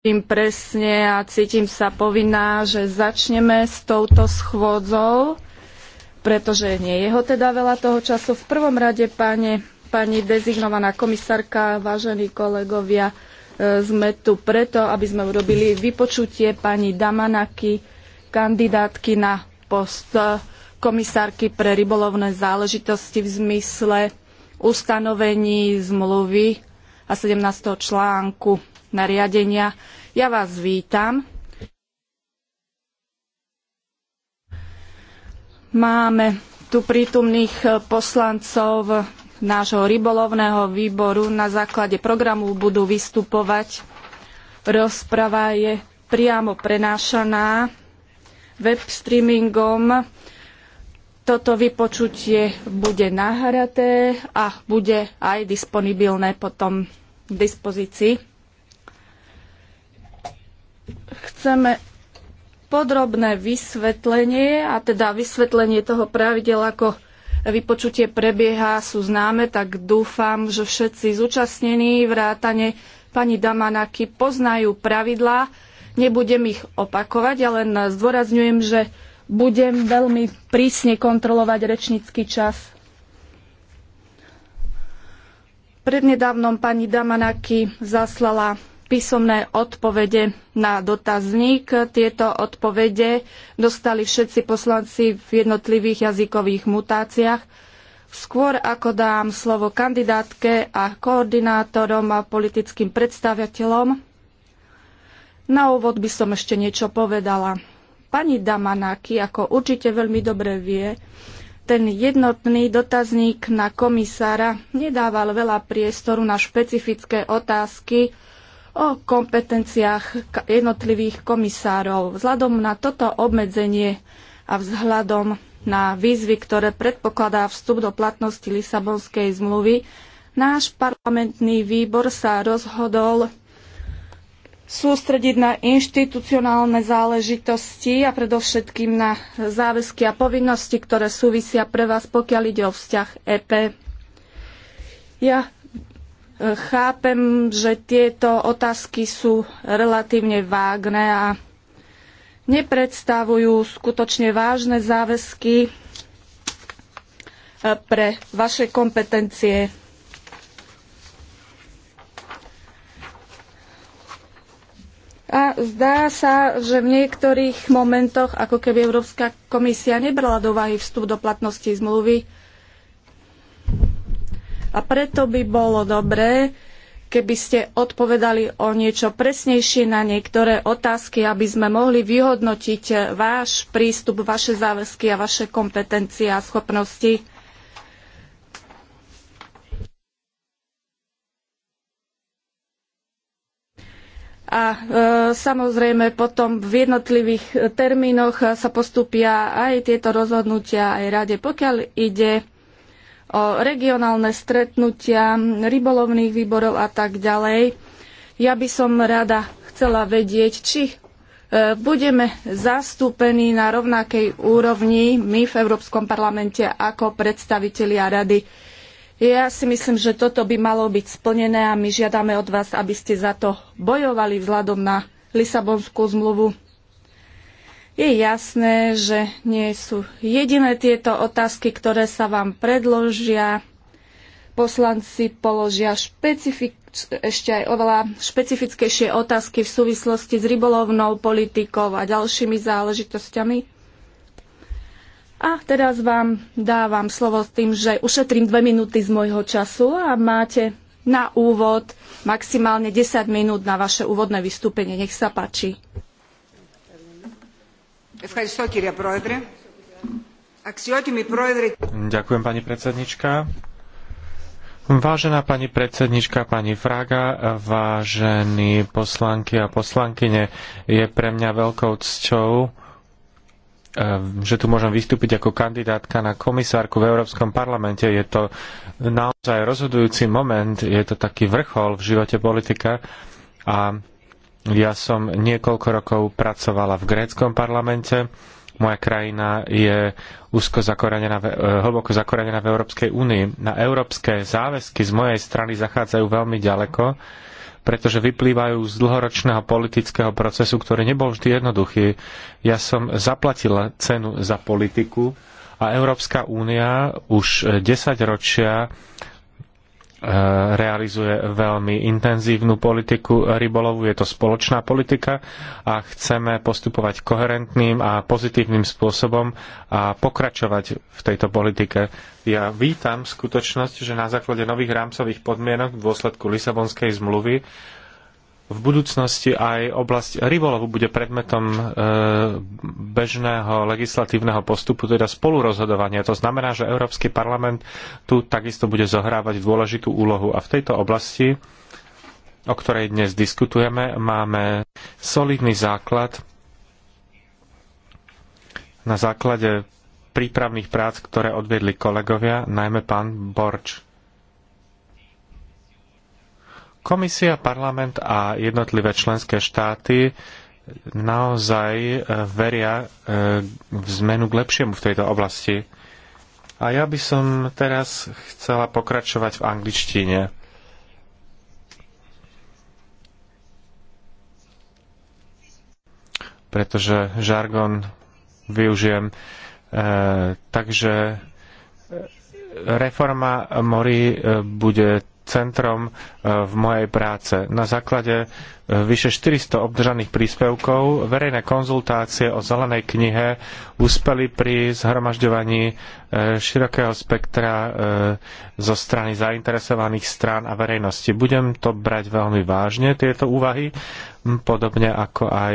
cítim presne a cítim sa povinná, že začneme s touto schôdzou, pretože nie je ho teda veľa toho času. V prvom rade, pane, pani dezignovaná komisárka, vážení kolegovia, e, sme tu preto, aby sme urobili vypočutie pani Damanaky, kandidátky na post komisárky pre rybolovné záležitosti v zmysle ustanovení zmluvy a 17. článku nariadenia. Ja vás vítam. Máme tu prítomných poslancov nášho rybolovného výboru. Na základe programu budú vystupovať. Rozprava je priamo prenášaná web streamingom. Toto vypočutie bude nahraté a bude aj disponibilné potom k dispozícii chceme podrobné vysvetlenie a teda vysvetlenie toho pravidel, ako vypočutie prebieha, sú známe, tak dúfam, že všetci zúčastnení vrátane pani Damanaky poznajú pravidlá. Nebudem ich opakovať, ale ja len zdôrazňujem, že budem veľmi prísne kontrolovať rečnícky čas. Prednedávnom pani Damanaky zaslala písomné odpovede na dotazník. Tieto odpovede dostali všetci poslanci v jednotlivých jazykových mutáciách. Skôr ako dám slovo kandidátke a koordinátorom a politickým predstaviteľom, na úvod by som ešte niečo povedala. Pani Damanaki, ako určite veľmi dobre vie, ten jednotný dotazník na komisára nedával veľa priestoru na špecifické otázky, o kompetenciách jednotlivých komisárov. Vzhľadom na toto obmedzenie a vzhľadom na výzvy, ktoré predpokladá vstup do platnosti Lisabonskej zmluvy, náš parlamentný výbor sa rozhodol sústrediť na inštitucionálne záležitosti a predovšetkým na záväzky a povinnosti, ktoré súvisia pre vás, pokiaľ ide o vzťah EP. Ja Chápem, že tieto otázky sú relatívne vágne a nepredstavujú skutočne vážne záväzky eh, pre vaše kompetencie. A zdá sa, že v niektorých momentoch, ako keby Európska komisia nebrala do váhy vstup do platnosti zmluvy, a preto by bolo dobré, keby ste odpovedali o niečo presnejšie na niektoré otázky, aby sme mohli vyhodnotiť váš prístup, vaše záväzky a vaše kompetencie a schopnosti. A e, samozrejme potom v jednotlivých termínoch sa postupia aj tieto rozhodnutia aj rade. Pokiaľ ide o regionálne stretnutia rybolovných výborov a tak ďalej. Ja by som rada chcela vedieť, či e, budeme zastúpení na rovnakej úrovni my v Európskom parlamente ako predstavitelia rady. Ja si myslím, že toto by malo byť splnené a my žiadame od vás, aby ste za to bojovali vzhľadom na Lisabonskú zmluvu. Je jasné, že nie sú jediné tieto otázky, ktoré sa vám predložia. Poslanci položia špecifik- ešte aj oveľa špecifickejšie otázky v súvislosti s rybolovnou politikou a ďalšími záležitosťami. A teraz vám dávam slovo s tým, že ušetrím dve minúty z môjho času a máte na úvod maximálne 10 minút na vaše úvodné vystúpenie. Nech sa páči. Ďakujem, pani predsednička. Vážená pani predsednička, pani Fraga, vážení poslanky a poslankyne, je pre mňa veľkou cťou, eh, že tu môžem vystúpiť ako kandidátka na komisárku v Európskom parlamente. Je to naozaj rozhodujúci moment, je to taký vrchol v živote politika a ja som niekoľko rokov pracovala v gréckom parlamente. Moja krajina je úzko zakorenená, e, hlboko zakorenená v Európskej únii. Na európske záväzky z mojej strany zachádzajú veľmi ďaleko, pretože vyplývajú z dlhoročného politického procesu, ktorý nebol vždy jednoduchý. Ja som zaplatila cenu za politiku a Európska únia už 10 ročia E, realizuje veľmi intenzívnu politiku rybolovu, je to spoločná politika a chceme postupovať koherentným a pozitívnym spôsobom a pokračovať v tejto politike. Ja vítam skutočnosť, že na základe nových rámcových podmienok v dôsledku Lisabonskej zmluvy v budúcnosti aj oblasť rybolovu bude predmetom e, bežného legislatívneho postupu, teda spolurozhodovania. To znamená, že Európsky parlament tu takisto bude zohrávať dôležitú úlohu a v tejto oblasti, o ktorej dnes diskutujeme, máme solidný základ na základe prípravných prác, ktoré odviedli kolegovia, najmä pán Borč. Komisia, parlament a jednotlivé členské štáty naozaj e, veria e, v zmenu k lepšiemu v tejto oblasti. A ja by som teraz chcela pokračovať v angličtine. Pretože žargon využijem. E, takže e, reforma morí bude centrom e, v mojej práce. Na základe e, vyše 400 obdržaných príspevkov verejné konzultácie o zelenej knihe uspeli pri zhromažďovaní e, širokého spektra zo strany zainteresovaných strán a verejnosti. Budem to brať veľmi vážne, tieto úvahy, podobne ako aj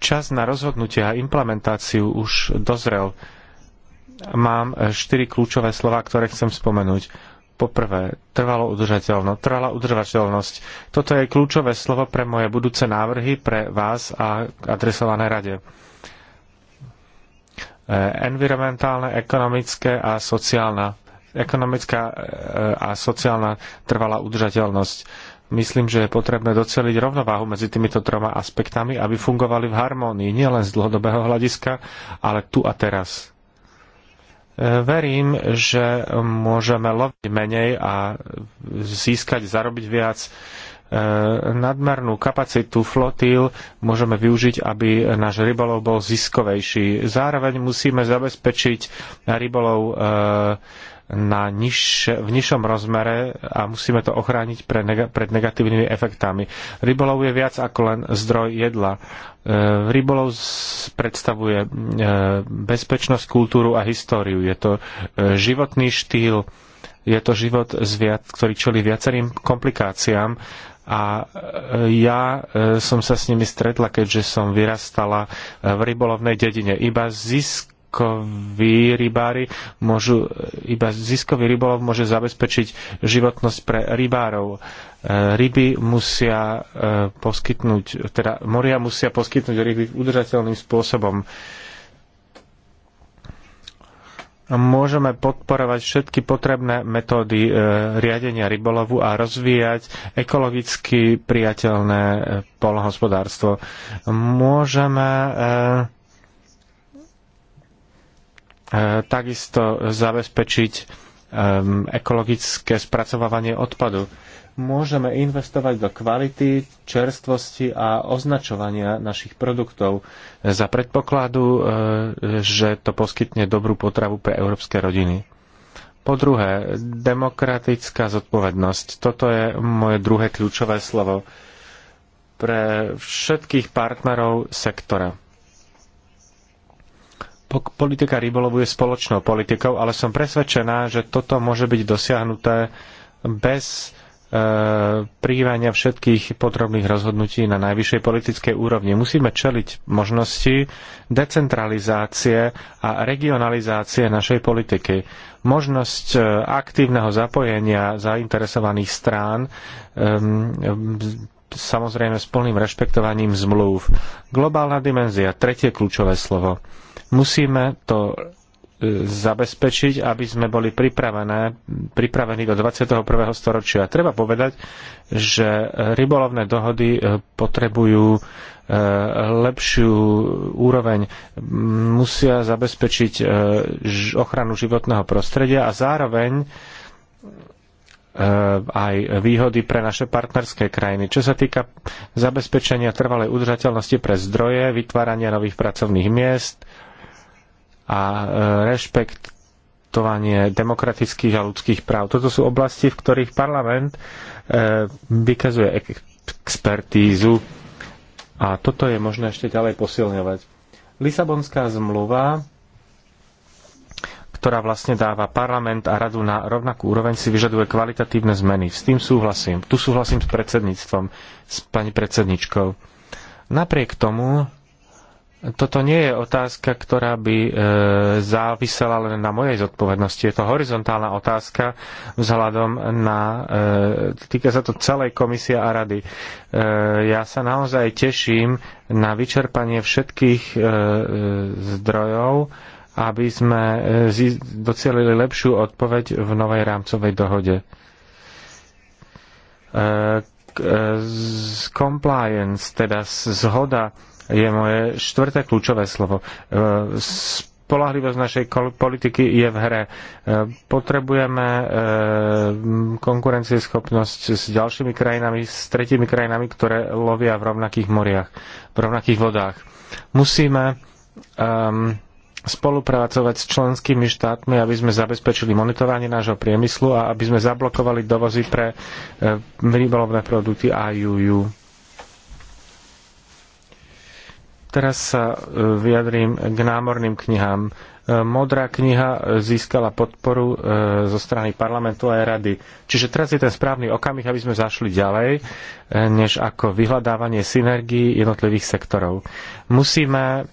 čas na rozhodnutie a implementáciu už dozrel. Mám štyri kľúčové slova, ktoré chcem spomenúť Poprvé, trvalo udržateľnosť. Trvalá udržateľnosť. Toto je kľúčové slovo pre moje budúce návrhy pre vás a adresované rade. E, environmentálne, ekonomické a sociálna. Ekonomická e, a sociálna trvalá udržateľnosť. Myslím, že je potrebné doceliť rovnováhu medzi týmito troma aspektami, aby fungovali v harmónii nielen z dlhodobého hľadiska, ale tu a teraz. Verím, že môžeme loviť menej a získať, zarobiť viac. E, nadmernú kapacitu flotil môžeme využiť, aby náš rybolov bol ziskovejší. Zároveň musíme zabezpečiť rybolov e, na niž, v nižšom rozmere a musíme to ochrániť pre nega, pred negatívnymi efektami. Rybolov je viac ako len zdroj jedla. E, rybolov predstavuje e, bezpečnosť, kultúru a históriu. Je to e, životný štýl, je to život zviat, ktorý čelí viacerým komplikáciám a e, ja e, som sa s nimi stretla, keďže som vyrastala e, v rybolovnej dedine. Iba zisk ziskoví rybári môžu, iba ziskový rybolov môže zabezpečiť životnosť pre rybárov. E, ryby musia e, poskytnúť, teda moria musia poskytnúť ryby udržateľným spôsobom. Môžeme podporovať všetky potrebné metódy e, riadenia rybolovu a rozvíjať ekologicky priateľné polnohospodárstvo. Môžeme E, takisto zabezpečiť ekologické spracovávanie odpadu. Môžeme investovať do kvality, čerstvosti a označovania našich produktov za predpokladu, e, že to poskytne dobrú potravu pre európske rodiny. Po druhé, demokratická zodpovednosť. Toto je moje druhé kľúčové slovo pre všetkých partnerov sektora politika rybolovu je spoločnou politikou, ale som presvedčená, že toto môže byť dosiahnuté bez e, prijímania všetkých podrobných rozhodnutí na najvyššej politickej úrovni. Musíme čeliť možnosti decentralizácie a regionalizácie našej politiky. Možnosť e, aktívneho zapojenia zainteresovaných strán e, samozrejme s plným rešpektovaním zmluv. Globálna dimenzia, tretie kľúčové slovo. Musíme to e, zabezpečiť, aby sme boli pripravené, pripravení do 21. storočia. Treba povedať, že rybolovné dohody e, potrebujú e, lepšiu úroveň, musia zabezpečiť ochranu životného prostredia a zároveň aj výhody pre naše partnerské krajiny. Čo sa týka zabezpečenia trvalej udržateľnosti pre zdroje, vytvárania nových pracovných miest, a e, rešpektovanie demokratických a ľudských práv. Toto sú oblasti, v ktorých parlament e, vykazuje expertízu a toto je možné ešte ďalej posilňovať. Lisabonská zmluva, ktorá vlastne dáva parlament a radu na rovnakú úroveň, si vyžaduje kvalitatívne zmeny. S tým súhlasím. Tu súhlasím s predsedníctvom, s pani predsedničkou. Napriek tomu toto nie je otázka, ktorá by e, závisela len na mojej zodpovednosti. Je to horizontálna otázka vzhľadom na... E, týka sa to celej komisie a rady. E, ja sa naozaj teším na vyčerpanie všetkých e, e zdrojov, aby sme e, docielili lepšiu odpoveď v novej rámcovej dohode. E, e compliance, teda zhoda je moje štvrté kľúčové slovo. E, spolahlivosť našej politiky je v hre. E, potrebujeme e, konkurencieschopnosť s ďalšími krajinami, s tretími krajinami, ktoré lovia v rovnakých moriach, v rovnakých vodách. Musíme um, spolupracovať s členskými štátmi, aby sme zabezpečili monitorovanie nášho priemyslu a aby sme zablokovali dovozy pre e, rybolovné produkty IUU. Teraz sa e, vyjadrím k námorným knihám. E, Modrá kniha e, získala podporu zo strany parlamentu aj rady. Čiže teraz je ten správny okamih, aby sme zašli ďalej, než ako vyhľadávanie synergií jednotlivých sektorov. Musíme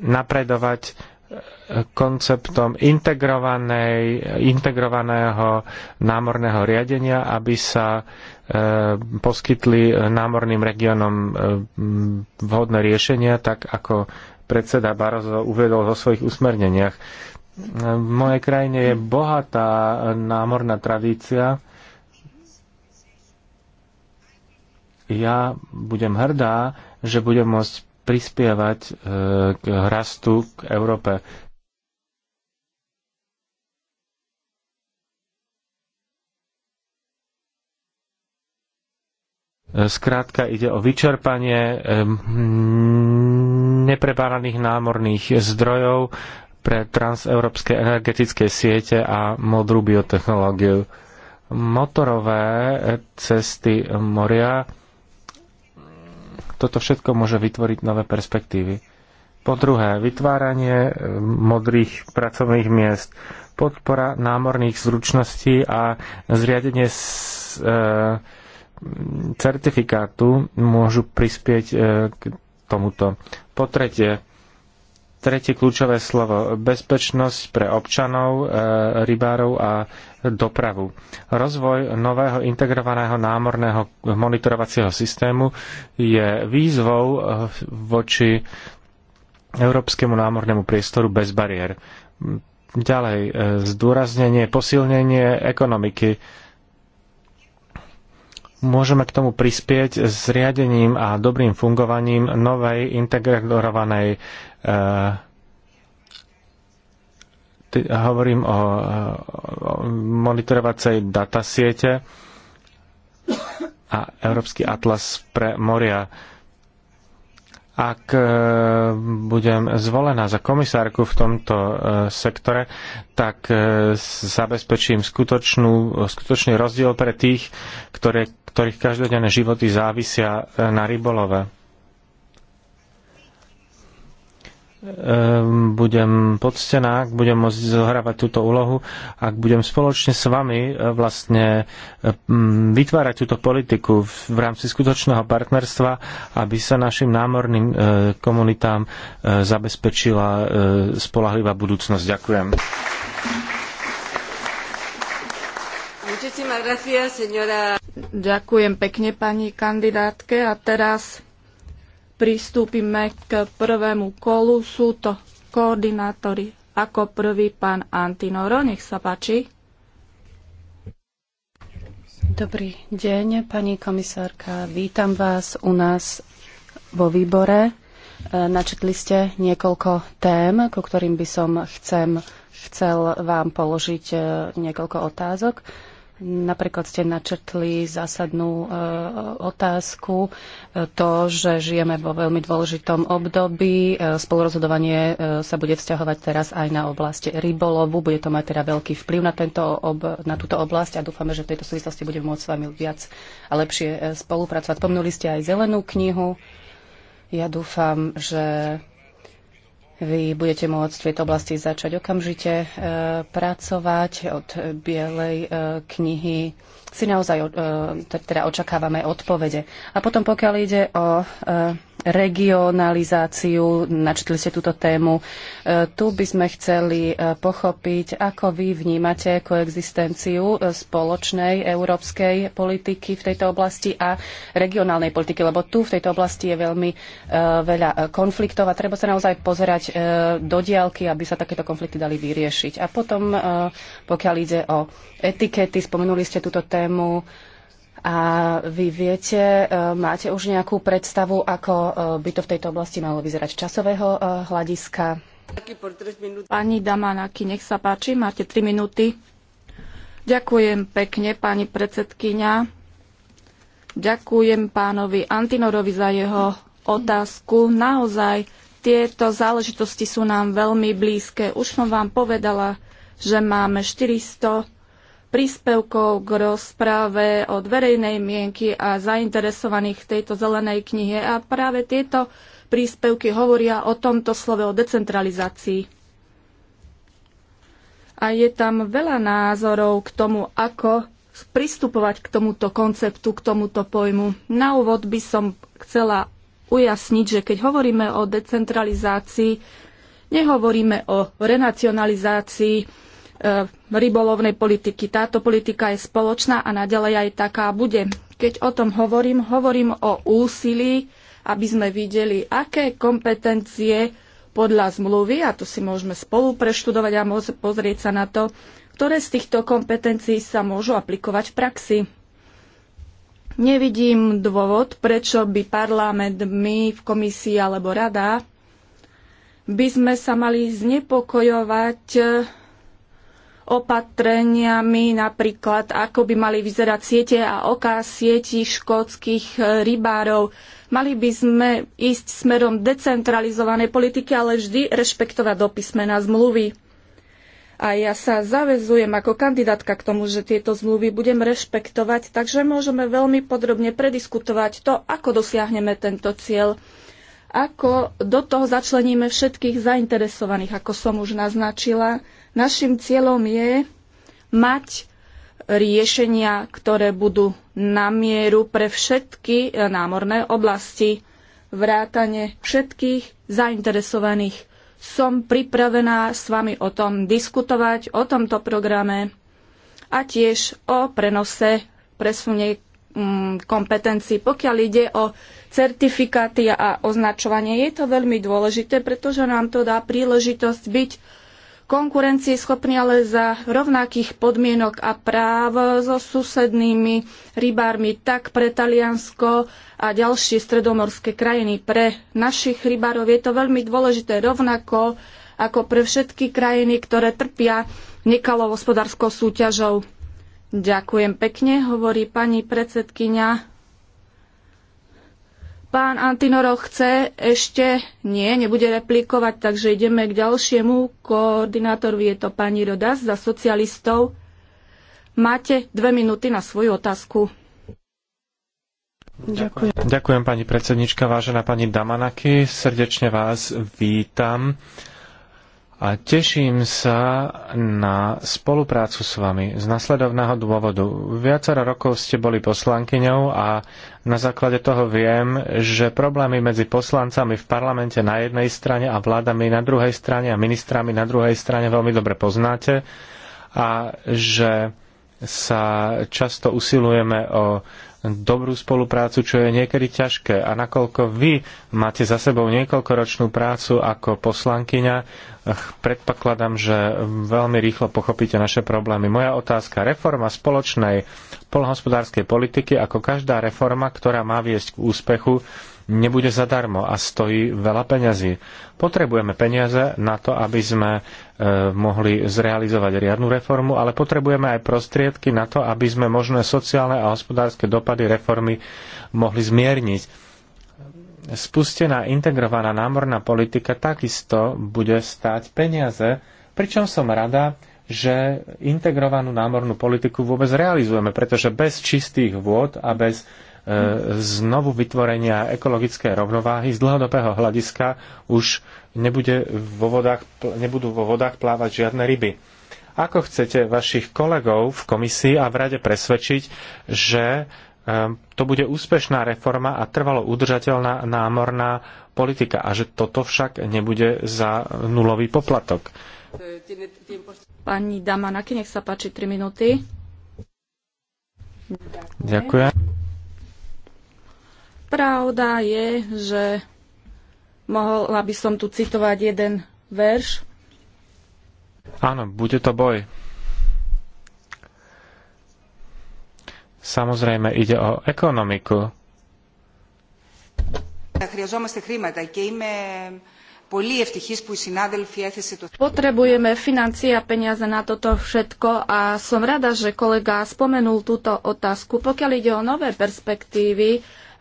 napredovať konceptom integrovaného námorného riadenia, aby sa E, poskytli námorným regiónom e, vhodné riešenia, tak ako predseda Barozo uvedol vo svojich usmerneniach. E, v mojej krajine je bohatá námorná tradícia. Ja budem hrdá, že budem môcť prispievať k rastu k Európe. Skrátka ide o vyčerpanie nepreparaných námorných zdrojov pre transeurópske energetické siete a modrú biotechnológiu. Motorové cesty moria, toto všetko môže vytvoriť nové perspektívy. Po druhé, vytváranie modrých pracovných miest, podpora námorných zručností a zriadenie s, e, certifikátu môžu prispieť e, k tomuto. Po tretie, tretie kľúčové slovo, bezpečnosť pre občanov, e, rybárov a dopravu. Rozvoj nového integrovaného námorného monitorovacieho systému je výzvou e, voči európskemu námornému priestoru bez bariér. Ďalej, zdôraznenie, posilnenie ekonomiky Môžeme k tomu prispieť riadením a dobrým fungovaním novej integrovanej eh, hovorím o, monitorovacej datasiete a Európsky atlas pre moria. Ak eh, budem zvolená za komisárku v tomto eh, sektore, tak zabezpečím skutočnú, skutočný rozdiel pre tých, ktoré ktorých každodenné životy závisia e, na rybolove. Ehm, budem poctená, ak budem môcť zohrávať túto úlohu, ak budem spoločne s vami e, vlastne e, vytvárať túto politiku v rámci skutočného partnerstva, aby sa našim námorným komunitám zabezpečila spolahlivá budúcnosť. Ďakujem. Ďakujem pekne pani kandidátke a teraz pristúpime k prvému kolu. Sú to koordinátori. Ako prvý pán Antinoro, nech sa páči. Dobrý deň, pani komisárka. Vítam vás u nás vo výbore. E, načetli ste niekoľko tém, ku ktorým by som chcem, chcel vám položiť e, niekoľko otázok. Napríklad ste načrtli zásadnú e, otázku, e, to, že žijeme vo veľmi dôležitom období. E, spolurozhodovanie e, sa bude vzťahovať teraz aj na oblasti rybolovu. Bude to mať teda veľký vplyv na, tento ob, na túto oblasť a dúfame, že v tejto súvislosti budeme môcť s vami viac a lepšie e, spolupracovať. Pomnuli ste aj zelenú knihu. Ja dúfam, že vy budete môcť v tejto oblasti začať okamžite e, pracovať od bielej e, knihy. Si naozaj e, teda očakávame odpovede. A potom, pokiaľ ide o regionalizáciu, načetli ste túto tému. E, tu by sme chceli e, pochopiť, ako vy vnímate koexistenciu e, spoločnej európskej politiky v tejto oblasti a regionálnej politiky, lebo tu v tejto oblasti je veľmi veľa konfliktov a treba sa naozaj pozerať do diálky, aby sa takéto konflikty dali vyriešiť. A potom, pokiaľ ide o etikety, spomenuli ste túto tému, a vy viete, e, máte už nejakú predstavu, ako e, by to v tejto oblasti malo vyzerať z časového e, hľadiska? Pani Damanaki, nech sa páči, máte 3 minúty. Ďakujem pekne, pani predsedkynia. Ďakujem pánovi Antinorovi za jeho otázku. Naozaj tieto záležitosti sú nám veľmi blízke. Už som vám povedala, že máme 400 príspevkov k rozpráve od verejnej mienky a zainteresovaných v tejto zelenej knihe. A práve tieto príspevky hovoria o tomto slove, o decentralizácii. A je tam veľa názorov k tomu, ako pristupovať k tomuto konceptu, k tomuto pojmu. Na úvod by som chcela ujasniť, že keď hovoríme o decentralizácii, nehovoríme o renacionalizácii, Eh, rybolovnej politiky. Táto politika je spoločná a naďalej aj taká bude. Keď o tom hovorím, hovorím o úsilí, aby sme videli, aké kompetencie podľa zmluvy, a to si môžeme spolu preštudovať a pozrieť sa na to, ktoré z týchto kompetencií sa môžu aplikovať v praxi. Nevidím dôvod, prečo by parlament, my v komisii alebo rada by sme sa mali znepokojovať eh, opatreniami, napríklad ako by mali vyzerať siete a oká sieti škótskych eh, rybárov. Mali by sme ísť smerom decentralizovanej politiky, ale vždy rešpektovať do písmena zmluvy. A ja sa zavezujem ako kandidátka k tomu, že tieto zmluvy budem rešpektovať, takže môžeme veľmi podrobne prediskutovať to, ako dosiahneme tento cieľ, ako do toho začleníme všetkých zainteresovaných, ako som už naznačila, Našim cieľom je mať riešenia, ktoré budú na mieru pre všetky e, námorné oblasti, vrátane všetkých zainteresovaných. Som pripravená s vami o tom diskutovať, o tomto programe a tiež o prenose presunie mm, kompetencií. Pokiaľ ide o certifikáty a označovanie, je to veľmi dôležité, pretože nám to dá príležitosť byť konkurencieschopní, ale za rovnakých podmienok a práv so susednými rybármi tak pre Taliansko a ďalšie stredomorské krajiny. Pre našich rybárov je to veľmi dôležité rovnako ako pre všetky krajiny, ktoré trpia nekalou hospodárskou súťažou. Ďakujem pekne, hovorí pani predsedkyňa. Pán Antinoro chce ešte? Nie, nebude replikovať, takže ideme k ďalšiemu koordinátorovi. Je to pani Rodas za socialistov. Máte dve minúty na svoju otázku. Ďakujem. Ďakujem pani predsednička, vážená pani Damanaki. Srdečne vás vítam a teším sa na spoluprácu s vami z nasledovného dôvodu. Viacero rokov ste boli poslankyňou a na základe toho viem, že problémy medzi poslancami v parlamente na jednej strane a vládami na druhej strane a ministrami na druhej strane veľmi dobre poznáte a že sa často usilujeme o dobrú spoluprácu, čo je niekedy ťažké. A nakoľko vy máte za sebou niekoľkoročnú prácu ako poslankyňa, predpokladám, že veľmi rýchlo pochopíte naše problémy. Moja otázka. Reforma spoločnej polhospodárskej politiky, ako každá reforma, ktorá má viesť k úspechu, nebude zadarmo a stojí veľa peňazí. Potrebujeme peniaze na to, aby sme e, mohli zrealizovať riadnu reformu, ale potrebujeme aj prostriedky na to, aby sme možné sociálne a hospodárske dopady reformy mohli zmierniť. Spustená integrovaná námorná politika takisto bude stáť peniaze, pričom som rada, že integrovanú námornú politiku vôbec realizujeme, pretože bez čistých vôd a bez E, znovu vytvorenia ekologické rovnováhy z dlhodobého hľadiska už nebude vo vodách, nebudú vo vodách plávať žiadne ryby. Ako chcete vašich kolegov v komisii a v rade presvedčiť, že e, to bude úspešná reforma a trvalo udržateľná námorná politika a že toto však nebude za nulový poplatok. Pani Damanaki, nech sa páči 3 minúty. Ďakujem. Ďakujem. Pravda je, že mohla by som tu citovať jeden verš. Áno, bude to boj. Samozrejme ide o ekonomiku. Potrebujeme financie a peniaze na toto všetko a som rada, že kolega spomenul túto otázku. Pokiaľ ide o nové perspektívy,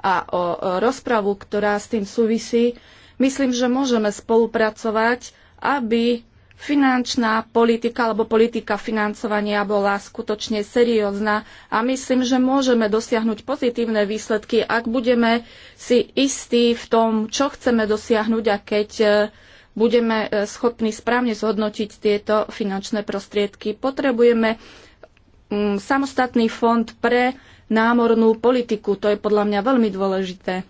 a o rozpravu, ktorá s tým súvisí, myslím, že môžeme spolupracovať, aby finančná politika alebo politika financovania bola skutočne seriózna a myslím, že môžeme dosiahnuť pozitívne výsledky, ak budeme si istí v tom, čo chceme dosiahnuť a keď e, budeme e, schopní správne zhodnotiť tieto finančné prostriedky. Potrebujeme mm, samostatný fond pre námornú politiku. To je podľa mňa veľmi dôležité.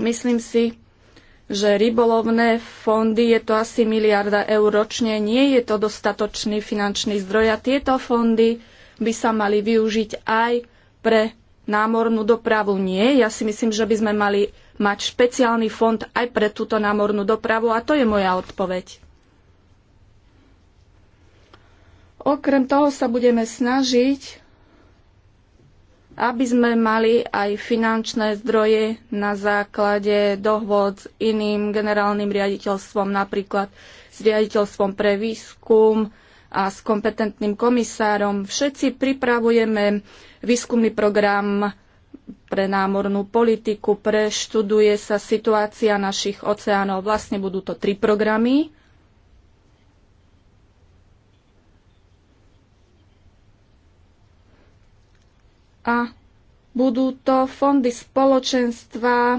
Myslím si, že rybolovné fondy je to asi miliarda eur ročne, nie je to dostatočný finančný zdroj a tieto fondy by sa mali využiť aj pre námornú dopravu. Nie, ja si myslím, že by sme mali mať špeciálny fond aj pre túto námornú dopravu a to je moja odpoveď. Okrem toho sa budeme snažiť aby sme mali aj finančné zdroje na základe dohôd s iným generálnym riaditeľstvom, napríklad s riaditeľstvom pre výskum a s kompetentným komisárom. Všetci pripravujeme výskumný program pre námornú politiku, preštuduje sa situácia našich oceánov. Vlastne budú to tri programy a budú to fondy spoločenstva e,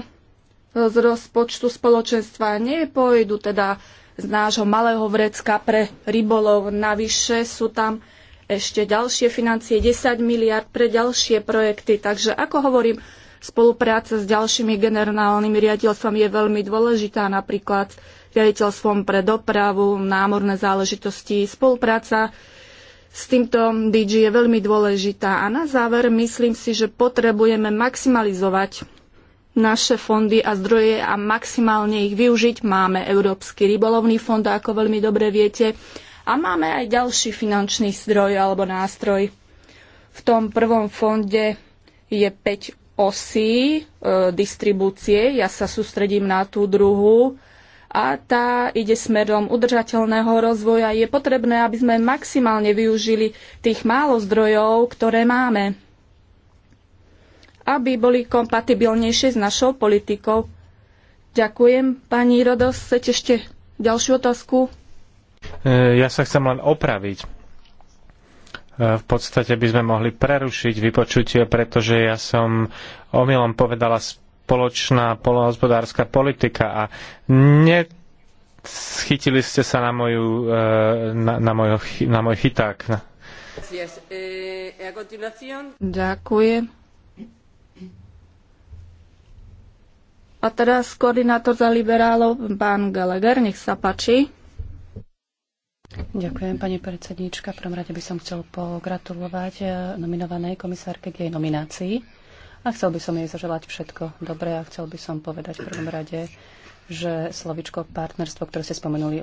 z rozpočtu spoločenstva. Nepôjdu teda z nášho malého vrecka pre rybolov. Navyše sú tam ešte ďalšie financie, 10 miliard pre ďalšie projekty. Takže ako hovorím, spolupráca s ďalšími generálnymi riaditeľstvami je veľmi dôležitá, napríklad riaditeľstvom pre dopravu, námorné záležitosti, spolupráca s týmto DG je veľmi dôležitá. A na záver myslím si, že potrebujeme maximalizovať naše fondy a zdroje a maximálne ich využiť. Máme Európsky rybolovný fond, ako veľmi dobre viete, a máme aj ďalší finančný zdroj alebo nástroj. V tom prvom fonde je 5 osí e, distribúcie. Ja sa sústredím na tú druhú a tá ide smerom udržateľného rozvoja. Je potrebné, aby sme maximálne využili tých málo zdrojov, ktoré máme, aby boli kompatibilnejšie s našou politikou. Ďakujem. Pani Rodos, chcete ešte ďalšiu otázku? E, ja sa chcem len opraviť. E, v podstate by sme mohli prerušiť vypočutie, pretože ja som omylom povedala spoločná polnohospodárska politika a nechytili ste sa na, moju, e, na, na, mojo, na môj chyták. Eh, Ďakujem. A teraz koordinátor za liberálov, pán Gallagher, nech sa páči. Ďakujem, pani predsednička. V prvom rade by som chcel pogratulovať e, nominovanej komisárke k jej nominácii a chcel by som jej zaželať všetko dobré a chcel by som povedať v prvom rade, že slovičko partnerstvo, ktoré ste spomenuli, eh,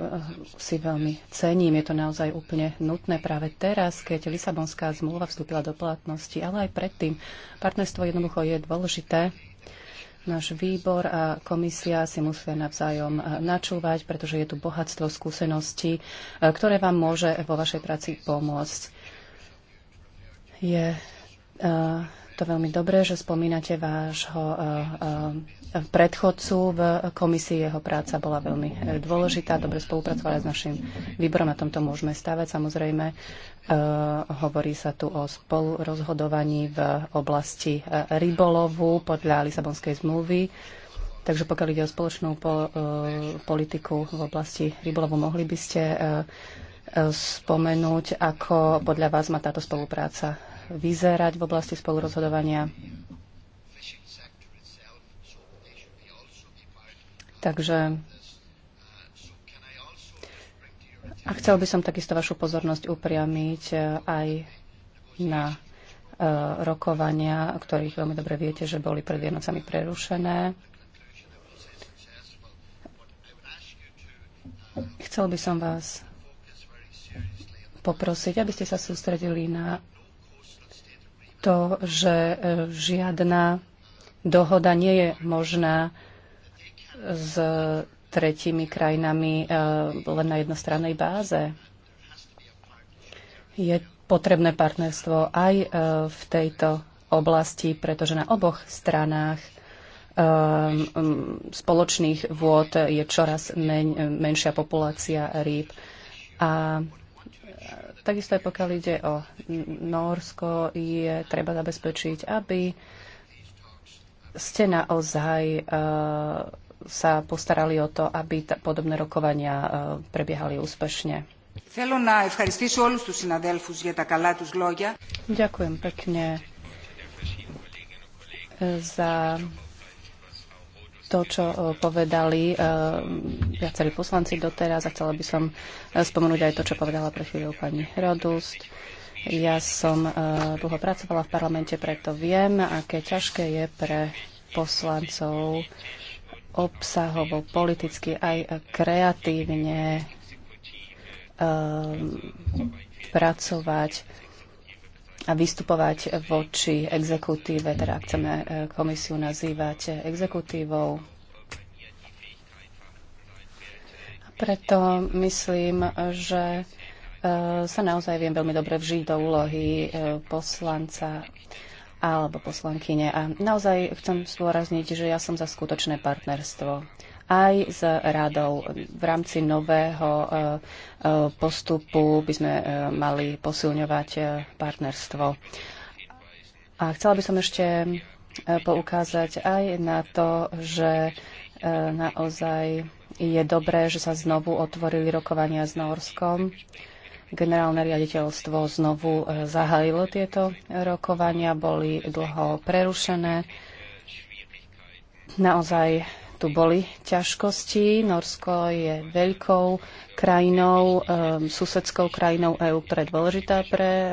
si veľmi cením. Je to naozaj úplne nutné práve teraz, keď Lisabonská zmluva vstúpila do platnosti, ale aj predtým. Partnerstvo jednoducho je dôležité. Náš výbor a komisia si musia navzájom eh, načúvať, pretože je tu bohatstvo skúseností, eh, ktoré vám môže vo vašej práci pomôcť. Je uh, to veľmi dobré, že spomínate vášho eh, eh, predchodcu v komisii. Jeho práca bola veľmi eh, dôležitá, dobre spolupracovala s našim výborom, na tomto môžeme stavať. Samozrejme, hovorí sa tu o spolurozhodovaní v oblasti rybolovu podľa Lisabonskej zmluvy. Takže pokiaľ ide o spoločnú po, politiku v oblasti rybolovu, mohli by ste spomenúť, ako podľa vás má táto spolupráca vyzerať v oblasti spolurozhodovania. Takže a chcel by som takisto vašu pozornosť upriamiť eh, aj na eh, rokovania, o ktorých veľmi dobre viete, že boli pred Vienocami prerušené. Chcel by som vás poprosiť, aby ste sa sústredili na to, že e, žiadna dohoda nie je možná s tretími krajinami e, len na jednostrannej báze. Je potrebné partnerstvo aj e, v tejto oblasti, pretože na oboch stranách spoločných vôd je čoraz menšia populácia rýb a Takisto aj pokiaľ ide o Norsko, je treba zabezpečiť, aby ste naozaj e, sa postarali o to, aby podobné rokovania e, prebiehali úspešne. Ďakujem pekne e, za to, čo e, povedali e, viacerí poslanci doteraz a chcela by som e, spomenúť aj to, čo povedala pre chvíľu pani Rodust. Ja som dlho pracovala v parlamente, preto viem, aké ťažké je pre poslancov obsahovo, politicky, aj kreatívne pracovať a vystupovať voči exekutíve, teda ak chceme e, komisiu nazývať exekutívou. Preto myslím, že e, sa naozaj viem veľmi dobre vžiť do úlohy e, poslanca alebo poslankyne. A naozaj chcem zdôrazniť, že ja som za skutočné partnerstvo aj s radou. V rámci nového e, e, postupu by sme e, mali posilňovať partnerstvo. A chcela by som ešte poukázať aj na to, že naozaj je dobré, že sa znovu otvorili rokovania s Norskom generálne riaditeľstvo znovu zahájilo tieto rokovania, boli dlho prerušené. Naozaj tu boli ťažkosti. Norsko je veľkou krajinou, um, susedskou krajinou EÚ, ktorá je dôležitá pre um,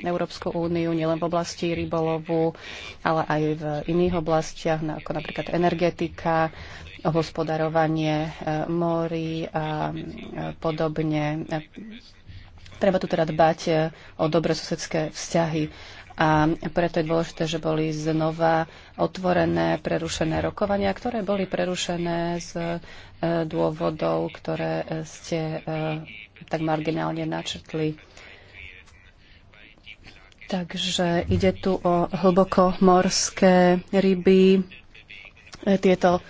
Európsku úniu, nielen v oblasti rybolovu, ale aj v iných oblastiach, ako napríklad energetika, hospodarovanie morí a podobne. Treba tu teda dbať o dobre susedské vzťahy a preto je dôležité, že boli znova otvorené prerušené rokovania, ktoré boli prerušené z e, dôvodov, ktoré e, ste e, tak marginálne načrtli. Takže ide tu o hlbokomorské ryby. Tieto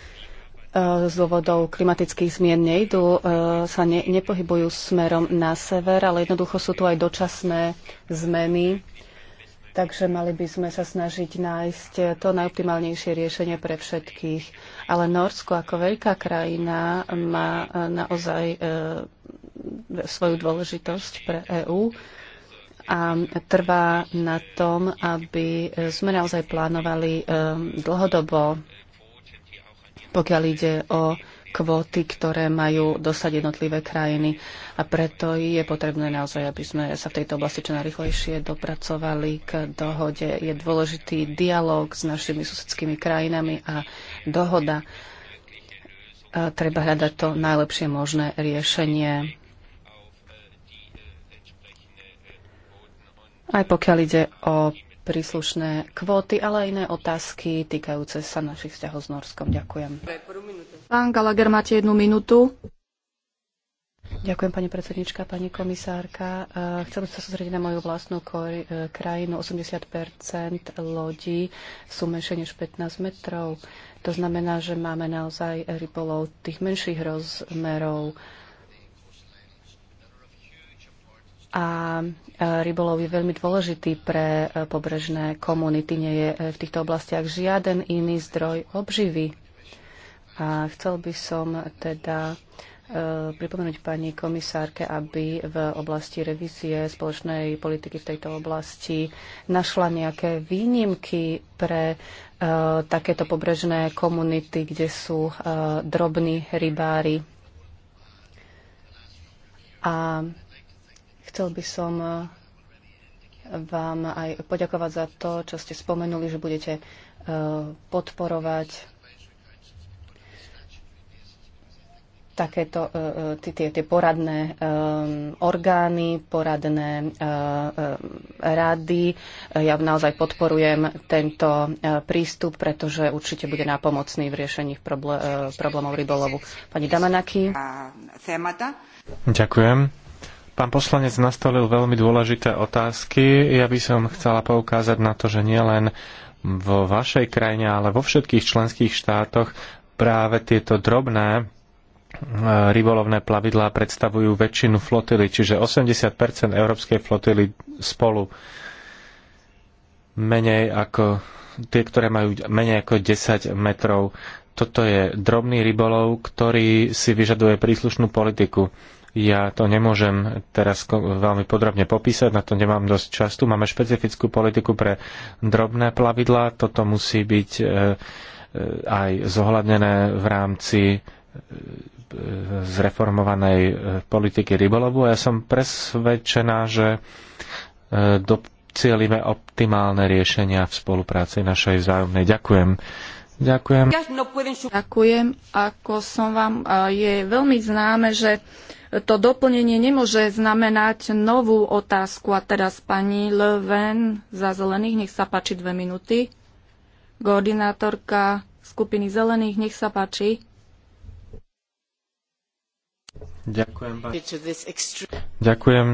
z dôvodov klimatických zmien nejdu, sa ne, nepohybujú smerom na sever, ale jednoducho sú tu aj dočasné zmeny Takže mali by sme sa snažiť nájsť to najoptimálnejšie riešenie pre všetkých. Ale Norsko ako veľká krajina má eh, naozaj eh, svoju dôležitosť pre EÚ a trvá na tom, aby sme naozaj plánovali eh, dlhodobo, pokiaľ ide o kvóty, ktoré majú dosať jednotlivé krajiny. A preto je potrebné naozaj, aby sme sa v tejto oblasti čo najrychlejšie dopracovali k dohode. Je dôležitý dialog s našimi susedskými krajinami a dohoda. A treba hľadať to najlepšie možné riešenie. Aj pokiaľ ide o príslušné kvóty, ale aj iné otázky týkajúce sa našich vzťahov s Norskom. Ďakujem. Pán Gallagher, máte jednu minútu. Ďakujem, pani predsednička, pani komisárka. E, chcem sa sústrediť na moju vlastnú e, krajinu. 80 lodí sú menšie než 15 metrov. To znamená, že máme naozaj rybolov tých menších rozmerov. A e, rybolov je veľmi dôležitý pre pobrežné komunity. Nie je v týchto oblastiach žiaden iný zdroj obživy a chcel by som teda e, pripomenúť pani komisárke, aby v oblasti revízie spoločnej politiky v tejto oblasti našla nejaké výnimky pre uh, takéto pobrežné komunity, kde sú uh, drobní rybári. A chcel by som vám aj poďakovať za to, čo ste spomenuli, že budete uh, podporovať takéto e, e, tie, poradné e, orgány, poradné rady. Ja naozaj podporujem tento prístup, pretože určite bude nápomocný v riešení problémov rybolovu. Pani Damanaki. Ďakujem. Pán poslanec nastolil veľmi dôležité otázky. Ja by som chcela poukázať na to, že nielen vo vašej krajine, ale vo všetkých členských štátoch práve tieto drobné E, rybolovné plavidlá predstavujú väčšinu flotily, čiže 80 európskej flotily spolu menej ako tie, ktoré majú menej ako 10 metrov. Toto je drobný rybolov, ktorý si vyžaduje príslušnú politiku. Ja to nemôžem teraz veľmi podrobne popísať, na to nemám dosť času. Máme špecifickú politiku pre drobné plavidlá, toto musí byť e, e, aj zohľadnené v rámci zreformovanej e, politiky rybolovu a ja som presvedčená, že e, docielime optimálne riešenia v spolupráci našej vzájomnej. Ďakujem. Ďakujem. Ďakujem. Ako som vám, e, je veľmi známe, že to doplnenie nemôže znamenať novú otázku. A teraz pani Leven za zelených, nech sa páči dve minúty. Koordinátorka skupiny zelených, nech sa páči. Ďakujem,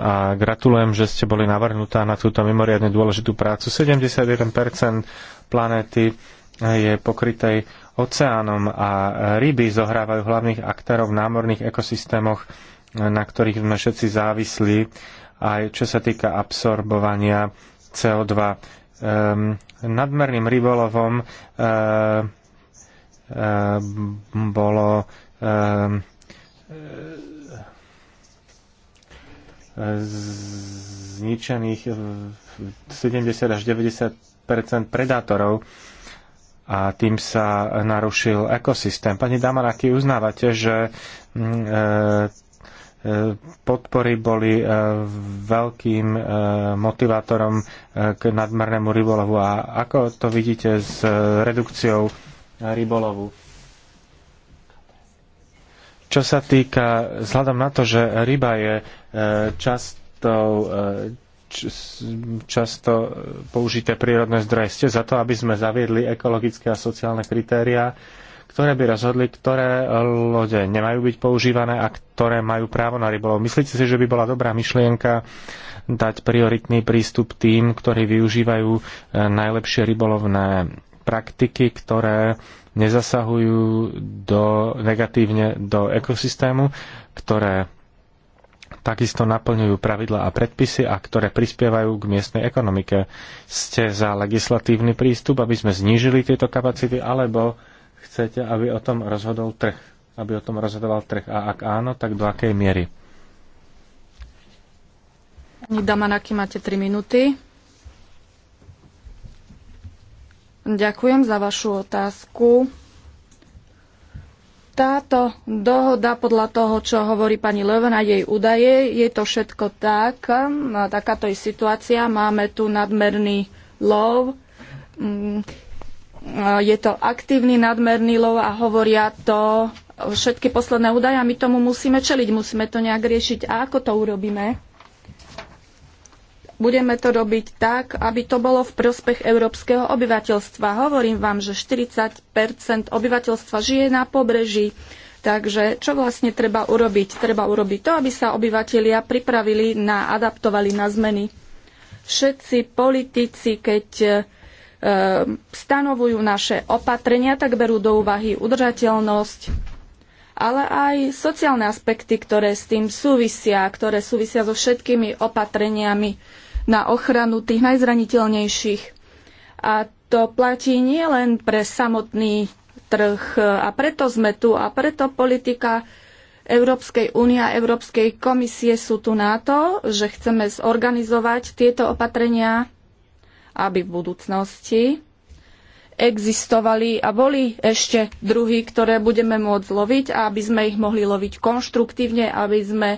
a gratulujem, že ste boli navrhnutá na túto mimoriadne dôležitú prácu. 71% planéty je pokrytej oceánom a ryby zohrávajú hlavných aktérov v námorných ekosystémoch, na ktorých sme všetci závislí, aj čo sa týka absorbovania CO2. Um, ehm, nadmerným rybolovom um, um, bolo um, E, zničených 70 až 90 predátorov a tým sa narušil ekosystém. Pani Damaraky, uznávate, že mm, e, e, podpory boli veľkým motivátorom k nadmernému rybolovu. A ako to vidíte s redukciou rybolovu? Čo sa týka, vzhľadom na to, že ryba je e, často, e, často použité prírodné zdroje, ste za to, aby sme zaviedli ekologické a sociálne kritériá, ktoré by rozhodli, ktoré lode nemajú byť používané a ktoré majú právo na rybolov. Myslíte si, že by bola dobrá myšlienka dať prioritný prístup tým, ktorí využívajú e, najlepšie rybolovné praktiky, ktoré nezasahujú do, negatívne do ekosystému, ktoré takisto naplňujú pravidla a predpisy a ktoré prispievajú k miestnej ekonomike. Ste za legislatívny prístup, aby sme znížili tieto kapacity, alebo chcete, aby o tom rozhodol trh? Aby o tom rozhodoval trh. A ak áno, tak do akej miery? Pani Damanaki, máte 3 minúty. Ďakujem za vašu otázku. Táto dohoda podľa toho, čo hovorí pani Levena, jej údaje, je to všetko tak. Takáto je situácia. Máme tu nadmerný lov. Mm, je to aktívny nadmerný lov a hovoria to všetky posledné údaje a my tomu musíme čeliť, musíme to nejak riešiť. A ako to urobíme? budeme to robiť tak, aby to bolo v prospech európskeho obyvateľstva. Hovorím vám, že 40 obyvateľstva žije na pobreží. Takže čo vlastne treba urobiť? Treba urobiť to, aby sa obyvatelia pripravili na, adaptovali na zmeny. Všetci politici, keď e, stanovujú naše opatrenia, tak berú do úvahy udržateľnosť, ale aj sociálne aspekty, ktoré s tým súvisia, ktoré súvisia so všetkými opatreniami na ochranu tých najzraniteľnejších. A to platí nielen pre samotný trh e, a preto sme tu a preto politika Európskej únie a Európskej komisie sú tu na to, že chceme zorganizovať tieto opatrenia, aby v budúcnosti existovali a boli ešte druhy, ktoré budeme môcť loviť a aby sme ich mohli loviť konštruktívne, aby sme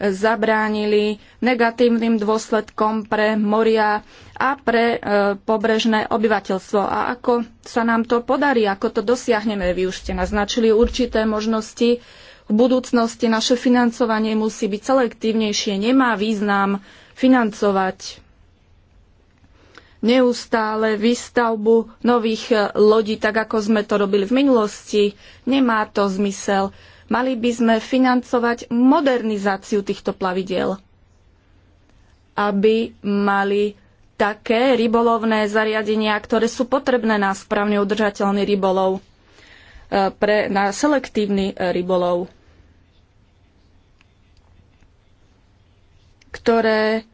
zabránili negatívnym dôsledkom pre moria a pre e, pobrežné obyvateľstvo. A ako sa nám to podarí, ako to dosiahneme, vy už ste naznačili určité možnosti. V budúcnosti naše financovanie musí byť selektívnejšie. Nemá význam financovať neustále výstavbu nových e, lodí, tak ako sme to robili v minulosti. Nemá to zmysel Mali by sme financovať modernizáciu týchto plavidiel, aby mali také rybolovné zariadenia, ktoré sú potrebné na správne udržateľný rybolov, e, pre, na selektívny e, rybolov, ktoré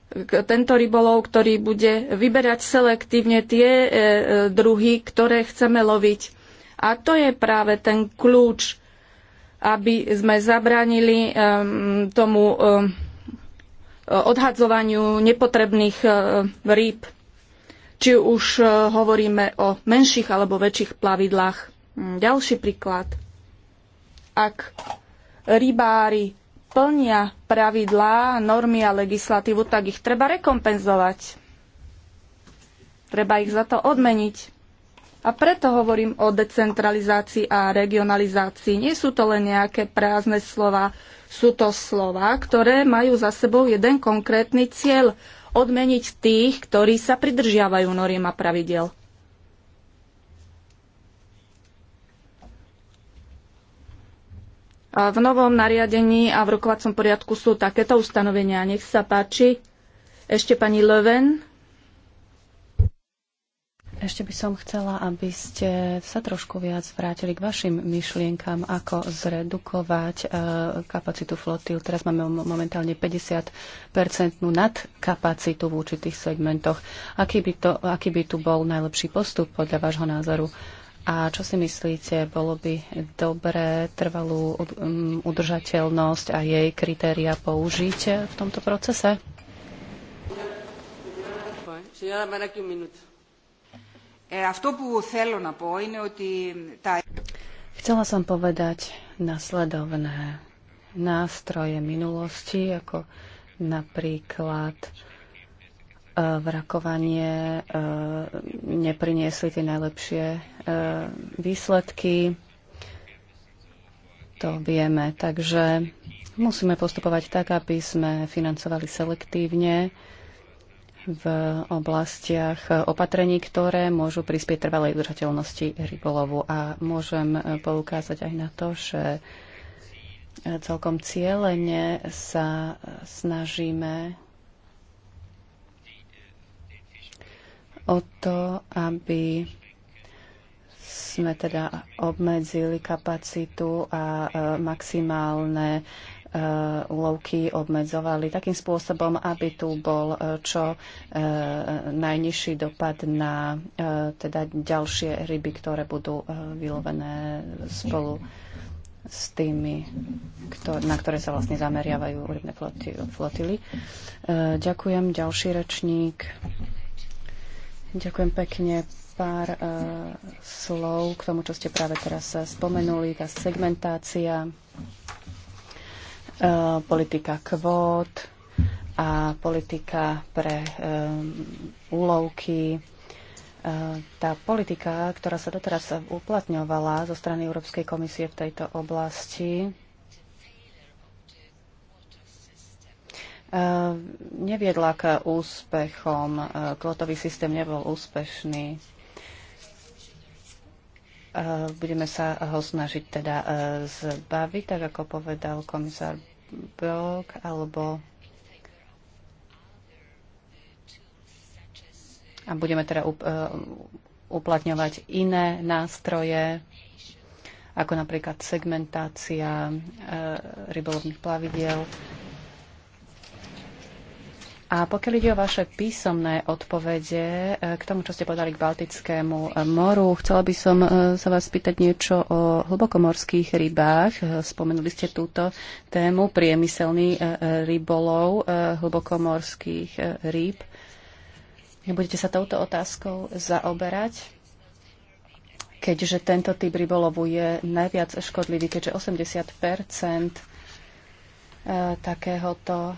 tento rybolov, ktorý bude vyberať selektívne tie e, e, druhy, ktoré chceme loviť. A to je práve ten kľúč aby sme zabránili um, tomu um, odhadzovaniu nepotrebných uh, rýb, či už uh, hovoríme o menších alebo väčších plavidlách. Mm, ďalší príklad. Ak rybári plnia pravidlá, normy a legislatívu, tak ich treba rekompenzovať. Treba ich za to odmeniť. A preto hovorím o decentralizácii a regionalizácii. Nie sú to len nejaké prázdne slova, sú to slova, ktoré majú za sebou jeden konkrétny cieľ odmeniť tých, ktorí sa pridržiavajú noriem a pravidel. A v novom nariadení a v rokovacom poriadku sú takéto ustanovenia. Nech sa páči. Ešte pani Leven, ešte by som chcela, aby ste sa trošku viac vrátili k vašim myšlienkam, ako zredukovať e, kapacitu flotil. Teraz máme momentálne 50-percentnú nadkapacitu v určitých segmentoch. Aký by, to, aký by tu bol najlepší postup podľa vášho názoru? A čo si myslíte, bolo by dobré trvalú udržateľnosť a jej kritéria použiť v tomto procese? Eh, αυτό που θέλω να πω είναι ότι τα... Chcela som povedať nasledovné nástroje minulosti, ako napríklad eh, vrakovanie eh, nepriniesli tie najlepšie výsledky. To vieme. Takže musíme postupovať tak, aby sme financovali selektívne v oblastiach opatrení, ktoré môžu prispieť trvalej udržateľnosti rybolovu. A môžem poukázať aj na to, že celkom cieľene sa snažíme o to, aby sme teda obmedzili kapacitu a e, maximálne úlovky eh, obmedzovali takým spôsobom, aby tu bol eh, čo eh, najnižší dopad na teda ďalšie ryby, ktoré budú vylovené spolu s tými, na ktoré sa vlastne zameriavajú rybné flotily. Ďakujem. Ďalší rečník. Ďakujem pekne. Pár slov k tomu, čo ste práve teraz spomenuli, tá segmentácia E, politika kvót a politika pre e, úlovky. E, tá politika, ktorá sa doteraz uplatňovala zo strany Európskej komisie v tejto oblasti, neviedla k úspechom. Kvotový systém nebol úspešný. Budeme sa ho snažiť teda zbaviť, tak ako povedal komisár Brok alebo a budeme teda eh, uplatňovať iné nástroje, ako napríklad segmentácia eh, rybolovných plavidiel a pokiaľ ide o vaše písomné odpovede e, k tomu, čo ste podali k Baltickému e, moru, chcela by som e, sa vás spýtať niečo o hlbokomorských rybách. Spomenuli ste túto tému, priemyselný rybolov hlbokomorských rýb. Budete sa touto otázkou zaoberať? Keďže tento typ rybolovu je najviac škodlivý, keďže 80 takéhoto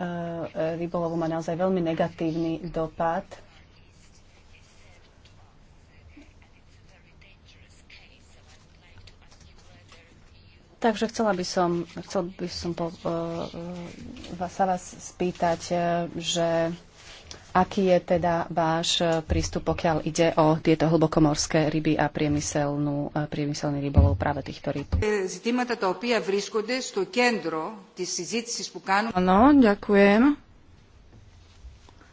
Eh, rybolovu má naozaj veľmi negatívny dopad. Takže chcela by som, chcel by som po, uh, sa vás spýtať, že Aký je teda váš eh, prístup, pokiaľ ide o tieto hlbokomorské ryby a priemyselnú, eh, priemyselný rybolov práve týchto ryb? Eh, Áno, ďakujem.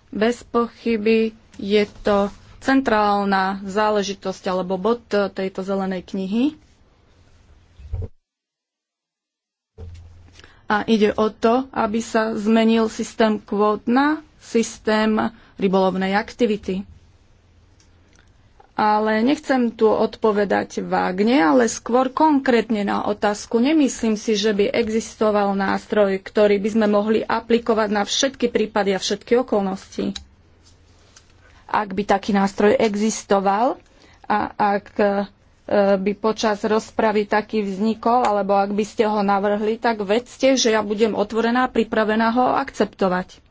Bez pochyby je to centrálna záležitosť alebo bod tejto zelenej knihy. A ide o to, aby sa zmenil systém kvót na systém rybolovnej aktivity. Ale nechcem tu odpovedať vágne, ale skôr konkrétne na otázku. Nemyslím si, že by existoval nástroj, ktorý by sme mohli aplikovať na všetky prípady a všetky okolnosti. Ak by taký nástroj existoval a ak e, by počas rozpravy taký vznikol, alebo ak by ste ho navrhli, tak vedzte, že ja budem otvorená a pripravená ho akceptovať.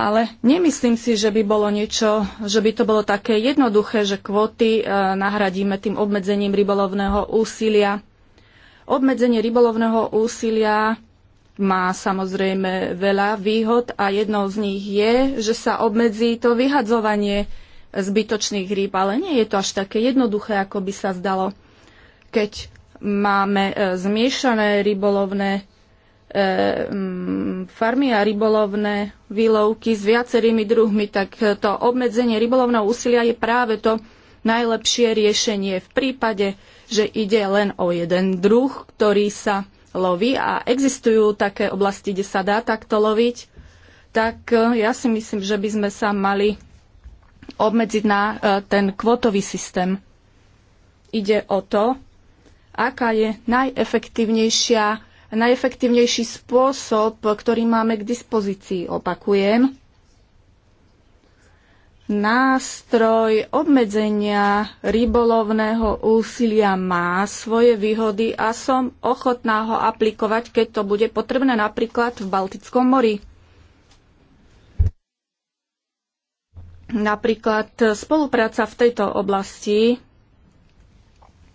Ale nemyslím si, že by bolo niečo, že by to bolo také jednoduché, že kvóty e, nahradíme tým obmedzením rybolovného úsilia. Obmedzenie rybolovného úsilia má samozrejme veľa výhod a jednou z nich je, že sa obmedzí to vyhadzovanie zbytočných rýb, ale nie je to až také jednoduché, ako by sa zdalo. Keď máme e, zmiešané rybolovné E, farmy a rybolovné výlovky s viacerými druhmi, tak to obmedzenie rybolovného úsilia je práve to najlepšie riešenie v prípade, že ide len o jeden druh, ktorý sa loví a existujú také oblasti, kde sa dá takto loviť, tak e, ja si myslím, že by sme sa mali obmedziť na e, ten kvotový systém. Ide o to, aká je najefektívnejšia najefektívnejší spôsob, ktorý máme k dispozícii. Opakujem, nástroj obmedzenia rybolovného úsilia má svoje výhody a som ochotná ho aplikovať, keď to bude potrebné napríklad v Baltickom mori. Napríklad spolupráca v tejto oblasti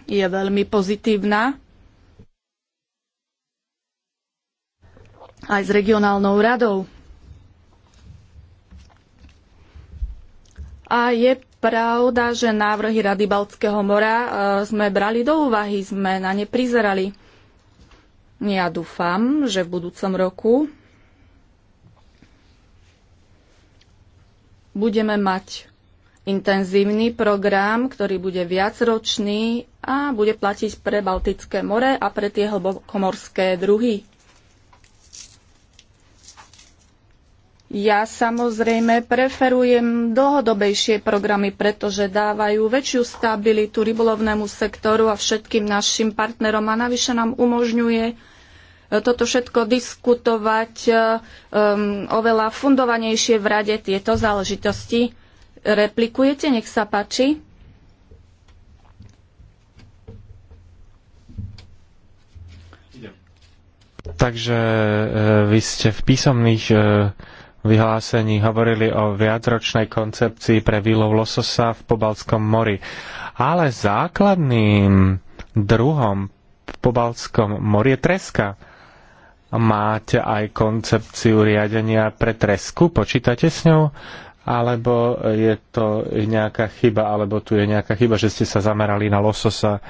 je veľmi pozitívna aj s regionálnou radou. A je pravda, že návrhy Rady Baltského mora e, sme brali do úvahy, sme na ne prizerali. Ja dúfam, že v budúcom roku budeme mať intenzívny program, ktorý bude viacročný a bude platiť pre Baltické more a pre tie hlbokomorské druhy. Ja samozrejme preferujem dlhodobejšie programy, pretože dávajú väčšiu stabilitu rybolovnému sektoru a všetkým našim partnerom a navyše nám umožňuje e, toto všetko diskutovať um, oveľa fundovanejšie v rade tieto záležitosti. Replikujete, nech sa páči. Takže e, vy ste v písomných vyhlásení hovorili o viacročnej koncepcii pre výlov lososa v Pobalskom mori. Ale základným druhom v Pobalskom mori je treska. Máte aj koncepciu riadenia pre tresku? Počítate s ňou? Alebo je to nejaká chyba, alebo tu je nejaká chyba, že ste sa zamerali na lososa?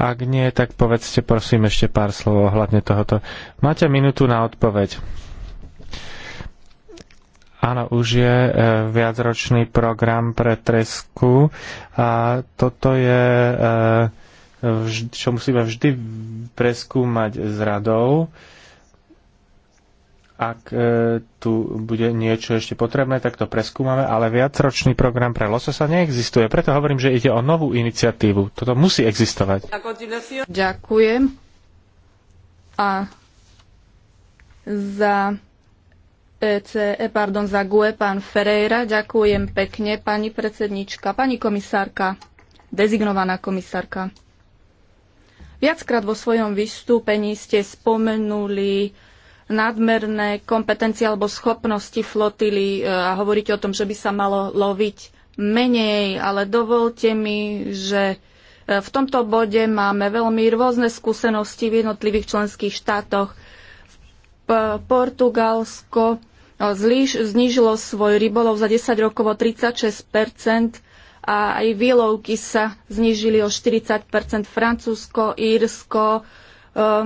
Ak nie, tak povedzte prosím ešte pár slov ohľadne tohoto. Máte minútu na odpoveď. Áno, už je e, viacročný program pre tresku a toto je, e, čo musíme vždy preskúmať s radou. Ak e, tu bude niečo ešte potrebné, tak to preskúmame, ale viacročný program pre lososa neexistuje. Preto hovorím, že ide o novú iniciatívu. Toto musí existovať. Ďakujem. A za PCE, e, pardon, za GUE, pán Ferreira. Ďakujem pekne, pani predsednička, pani komisárka, dezignovaná komisárka. Viackrát vo svojom vystúpení ste spomenuli nadmerné kompetencie alebo schopnosti flotily e, a hovoríte o tom, že by sa malo loviť menej, ale dovolte mi, že e, v tomto bode máme veľmi rôzne skúsenosti v jednotlivých členských štátoch. Portugalsko zlíž, znížilo svoj rybolov za 10 rokov o 36 a aj výlovky sa znížili o 40 Francúzsko, Írsko, um,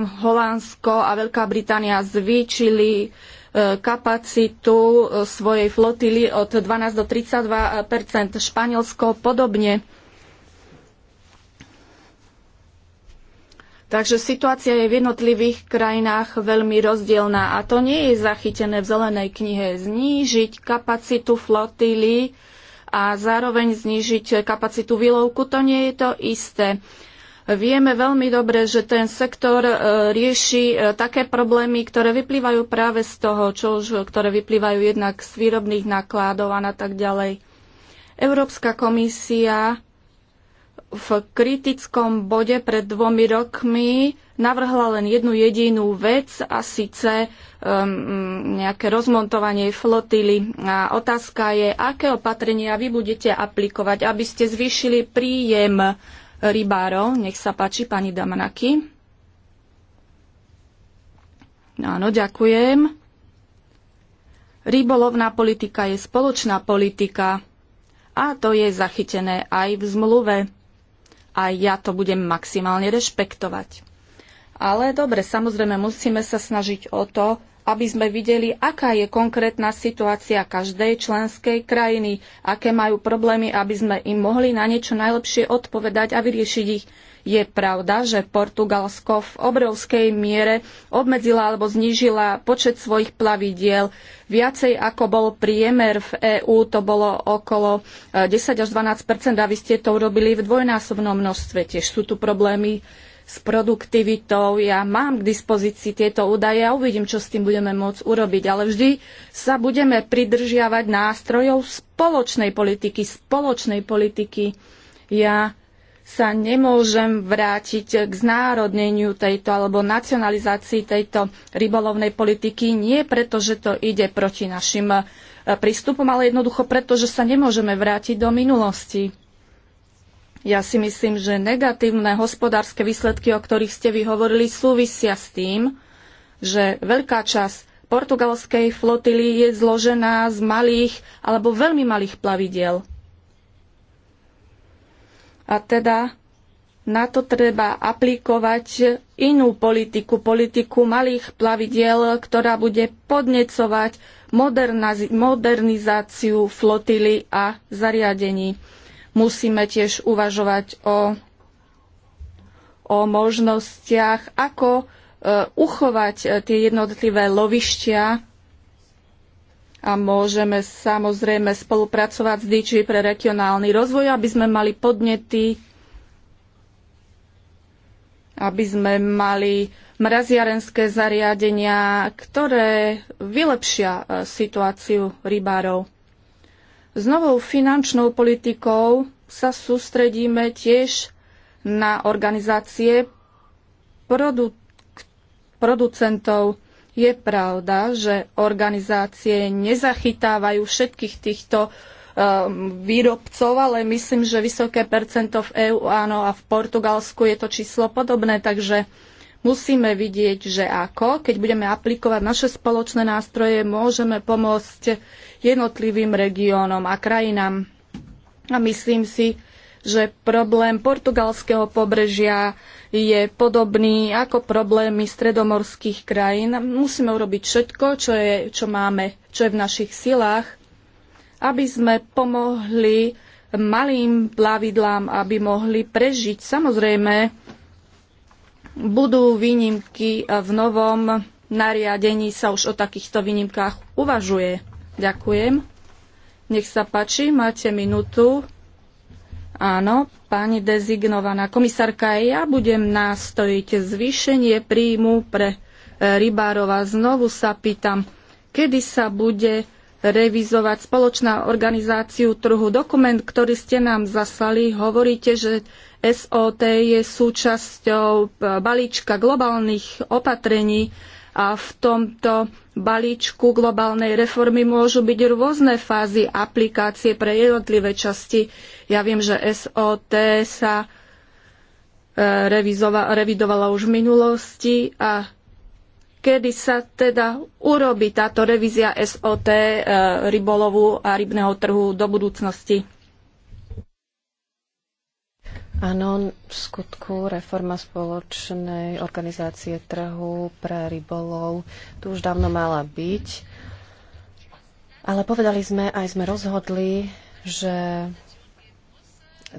Holandsko a Veľká Británia zvýšili um, kapacitu um, svojej flotily od 12 do 32 Španielsko podobne. Takže situácia je v jednotlivých krajinách veľmi rozdielná a to nie je zachytené v zelenej knihe. Znížiť kapacitu flotily a zároveň znížiť kapacitu výlovku, to nie je to isté. Vieme veľmi dobre, že ten sektor e, rieši e, také problémy, ktoré vyplývajú práve z toho, čo už, e, ktoré vyplývajú jednak z výrobných nákladov a na tak ďalej. Európska komisia v kritickom bode pred dvomi rokmi navrhla len jednu jedinú vec a síce um, nejaké rozmontovanie flotily. A otázka je, aké opatrenia vy budete aplikovať, aby ste zvýšili príjem rybárov. Nech sa páči, pani Damanaki. Áno, ďakujem. Rybolovná politika je spoločná politika a to je zachytené aj v zmluve a ja to budem maximálne rešpektovať. Ale dobre, samozrejme musíme sa snažiť o to, aby sme videli, aká je konkrétna situácia každej členskej krajiny, aké majú problémy, aby sme im mohli na niečo najlepšie odpovedať a vyriešiť ich. Je pravda, že Portugalsko v obrovskej miere obmedzila alebo znížila počet svojich plavidiel. Viacej ako bol priemer v EÚ, to bolo okolo 10 e, až 12 a vy ste to urobili v dvojnásobnom množstve. Tiež sú tu problémy s produktivitou. Ja mám k dispozícii tieto údaje a uvidím, čo s tým budeme môcť urobiť. Ale vždy sa budeme pridržiavať nástrojov spoločnej politiky, spoločnej politiky. Ja sa nemôžem vrátiť k znárodneniu tejto alebo nacionalizácii tejto rybolovnej politiky. Nie preto, že to ide proti našim e, prístupom, ale jednoducho preto, že sa nemôžeme vrátiť do minulosti. Ja si myslím, že negatívne hospodárske výsledky, o ktorých ste vy hovorili, súvisia s tým, že veľká časť portugalskej flotily je zložená z malých alebo veľmi malých plavidiel. A teda na to treba aplikovať inú politiku, politiku malých plavidiel, ktorá bude podnecovať modernizáciu flotily a zariadení. Musíme tiež uvažovať o, o možnostiach, ako e, uchovať e, tie jednotlivé lovištia a môžeme samozrejme spolupracovať s DG pre regionálny rozvoj, aby sme mali podnety, aby sme mali mraziarenské zariadenia, ktoré vylepšia e, situáciu rybárov. S novou finančnou politikou sa sústredíme tiež na organizácie produ- producentov je pravda, že organizácie nezachytávajú všetkých týchto um, výrobcov, ale myslím, že vysoké percento v EÚ áno a v Portugalsku je to číslo podobné, takže musíme vidieť, že ako, keď budeme aplikovať naše spoločné nástroje, môžeme pomôcť jednotlivým regiónom a krajinám. A myslím si, že problém portugalského pobrežia je podobný ako problémy stredomorských krajín. Musíme urobiť všetko, čo, je, čo máme, čo je v našich silách, aby sme pomohli malým plavidlám, aby mohli prežiť. Samozrejme, budú výnimky v novom nariadení sa už o takýchto výnimkách uvažuje. Ďakujem. Nech sa páči, máte minútu. Áno, pani dezignovaná komisárka, ja budem nástojiť zvýšenie príjmu pre e, rybárov a znovu sa pýtam, kedy sa bude revizovať spoločná organizáciu trhu. Dokument, ktorý ste nám zaslali, hovoríte, že SOT je súčasťou e, balíčka globálnych opatrení a v tomto balíčku globálnej reformy môžu byť rôzne fázy aplikácie pre jednotlivé časti. Ja viem, že SOT sa e, revidovala už v minulosti a kedy sa teda urobí táto revízia SOT e, rybolovu a rybného trhu do budúcnosti. Áno, v skutku reforma spoločnej organizácie trhu pre rybolov tu už dávno mala byť. Ale povedali sme, aj sme rozhodli, že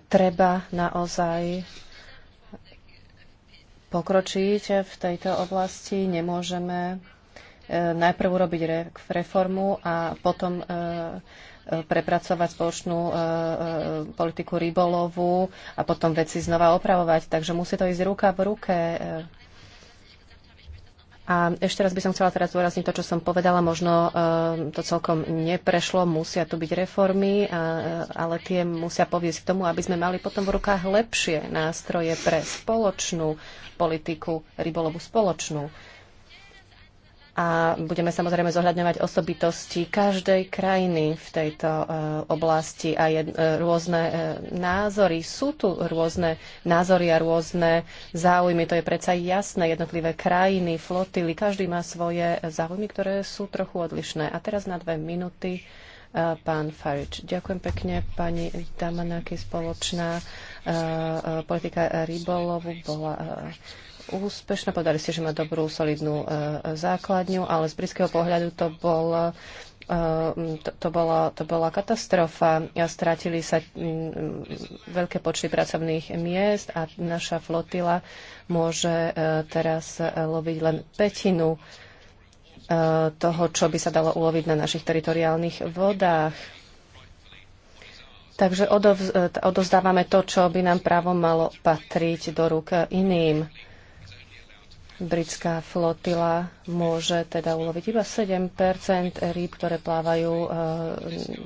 treba naozaj pokročiť v tejto oblasti. Nemôžeme e, najprv urobiť reformu a potom e, prepracovať spoločnú e, e, politiku rybolovu a potom veci znova opravovať. Takže musí to ísť ruka v ruke. A ešte raz by som chcela teraz zúrazniť to, čo som povedala. Možno e, to celkom neprešlo, musia tu byť reformy, ale tie musia poviesť k tomu, aby sme mali potom v rukách lepšie nástroje pre spoločnú politiku rybolovu spoločnú a budeme samozrejme zohľadňovať osobitosti každej krajiny v tejto uh, oblasti a je, uh, e, rôzne uh, názory. Sú tu rôzne názory a rôzne záujmy, to je predsa jasné. Jednotlivé krajiny, flotily, každý má svoje záujmy, ktoré sú trochu odlišné. A teraz na dve minúty pán Farič. Ďakujem pekne, pani Damanaki, spoločná politika rybolovu bola úspešná. Podali ste, že má dobrú, solidnú e, základňu, ale z britského pohľadu to bol e, to, to, bola, to bola katastrofa. Strátili sa veľké počty pracovných miest a naša flotila môže e, teraz loviť len petinu toho, čo by sa dalo uloviť na našich teritoriálnych vodách. Takže odovzdávame to, čo by nám právo malo patriť do rúk iným. Britská flotila môže teda uloviť iba 7 rýb, ktoré plávajú eh,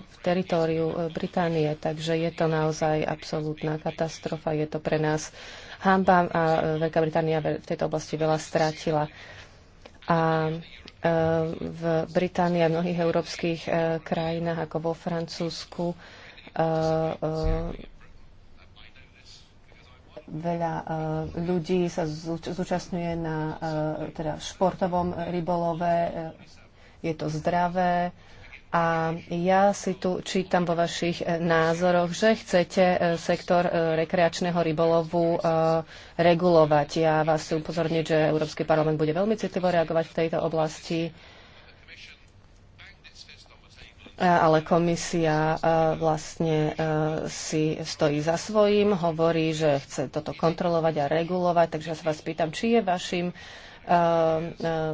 v teritóriu eh, Británie. Takže je to naozaj absolútna katastrofa. Je to pre nás hamba a eh, Veľká Británia v tejto oblasti veľa strátila. A v Británii a v mnohých európskych krajinách, ako vo Francúzsku, Veľa e, ľudí sa zúčastňuje na e, teda športovom rybolove, e, je to zdravé. A ja si tu čítam vo vašich názoroch, že chcete sektor rekreačného rybolovu regulovať. Ja vás chcem upozorniť, že Európsky parlament bude veľmi citlivo reagovať v tejto oblasti ale komisia e, vlastne e, si stojí za svojím, hovorí, že chce toto kontrolovať a regulovať, takže ja sa vás pýtam, či je vašim e,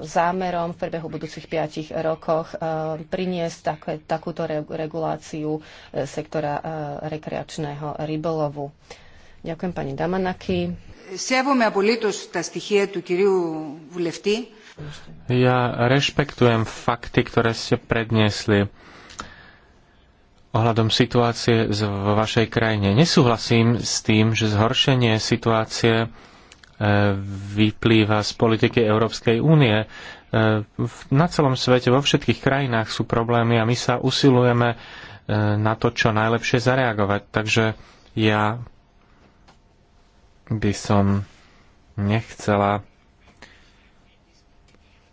zámerom v priebehu budúcich piatich rokoch priniesť také, takúto reguláciu sektora rekreačného rybolovu. Ďakujem pani Damanaki. Ja rešpektujem fakty, ktoré ste predniesli ohľadom situácie vo vašej krajine. Nesúhlasím s tým, že zhoršenie situácie e, vyplýva z politiky Európskej únie. E, na celom svete, vo všetkých krajinách sú problémy a my sa usilujeme e, na to, čo najlepšie zareagovať. Takže ja by som nechcela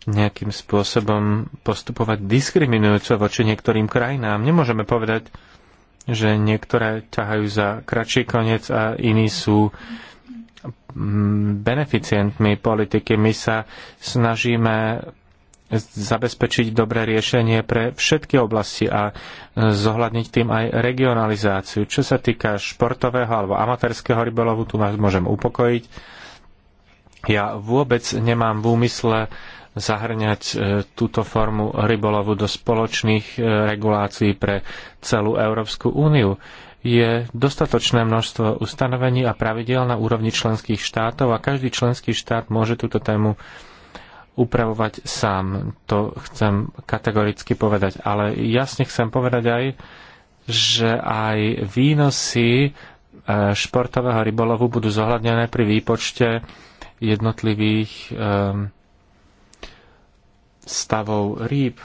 nejakým spôsobom postupovať diskriminujúco voči niektorým krajinám. Nemôžeme povedať, že niektoré ťahajú za kratší koniec a iní sú mm, beneficientmi politiky. My sa snažíme zabezpečiť dobré riešenie pre všetky oblasti a zohľadniť tým aj regionalizáciu. Čo sa týka športového alebo amatérskeho rybolovu, tu vás môžem upokojiť. Ja vôbec nemám v úmysle zahrňať e, túto formu rybolovu do spoločných e, regulácií pre celú Európsku úniu. Je dostatočné množstvo ustanovení a pravidel na úrovni členských štátov a každý členský štát môže túto tému upravovať sám. To chcem kategoricky povedať. Ale jasne chcem povedať aj, že aj výnosy e, športového rybolovu budú zohľadnené pri výpočte jednotlivých um, stavov rýb,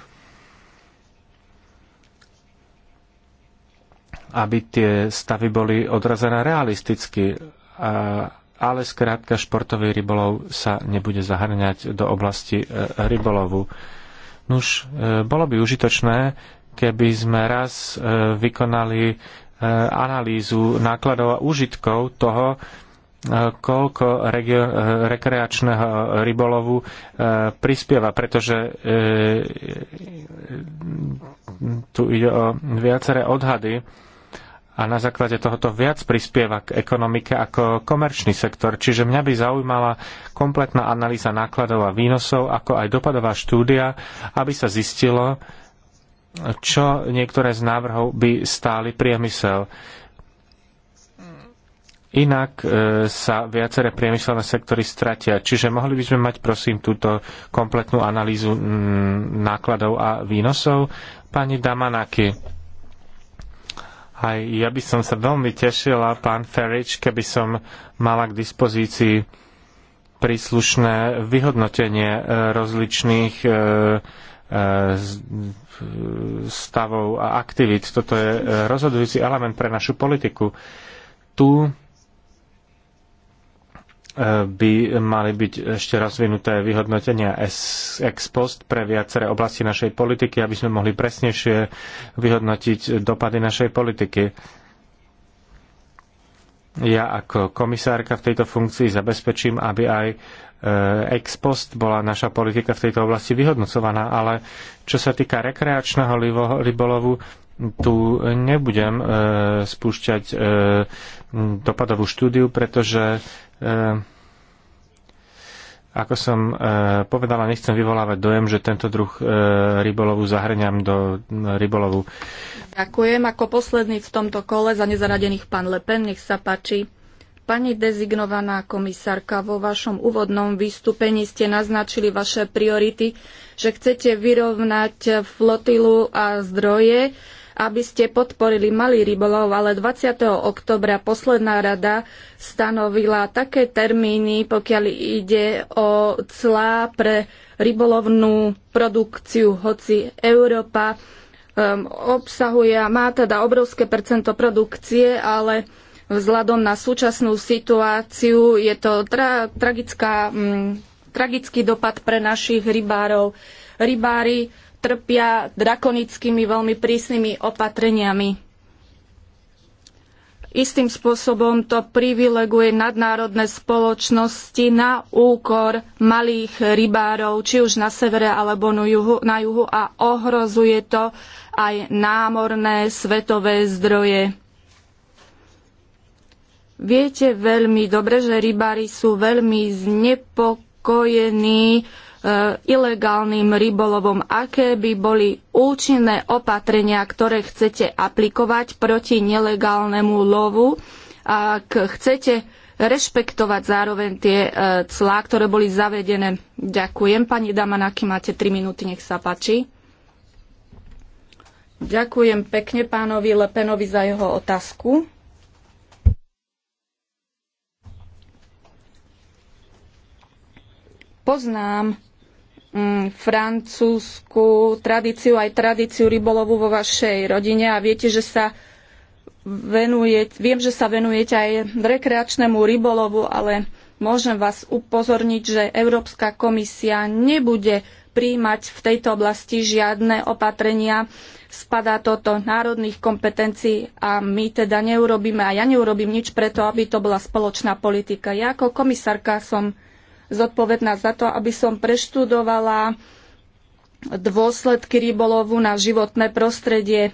aby tie stavy boli odrazené realisticky, ale skrátka športový rybolov sa nebude zahrňať do oblasti e, rybolovu. Nuž, e, bolo by užitočné, keby sme raz e, vykonali analýzu nákladov a užitkov toho, koľko regio- rekreačného rybolovu e, prispieva, pretože e, tu ide o viaceré odhady a na základe tohoto viac prispieva k ekonomike ako komerčný sektor. Čiže mňa by zaujímala kompletná analýza nákladov a výnosov, ako aj dopadová štúdia, aby sa zistilo, čo niektoré z návrhov by stáli priemysel. Inak e, sa viaceré priemyselné sektory stratia. Čiže mohli by sme mať, prosím, túto kompletnú analýzu mm, nákladov a výnosov. Pani Damanaki, aj ja by som sa veľmi tešila, pán Ferič, keby som mala k dispozícii príslušné vyhodnotenie e, rozličných e, stavov a aktivít. Toto je rozhodujúci element pre našu politiku. Tu by mali byť ešte rozvinuté vyhodnotenia ex post pre viaceré oblasti našej politiky, aby sme mohli presnejšie vyhodnotiť dopady našej politiky. Ja ako komisárka v tejto funkcii zabezpečím, aby aj e, ex post bola naša politika v tejto oblasti vyhodnocovaná, ale čo sa týka rekreačného rybolovu, tu nebudem e, spúšťať e, dopadovú štúdiu, pretože Eh, ako som e, povedala, nechcem vyvolávať dojem, že tento druh e, rybolovu zahrňam do e, rybolovu. Ďakujem. Ako posledný v tomto kole za nezaradených pán Lepen, nech sa páči. Pani dezignovaná komisárka, vo vašom úvodnom vystúpení ste naznačili vaše priority, že chcete vyrovnať flotilu a zdroje aby ste podporili malý rybolov, ale 20. oktobra posledná rada stanovila také termíny, pokiaľ ide o clá pre rybolovnú produkciu, hoci Európa um, obsahuje a má teda obrovské percento produkcie, ale vzhľadom na súčasnú situáciu je to tra- tragická, mm, tragický dopad pre našich rybárov. Rybári trpia drakonickými, veľmi prísnymi opatreniami. Istým spôsobom to privileguje nadnárodné spoločnosti na úkor malých rybárov, či už na severe alebo na juhu, na juhu a ohrozuje to aj námorné svetové zdroje. Viete veľmi dobre, že rybári sú veľmi znepokojení E, ilegálnym rybolovom, aké by boli účinné opatrenia, ktoré chcete aplikovať proti nelegálnemu lovu, ak chcete rešpektovať zároveň tie e, clá, ktoré boli zavedené. Ďakujem. Pani Damanaki, máte 3 minúty, nech sa páči. Ďakujem pekne pánovi Lepenovi za jeho otázku. Poznám Mm, francúzsku tradíciu, aj tradíciu rybolovu vo vašej rodine a viete, že sa venuje, viem, že sa venujete aj rekreačnému rybolovu, ale môžem vás upozorniť, že Európska komisia nebude príjmať v tejto oblasti žiadne opatrenia. Spadá toto národných kompetencií a my teda neurobíme, a ja neurobím nič preto, aby to bola spoločná politika. Ja ako komisárka som zodpovedná za to, aby som preštudovala dôsledky rybolovu na životné prostredie.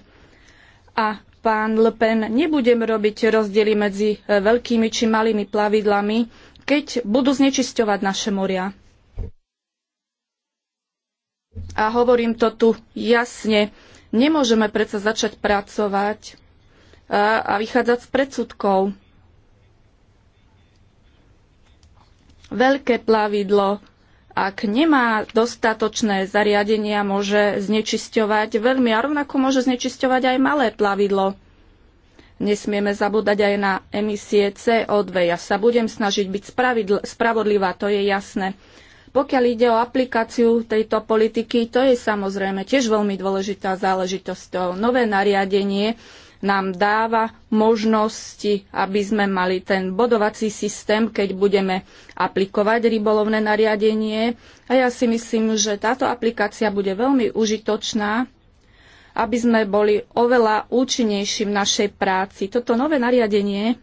A pán Le Pen, nebudem robiť rozdiely medzi veľkými či malými plavidlami, keď budú znečisťovať naše moria. A hovorím to tu jasne. Nemôžeme predsa začať pracovať a vychádzať z predsudkov. Veľké plavidlo, ak nemá dostatočné zariadenia, môže znečisťovať veľmi a rovnako môže znečisťovať aj malé plavidlo. Nesmieme zabúdať aj na emisie CO2. Ja sa budem snažiť byť spravodlivá, to je jasné. Pokiaľ ide o aplikáciu tejto politiky, to je samozrejme tiež veľmi dôležitá záležitosť. To nové nariadenie nám dáva možnosti, aby sme mali ten bodovací systém, keď budeme aplikovať rybolovné nariadenie. A ja si myslím, že táto aplikácia bude veľmi užitočná, aby sme boli oveľa účinnejší v našej práci. Toto nové nariadenie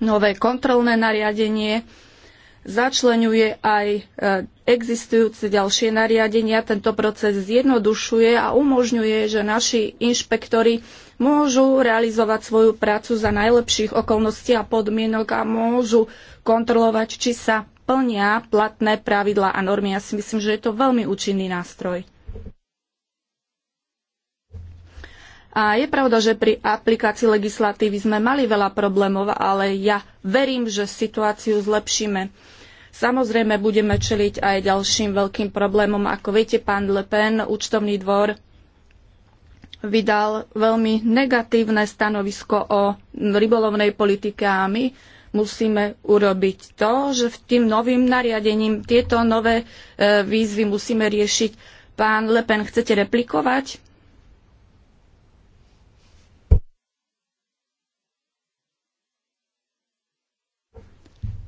nové kontrolné nariadenie začlenuje aj e, existujúce ďalšie nariadenia. Tento proces zjednodušuje a umožňuje, že naši inšpektori môžu realizovať svoju prácu za najlepších okolností a podmienok a môžu kontrolovať, či sa plnia platné pravidlá a normy. Ja si myslím, že je to veľmi účinný nástroj. A je pravda, že pri aplikácii legislatívy sme mali veľa problémov, ale ja verím, že situáciu zlepšíme. Samozrejme, budeme čeliť aj ďalším veľkým problémom. Ako viete, pán Le Pen, účtovný dvor, vydal veľmi negatívne stanovisko o rybolovnej politike a my musíme urobiť to, že v tým novým nariadením tieto nové e, výzvy musíme riešiť. Pán Lepen, chcete replikovať?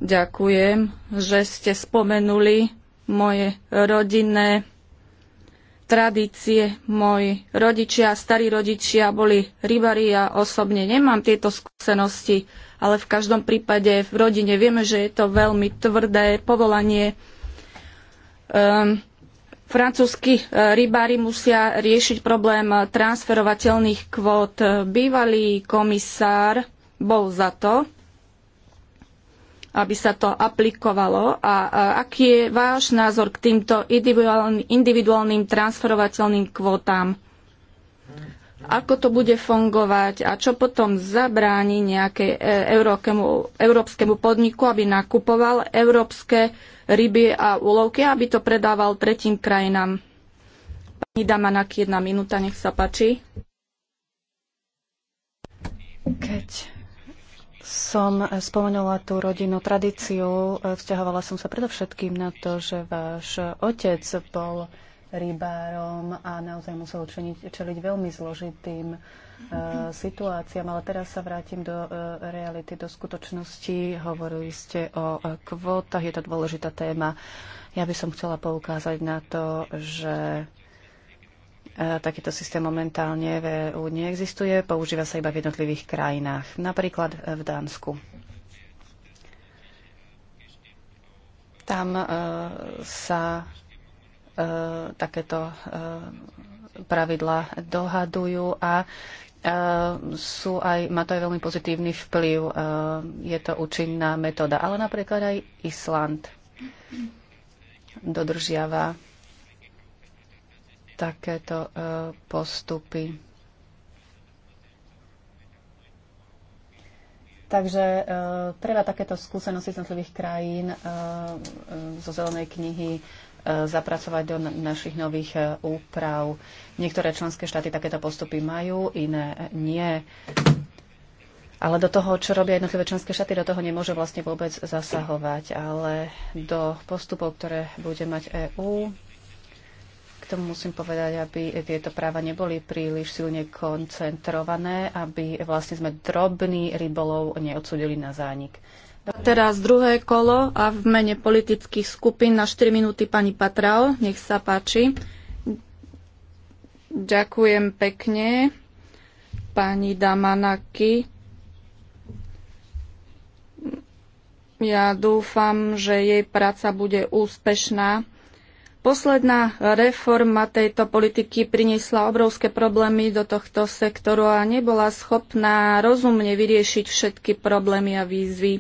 Ďakujem, že ste spomenuli moje rodinné tradície. Moji rodičia, starí rodičia boli rybári a ja osobne nemám tieto skúsenosti, ale v každom prípade v rodine vieme, že je to veľmi tvrdé povolanie. Um, francúzski e, rybári musia riešiť problém transferovateľných kvót. Bývalý komisár bol za to, aby sa to aplikovalo. A aký je váš názor k týmto individuálnym transferovateľným kvótám? Ako to bude fungovať a čo potom zabráni nejaké e, európskemu, európskemu podniku, aby nakupoval európske ryby a úlovky, aby to predával tretím krajinám? Pani Damanak, jedna minúta, nech sa páči. Keď som spomenula tú rodinnú tradíciu. Vzťahovala som sa predovšetkým na to, že váš otec bol rybárom a naozaj musel čeliť, čeliť veľmi zložitým uh, situáciám. Ale teraz sa vrátim do uh, reality, do skutočnosti. Hovorili ste o uh, kvótach, je to dôležitá téma. Ja by som chcela poukázať na to, že E, takýto systém momentálne v EU neexistuje, používa sa iba v jednotlivých krajinách, napríklad e, v Dánsku. Tam e, sa takéto pravidla dohadujú a sú aj, má to aj veľmi pozitívny vplyv. Je to účinná metóda, ale napríklad aj Island dodržiava takéto e, postupy. Takže e, treba takéto skúsenosti z jednotlivých krajín e, zo zelenej knihy zapracovať do našich nových úprav. Niektoré členské štáty takéto postupy majú, iné nie. Ale do toho, čo robia jednotlivé členské štáty, do toho nemôže vlastne vôbec zasahovať. Ale do postupov, ktoré bude mať EÚ, tomu musím povedať, aby tieto práva neboli príliš silne koncentrované, aby vlastne sme drobný rybolov neodsudili na zánik. Teraz druhé kolo a v mene politických skupín na 4 minúty pani Patrao. Nech sa páči. Ďakujem pekne pani Damanaki. Ja dúfam, že jej práca bude úspešná Posledná reforma tejto politiky priniesla obrovské problémy do tohto sektoru a nebola schopná rozumne vyriešiť všetky problémy a výzvy.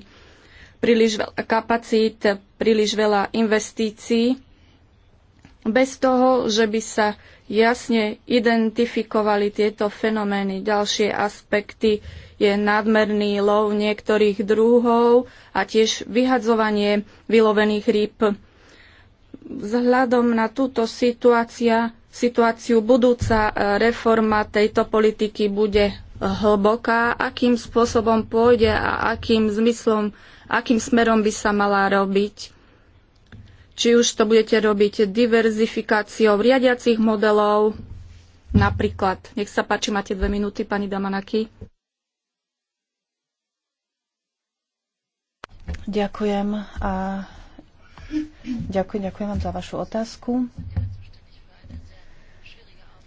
Príliš veľa kapacít, príliš veľa investícií, bez toho, že by sa jasne identifikovali tieto fenomény. Ďalšie aspekty je nadmerný lov niektorých druhov a tiež vyhadzovanie vylovených rýb vzhľadom na túto situácia, situáciu budúca e, reforma tejto politiky bude hlboká, akým spôsobom pôjde a akým zmyslom, akým smerom by sa mala robiť. Či už to budete robiť diverzifikáciou riadiacich modelov, napríklad. Nech sa páči, máte dve minúty, pani Damanaki. Ďakujem. A Ďakujem, ďakujem vám za vašu otázku.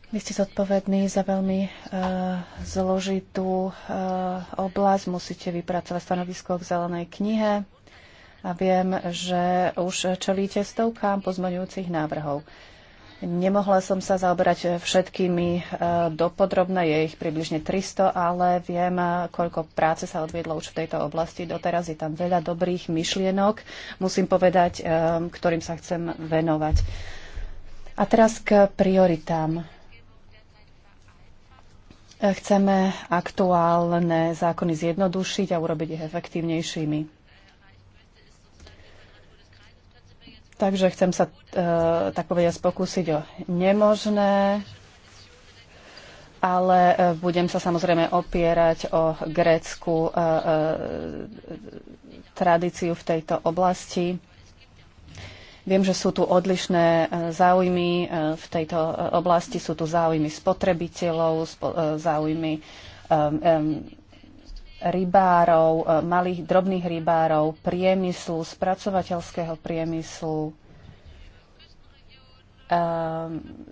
Vy ste zodpovední za veľmi uh, zložitú uh, oblasť. Musíte vypracovať stanovisko k zelenej knihe a viem, že už čelíte stovkám pozmeňujúcich návrhov. Nemohla som sa zaoberať eh, všetkými eh, dopodrobne, je ich približne 300, ale viem, eh, koľko práce sa odviedlo už v tejto oblasti. Doteraz je tam veľa dobrých myšlienok, musím povedať, ktorým sa chcem venovať. A teraz k prioritám. Chceme aktuálne zákony zjednodušiť a urobiť ich efektívnejšími. Takže chcem sa, e, tak povediať, pokúsiť o nemožné, ale e, budem sa samozrejme opierať o grécku e, tradíciu v tejto oblasti. Viem, že sú tu odlišné záujmy v tejto oblasti. Sú tu záujmy spotrebiteľov, záujmy rybárov, e, malých drobných rybárov, priemyslu, spracovateľského priemyslu, e,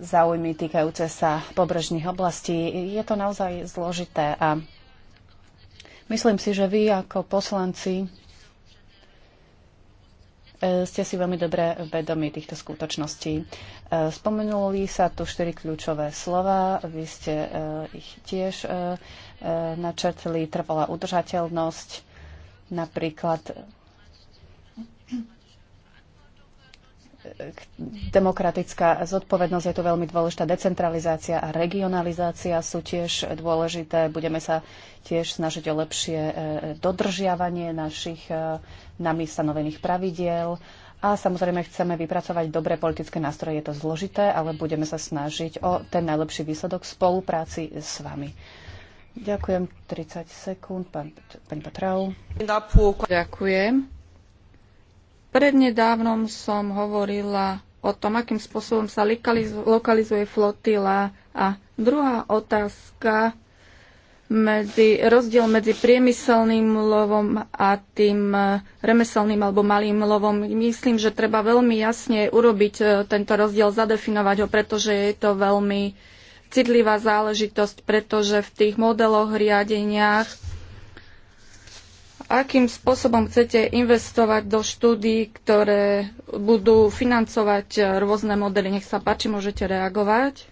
záujmy týkajúce sa pobrežných oblastí. Je to naozaj zložité a myslím si, že vy ako poslanci e, ste si veľmi dobre vedomi týchto skutočností. Spomenuli sa tu štyri kľúčové slova, vy ste ich tiež načrtli trvalá udržateľnosť, napríklad eh, demokratická zodpovednosť je tu veľmi dôležitá, decentralizácia a regionalizácia sú tiež dôležité. Budeme sa tiež snažiť o lepšie eh, dodržiavanie našich eh, nami stanovených pravidiel. A samozrejme chceme vypracovať dobré politické nástroje, je to zložité, ale budeme sa snažiť o ten najlepší výsledok v spolupráci s vami. Ďakujem. 30 sekúnd. pani Patrau. Ďakujem. Prednedávnom som hovorila o tom, akým spôsobom sa lokalizuje flotila. A druhá otázka, medzi, rozdiel medzi priemyselným lovom a tým eh, remeselným alebo malým lovom. Myslím, že treba veľmi jasne urobiť eh, tento rozdiel, zadefinovať ho, pretože je to veľmi citlivá záležitosť, pretože v tých modeloch riadeniach akým spôsobom chcete investovať do štúdí, ktoré budú financovať rôzne modely. Nech sa páči, môžete reagovať.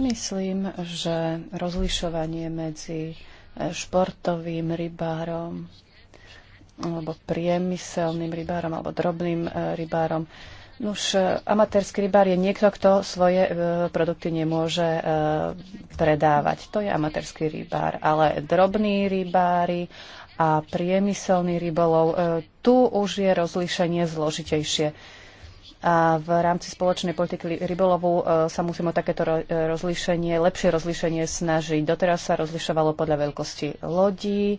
Myslím, že rozlišovanie medzi e, športovým rybárom alebo priemyselným rybárom alebo drobným e, rybárom Nuž, e, amatérsky rybár je niekto, kto svoje e, produkty nemôže e, predávať. To je amatérsky rybár. Ale drobní rybári a priemyselný rybolov, e, tu už je rozlíšenie zložitejšie. A v rámci spoločnej politiky rybolovu e, sa musíme o takéto ro- e, rozlíšenie, lepšie rozlíšenie snažiť. Doteraz sa rozlišovalo podľa veľkosti lodí,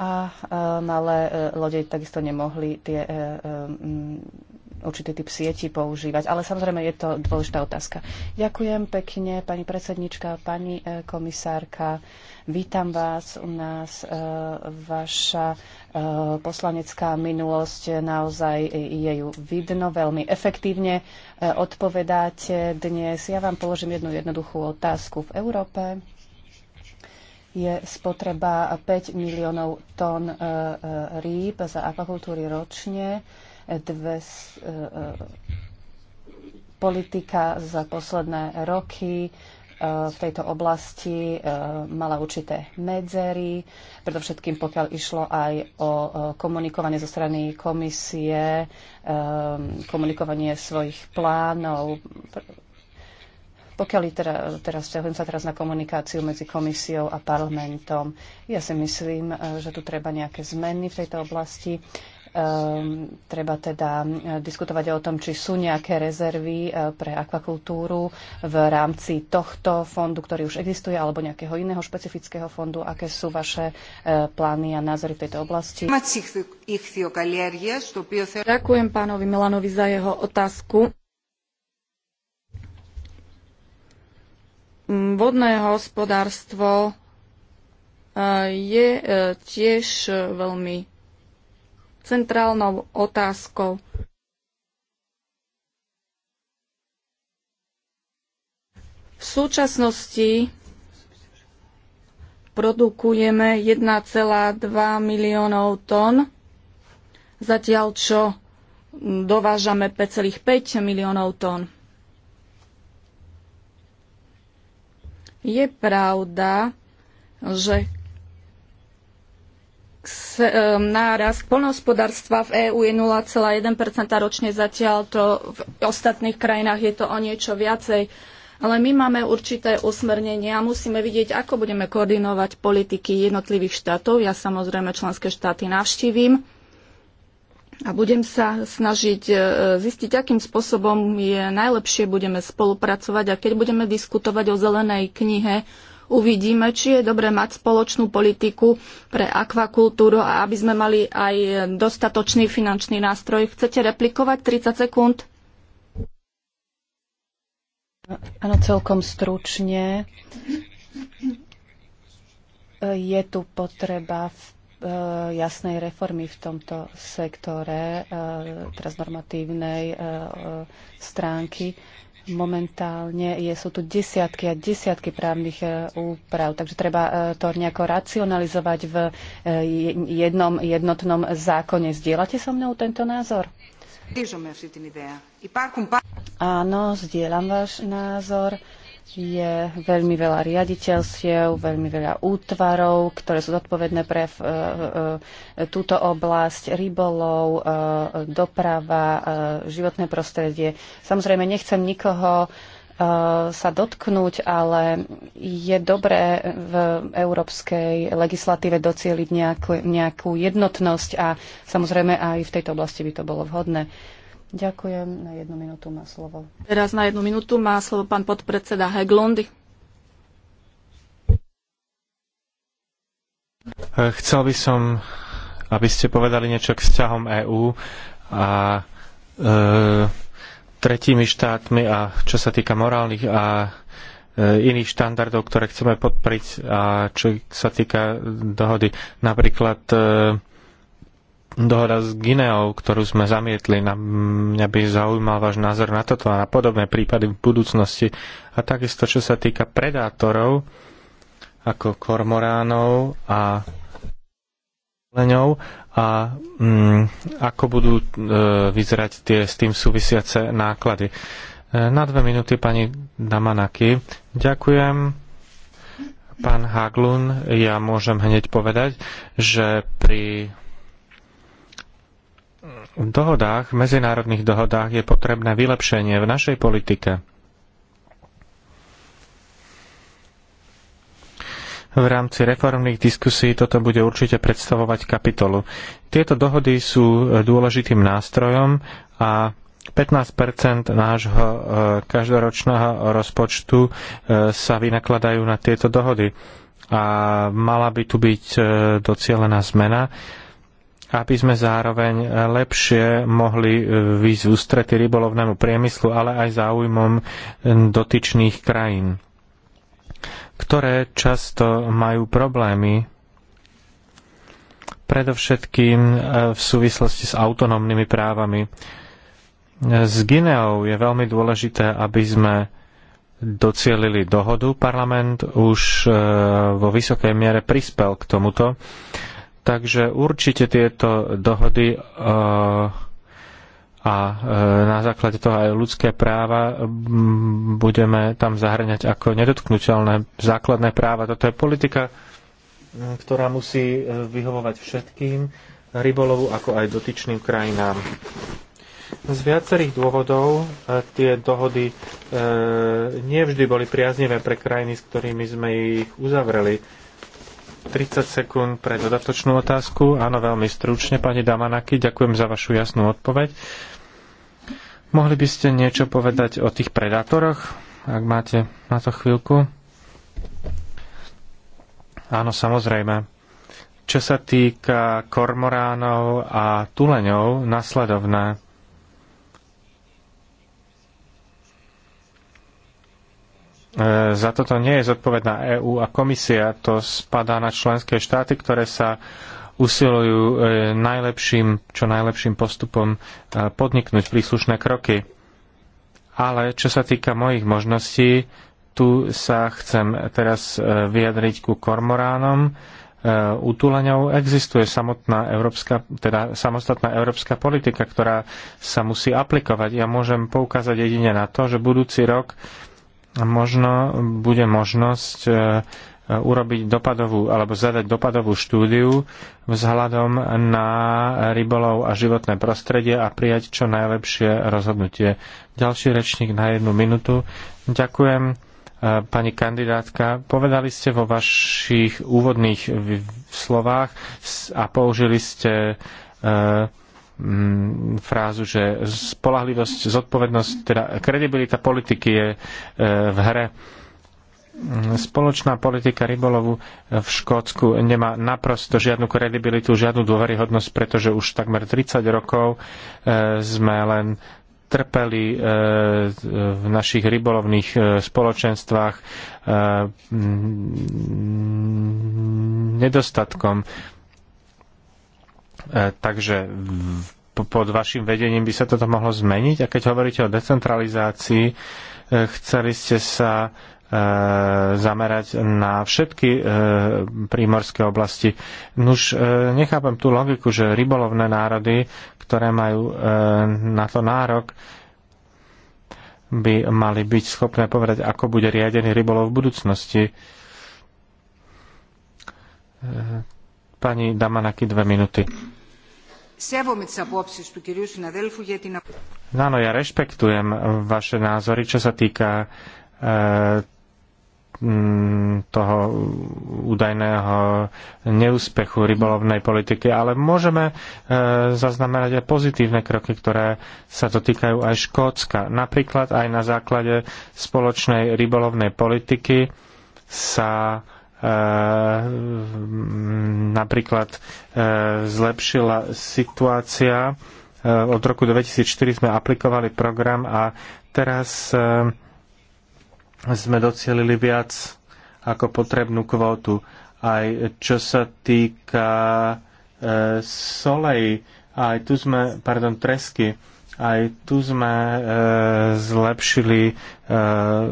a e, malé e, lode takisto nemohli tie e, mm, určitý typ sieti používať. Ale samozrejme je to dôležitá otázka. Ďakujem pekne, pani predsednička, pani komisárka. Vítam vás u nás. Vaša poslanecká minulosť naozaj je ju vidno veľmi efektívne. Odpovedáte dnes. Ja vám položím jednu jednoduchú otázku. V Európe je spotreba 5 miliónov tón e, e, rýb za akvakultúry ročne. Dve e, politika za posledné roky v tejto oblasti mala určité medzery, predovšetkým pokiaľ išlo aj o komunikovanie zo strany komisie, komunikovanie svojich plánov, pokiaľ teda, teraz vzťahujem sa teraz na komunikáciu medzi komisiou a parlamentom, ja si myslím, e, že tu treba nejaké zmeny v tejto oblasti. Um, treba teda e, diskutovať o tom, či sú nejaké rezervy e, pre akvakultúru v rámci tohto fondu, ktorý už existuje, alebo nejakého iného špecifického fondu. Aké sú vaše uh, plány a názory v tejto oblasti? Ďakujem pánovi Milanovi za jeho otázku. Vodné hospodárstvo e, je e, tiež veľmi centrálnou otázkou. V súčasnosti produkujeme 1,2 miliónov tón, zatiaľ čo dovážame 5,5 miliónov tón. Je pravda, že nárast poľnohospodárstva v EÚ je 0,1 ročne, zatiaľ to v ostatných krajinách je to o niečo viacej. Ale my máme určité usmernenie a musíme vidieť, ako budeme koordinovať politiky jednotlivých štátov. Ja samozrejme členské štáty navštívim a budem sa snažiť e, zistiť, akým spôsobom je najlepšie budeme spolupracovať a keď budeme diskutovať o zelenej knihe, uvidíme, či je dobre mať spoločnú politiku pre akvakultúru a aby sme mali aj dostatočný finančný nástroj. Chcete replikovať 30 sekúnd? Áno, celkom stručne. Je tu potreba v E, jasnej reformy v tomto sektore, e, teraz normatívnej e, stránky. Momentálne je, sú tu desiatky a desiatky právnych úprav, takže treba to nejako racionalizovať v jednom jednotnom zákone. Zdieľate so mnou tento názor? Áno, zdieľam váš názor je veľmi veľa riaditeľstiev, veľmi veľa útvarov, ktoré sú zodpovedné pre uh, uh, túto oblasť, rybolov, uh, doprava, životné prostredie. Samozrejme, nechcem nikoho sa dotknúť, ale je dobré v európskej legislatíve docieliť nejakú, nejakú jednotnosť a samozrejme aj v tejto oblasti by to bolo vhodné. Ďakujem. Na jednu minútu má slovo. Teraz na jednu minútu má slovo pán podpredseda Heglondy. E, chcel by som, aby ste povedali niečo k vzťahom EÚ a e, tretími štátmi a čo sa týka morálnych a e, iných štandardov, ktoré chceme podporiť a čo sa týka dohody. Napríklad e, dohoda s Gineou, ktorú sme zamietli. Na mňa by zaujímal váš názor na toto a na podobné prípady v budúcnosti. A takisto, čo sa týka predátorov, ako kormoránov a leňov a mm, ako budú e, vyzerať tie s tým súvisiace náklady. E, na dve minúty pani Damanaki. Ďakujem. Pán Haglun, ja môžem hneď povedať, že pri v dohodách, medzinárodných dohodách je potrebné vylepšenie v našej politike. V rámci reformných diskusí toto bude určite predstavovať kapitolu. Tieto dohody sú e, dôležitým nástrojom a 15 nášho e, každoročného rozpočtu e, sa vynakladajú na tieto dohody. A mala by tu byť docielená zmena aby sme zároveň lepšie mohli e, výjsť ústrety rybolovnému priemyslu, ale aj záujmom dotyčných krajín, ktoré často majú problémy predovšetkým e, v súvislosti s autonómnymi právami. S Gineou je veľmi dôležité, aby sme docielili dohodu. Parlament už e, vo vysokej miere prispel k tomuto Takže určite tieto dohody e, a e, na základe toho aj ľudské práva budeme tam zahrňať ako nedotknutelné základné práva. Toto je politika, ktorá musí e, vyhovovať všetkým rybolovu, ako aj dotyčným krajinám. Z viacerých dôvodov tie dohody nevždy boli priaznivé pre krajiny, s ktorými sme ich uzavreli 30 sekúnd pre dodatočnú otázku. Áno, veľmi stručne, pani Damanaki, ďakujem za vašu jasnú odpoveď. Mohli by ste niečo povedať o tých predátoroch, ak máte na to chvíľku? Áno, samozrejme. Čo sa týka kormoránov a tuleňov, nasledovné E, za toto nie je zodpovedná EÚ a komisia. To spadá na členské štáty, ktoré sa usilujú e, najlepším, čo najlepším postupom e, podniknúť príslušné kroky. Ale čo sa týka mojich možností, tu sa chcem teraz vyjadriť ku kormoránom. Utúleňov existuje samotná európska, teda samostatná európska politika, ktorá sa musí aplikovať. Ja môžem poukázať jedine na to, že budúci rok možno bude možnosť e, e, urobiť dopadovú alebo zadať dopadovú štúdiu vzhľadom na rybolov a životné prostredie a prijať čo najlepšie rozhodnutie. Ďalší rečník na jednu minútu. Ďakujem, e, pani kandidátka. Povedali ste vo vašich úvodných slovách a použili ste Mm, frázu, že spolahlivosť, zodpovednosť, teda kredibilita politiky je e, v hre. Spoločná politika rybolovu v Škótsku nemá naprosto žiadnu kredibilitu, žiadnu dôveryhodnosť, pretože už takmer 30 rokov e, sme len trpeli e, v našich rybolovných spoločenstvách nedostatkom E, takže pod vašim vedením by sa toto mohlo zmeniť? A keď hovoríte o decentralizácii, e, chceli ste sa e, zamerať na všetky prímorské oblasti. Nuž nechápam tú logiku, že rybolovné národy, ktoré majú na to nárok, by mali byť schopné povedať, ako bude riadený rybolov v budúcnosti. Pani Damanaki, dve minúty. Áno, ja rešpektujem vaše názory, čo sa týka e, toho údajného neúspechu rybolovnej politiky, ale môžeme e, zaznamenať aj pozitívne kroky, ktoré sa dotýkajú aj Škótska. Napríklad aj na základe spoločnej rybolovnej politiky sa Eh, napríklad eh, zlepšila situácia. Eh, od roku 2004 sme aplikovali program a teraz sme docielili viac ako potrebnú kvótu. Aj čo sa týka solej, aj tu sme, pardon, tresky, aj tu sme e, zlepšili, e,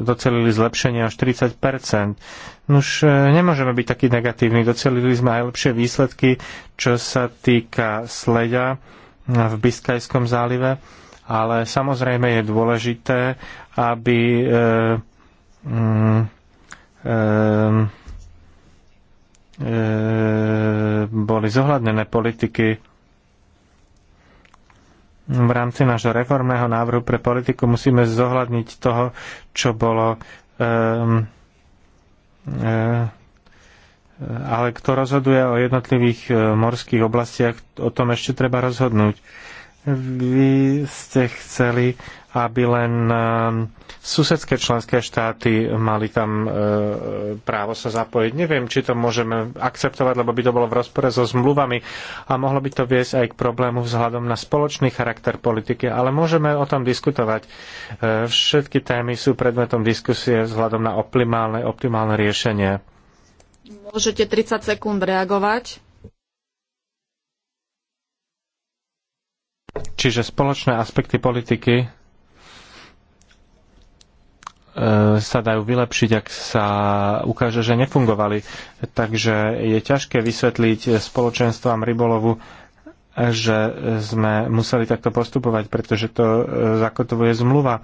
docelili zlepšenie až 40 Nuž, e, nemôžeme byť takí negatívni. Docelili sme aj lepšie výsledky, čo sa týka sleďa e, v Biskajskom zálive, ale samozrejme je dôležité, aby e, mm, e, e, boli zohľadnené politiky v rámci nášho reformného návrhu pre politiku musíme zohľadniť toho, čo bolo e, Eh, ale kto rozhoduje o jednotlivých eh, morských oblastiach, o tom ešte treba rozhodnúť. Vy ste chceli aby len eh, susedské členské štáty mali tam eh, právo sa zapojiť. Neviem, či to môžeme akceptovať, lebo by to bolo v rozpore so zmluvami a mohlo by to viesť aj k problému vzhľadom na spoločný charakter politiky, ale môžeme o tom diskutovať. Eh, všetky témy sú predmetom diskusie vzhľadom na optimálne, optimálne riešenie. Môžete 30 sekúnd reagovať. Čiže spoločné aspekty politiky E, sa dajú vylepšiť, ak sa ukáže, že nefungovali. Takže je ťažké vysvetliť spoločenstvám rybolovu, že sme museli takto postupovať, pretože to e, zakotovuje zmluva.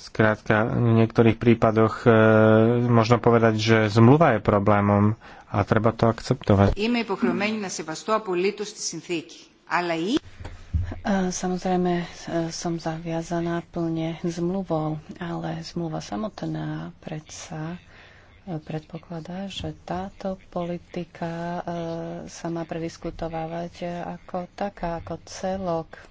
Zkrátka, v niektorých prípadoch e, možno povedať, že zmluva je problémom a treba to akceptovať. Ime υποχρεωμένη na σεβαστώ απολύτως τη E, samozrejme e, som zaviazaná plne zmluvou, ale zmluva samotná predsa e, predpokladá, že táto politika sa má prediskutovávať ako taká, ako celok,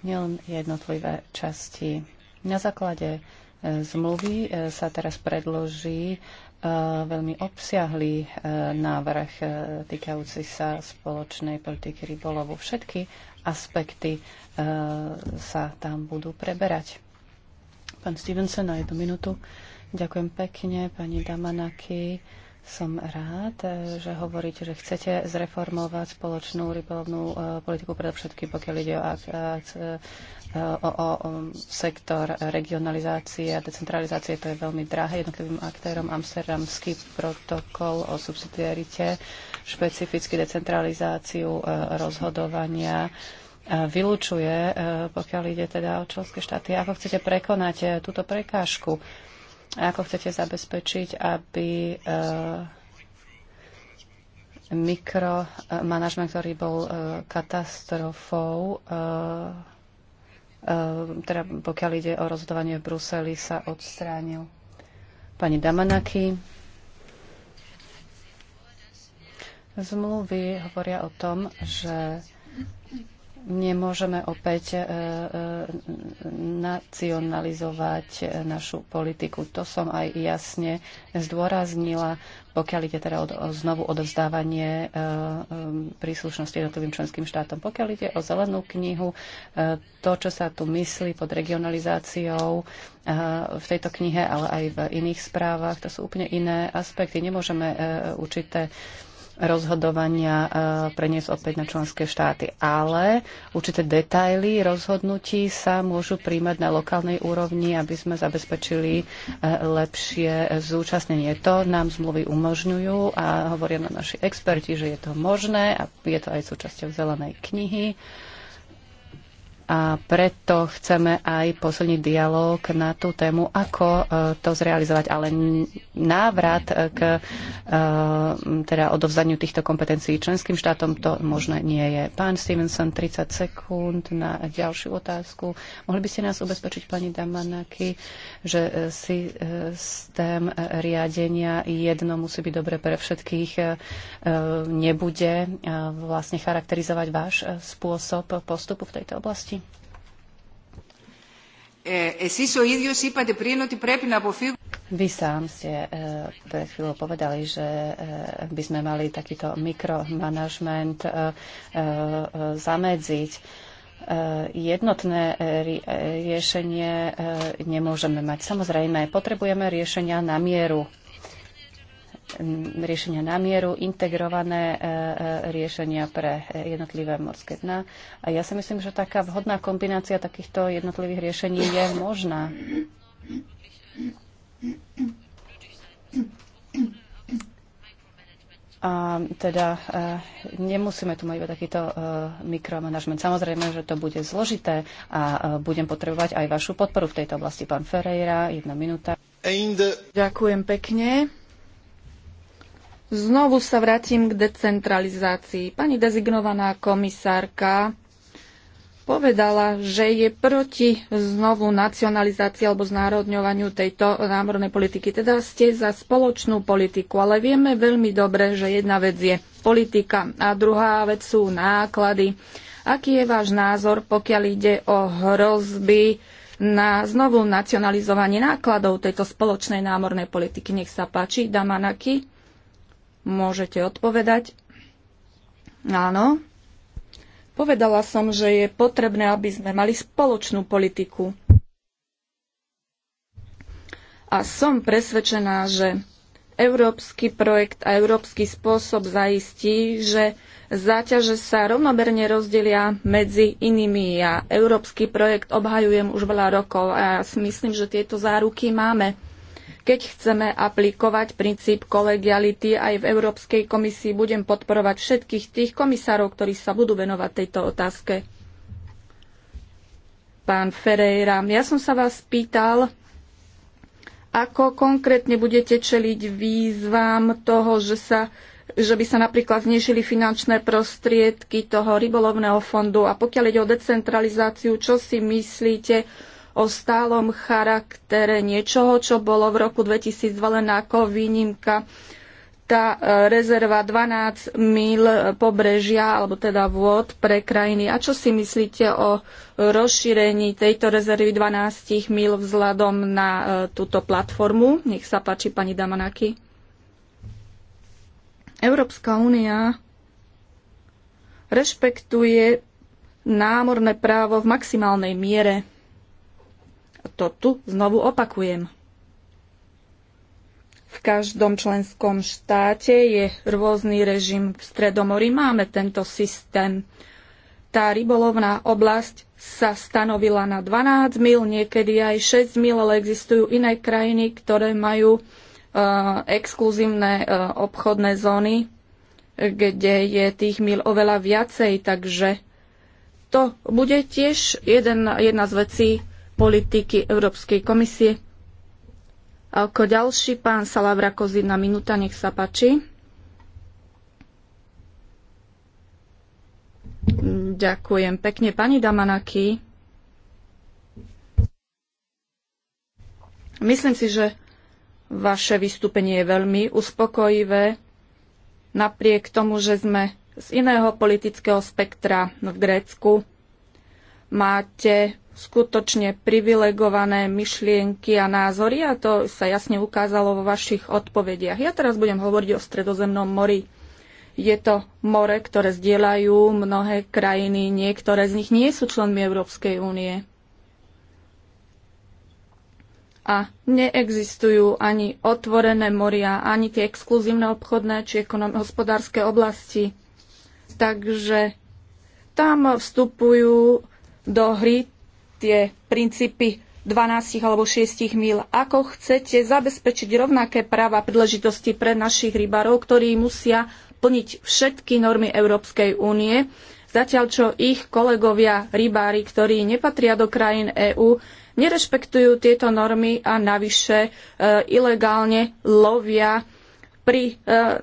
nielen jednotlivé časti. Na základe zmluvy sa teraz predloží E, veľmi obsiahlý e, návrh e, týkajúci sa spoločnej politiky rybolovu. Všetky aspekty sa tam budú preberať. Pán Stevenson, na jednu minútu. Ďakujem pekne, pani Damanaki. Som rád, že hovoríte, že chcete zreformovať spoločnú rybolovnú politiku, predovšetkým pokiaľ ide o o, o, o sektor regionalizácie a decentralizácie. To je veľmi drahé jednotlivým aktérom. Amsterdamský protokol o subsidiarite, špecificky decentralizáciu e, rozhodovania e, vylúčuje, e, pokiaľ ide teda o členské štáty. Ako chcete prekonať túto prekážku? Ako chcete zabezpečiť, aby mikromanažment, ktorý bol katastrofou, Ehm, teda pokiaľ ide o rozhodovanie v Bruseli, sa odstránil. Pani Damanaki. Zmluvy hovoria o tom, že nemôžeme opäť e, e, nacionalizovať e, našu politiku. To som aj jasne zdôraznila, pokiaľ ide teda o, znovu odovzdávanie príslušnosti jednotlivým členským štátom. Pokiaľ ide o zelenú knihu, to, čo sa tu myslí pod regionalizáciou v tejto knihe, ale aj v iných správach, to sú úplne iné aspekty. Nemôžeme určité rozhodovania e, preniesť opäť na členské štáty. Ale určité detaily rozhodnutí sa môžu príjmať na lokálnej úrovni, aby sme zabezpečili e, lepšie zúčastnenie. To nám zmluvy umožňujú a hovoria na naši experti, že je to možné a je to aj súčasťou zelenej knihy a preto chceme aj posilniť dialog na tú tému, ako e, to zrealizovať. Ale návrat e, k e, teda odovzdaniu týchto kompetencií členským štátom to možné nie je. Pán Stevenson, 30 sekúnd na ďalšiu otázku. Mohli by ste nás ubezpečiť, pani Damanaki, že systém riadenia jedno musí byť dobre pre všetkých, nebude vlastne charakterizovať váš spôsob postupu v tejto oblasti? εσείς ο ίδιος είπατε πριν ότι πρέπει να αποφύγουμε vy sám ste e, pred chvíľou povedali, že e, by sme mali takýto mikromanagement e, e, zamedziť. E, jednotné e, e, riešenie e, nemôžeme mať. Samozrejme, potrebujeme riešenia na mieru riešenia na mieru, integrované e, e, riešenia pre jednotlivé morské dna. A ja si myslím, že taká vhodná kombinácia takýchto jednotlivých riešení je možná. A teda e, nemusíme tu mať iba takýto mikromanagement. Samozrejme, že to bude zložité a budem potrebovať aj vašu podporu v tejto oblasti. Pán Ferreira, jedna minúta. Ďakujem pekne. Znovu sa vrátim k decentralizácii. Pani dezignovaná komisárka povedala, že je proti znovu nacionalizácii alebo znárodňovaniu tejto námornej politiky. Teda ste za spoločnú politiku, ale vieme veľmi dobre, že jedna vec je politika a druhá vec sú náklady. Aký je váš názor, pokiaľ ide o hrozby na znovu nacionalizovanie nákladov tejto spoločnej námornej politiky? Nech sa páči, Damanaki. Môžete odpovedať? Áno. Povedala som, že je potrebné, aby sme mali spoločnú politiku. A som presvedčená, že európsky projekt a európsky spôsob zaistí, že záťaže sa rovnomerne rozdelia medzi inými. Ja európsky projekt obhajujem už veľa rokov a ja si myslím, že tieto záruky máme. Keď chceme aplikovať princíp kolegiality aj v Európskej komisii, budem podporovať všetkých tých komisárov, ktorí sa budú venovať tejto otázke. Pán Ferreira, ja som sa vás pýtal, ako konkrétne budete čeliť výzvam toho, že, sa, že by sa napríklad znižili finančné prostriedky toho rybolovného fondu. A pokiaľ ide o decentralizáciu, čo si myslíte o stálom charaktere niečoho, čo bolo v roku 2002 len ako výnimka. Tá e, rezerva 12 mil pobrežia, alebo teda vôd pre krajiny. A čo si myslíte o rozšírení tejto rezervy 12 mil vzhľadom na e, túto platformu? Nech sa páči, pani Damanaki. Európska únia rešpektuje námorné právo v maximálnej miere. To tu znovu opakujem. V každom členskom štáte je rôzny režim. V Stredomorí máme tento systém. Tá rybolovná oblasť sa stanovila na 12 mil, niekedy aj 6 mil, ale existujú iné krajiny, ktoré majú uh, exkluzívne uh, obchodné zóny, kde je tých mil oveľa viacej, takže to bude tiež jeden, jedna z vecí, politiky Európskej komisie. A ako ďalší, pán Salavra Kozina, minúta, nech sa páči. Ďakujem pekne. Pani Damanaki, myslím si, že vaše vystúpenie je veľmi uspokojivé, napriek tomu, že sme z iného politického spektra v Grécku. Máte skutočne privilegované myšlienky a názory a to sa jasne ukázalo vo vašich odpovediach. Ja teraz budem hovoriť o stredozemnom mori. Je to more, ktoré zdieľajú mnohé krajiny, niektoré z nich nie sú členmi Európskej únie. A neexistujú ani otvorené moria, ani tie exkluzívne obchodné či hospodárske oblasti. Takže tam vstupujú do hry tie princípy 12 alebo 6 mil. Ako chcete zabezpečiť rovnaké práva a príležitosti pre našich rybárov, ktorí musia plniť všetky normy Európskej únie, zatiaľ čo ich kolegovia rybári, ktorí nepatria do krajín EÚ, nerešpektujú tieto normy a navyše e, ilegálne lovia pri e,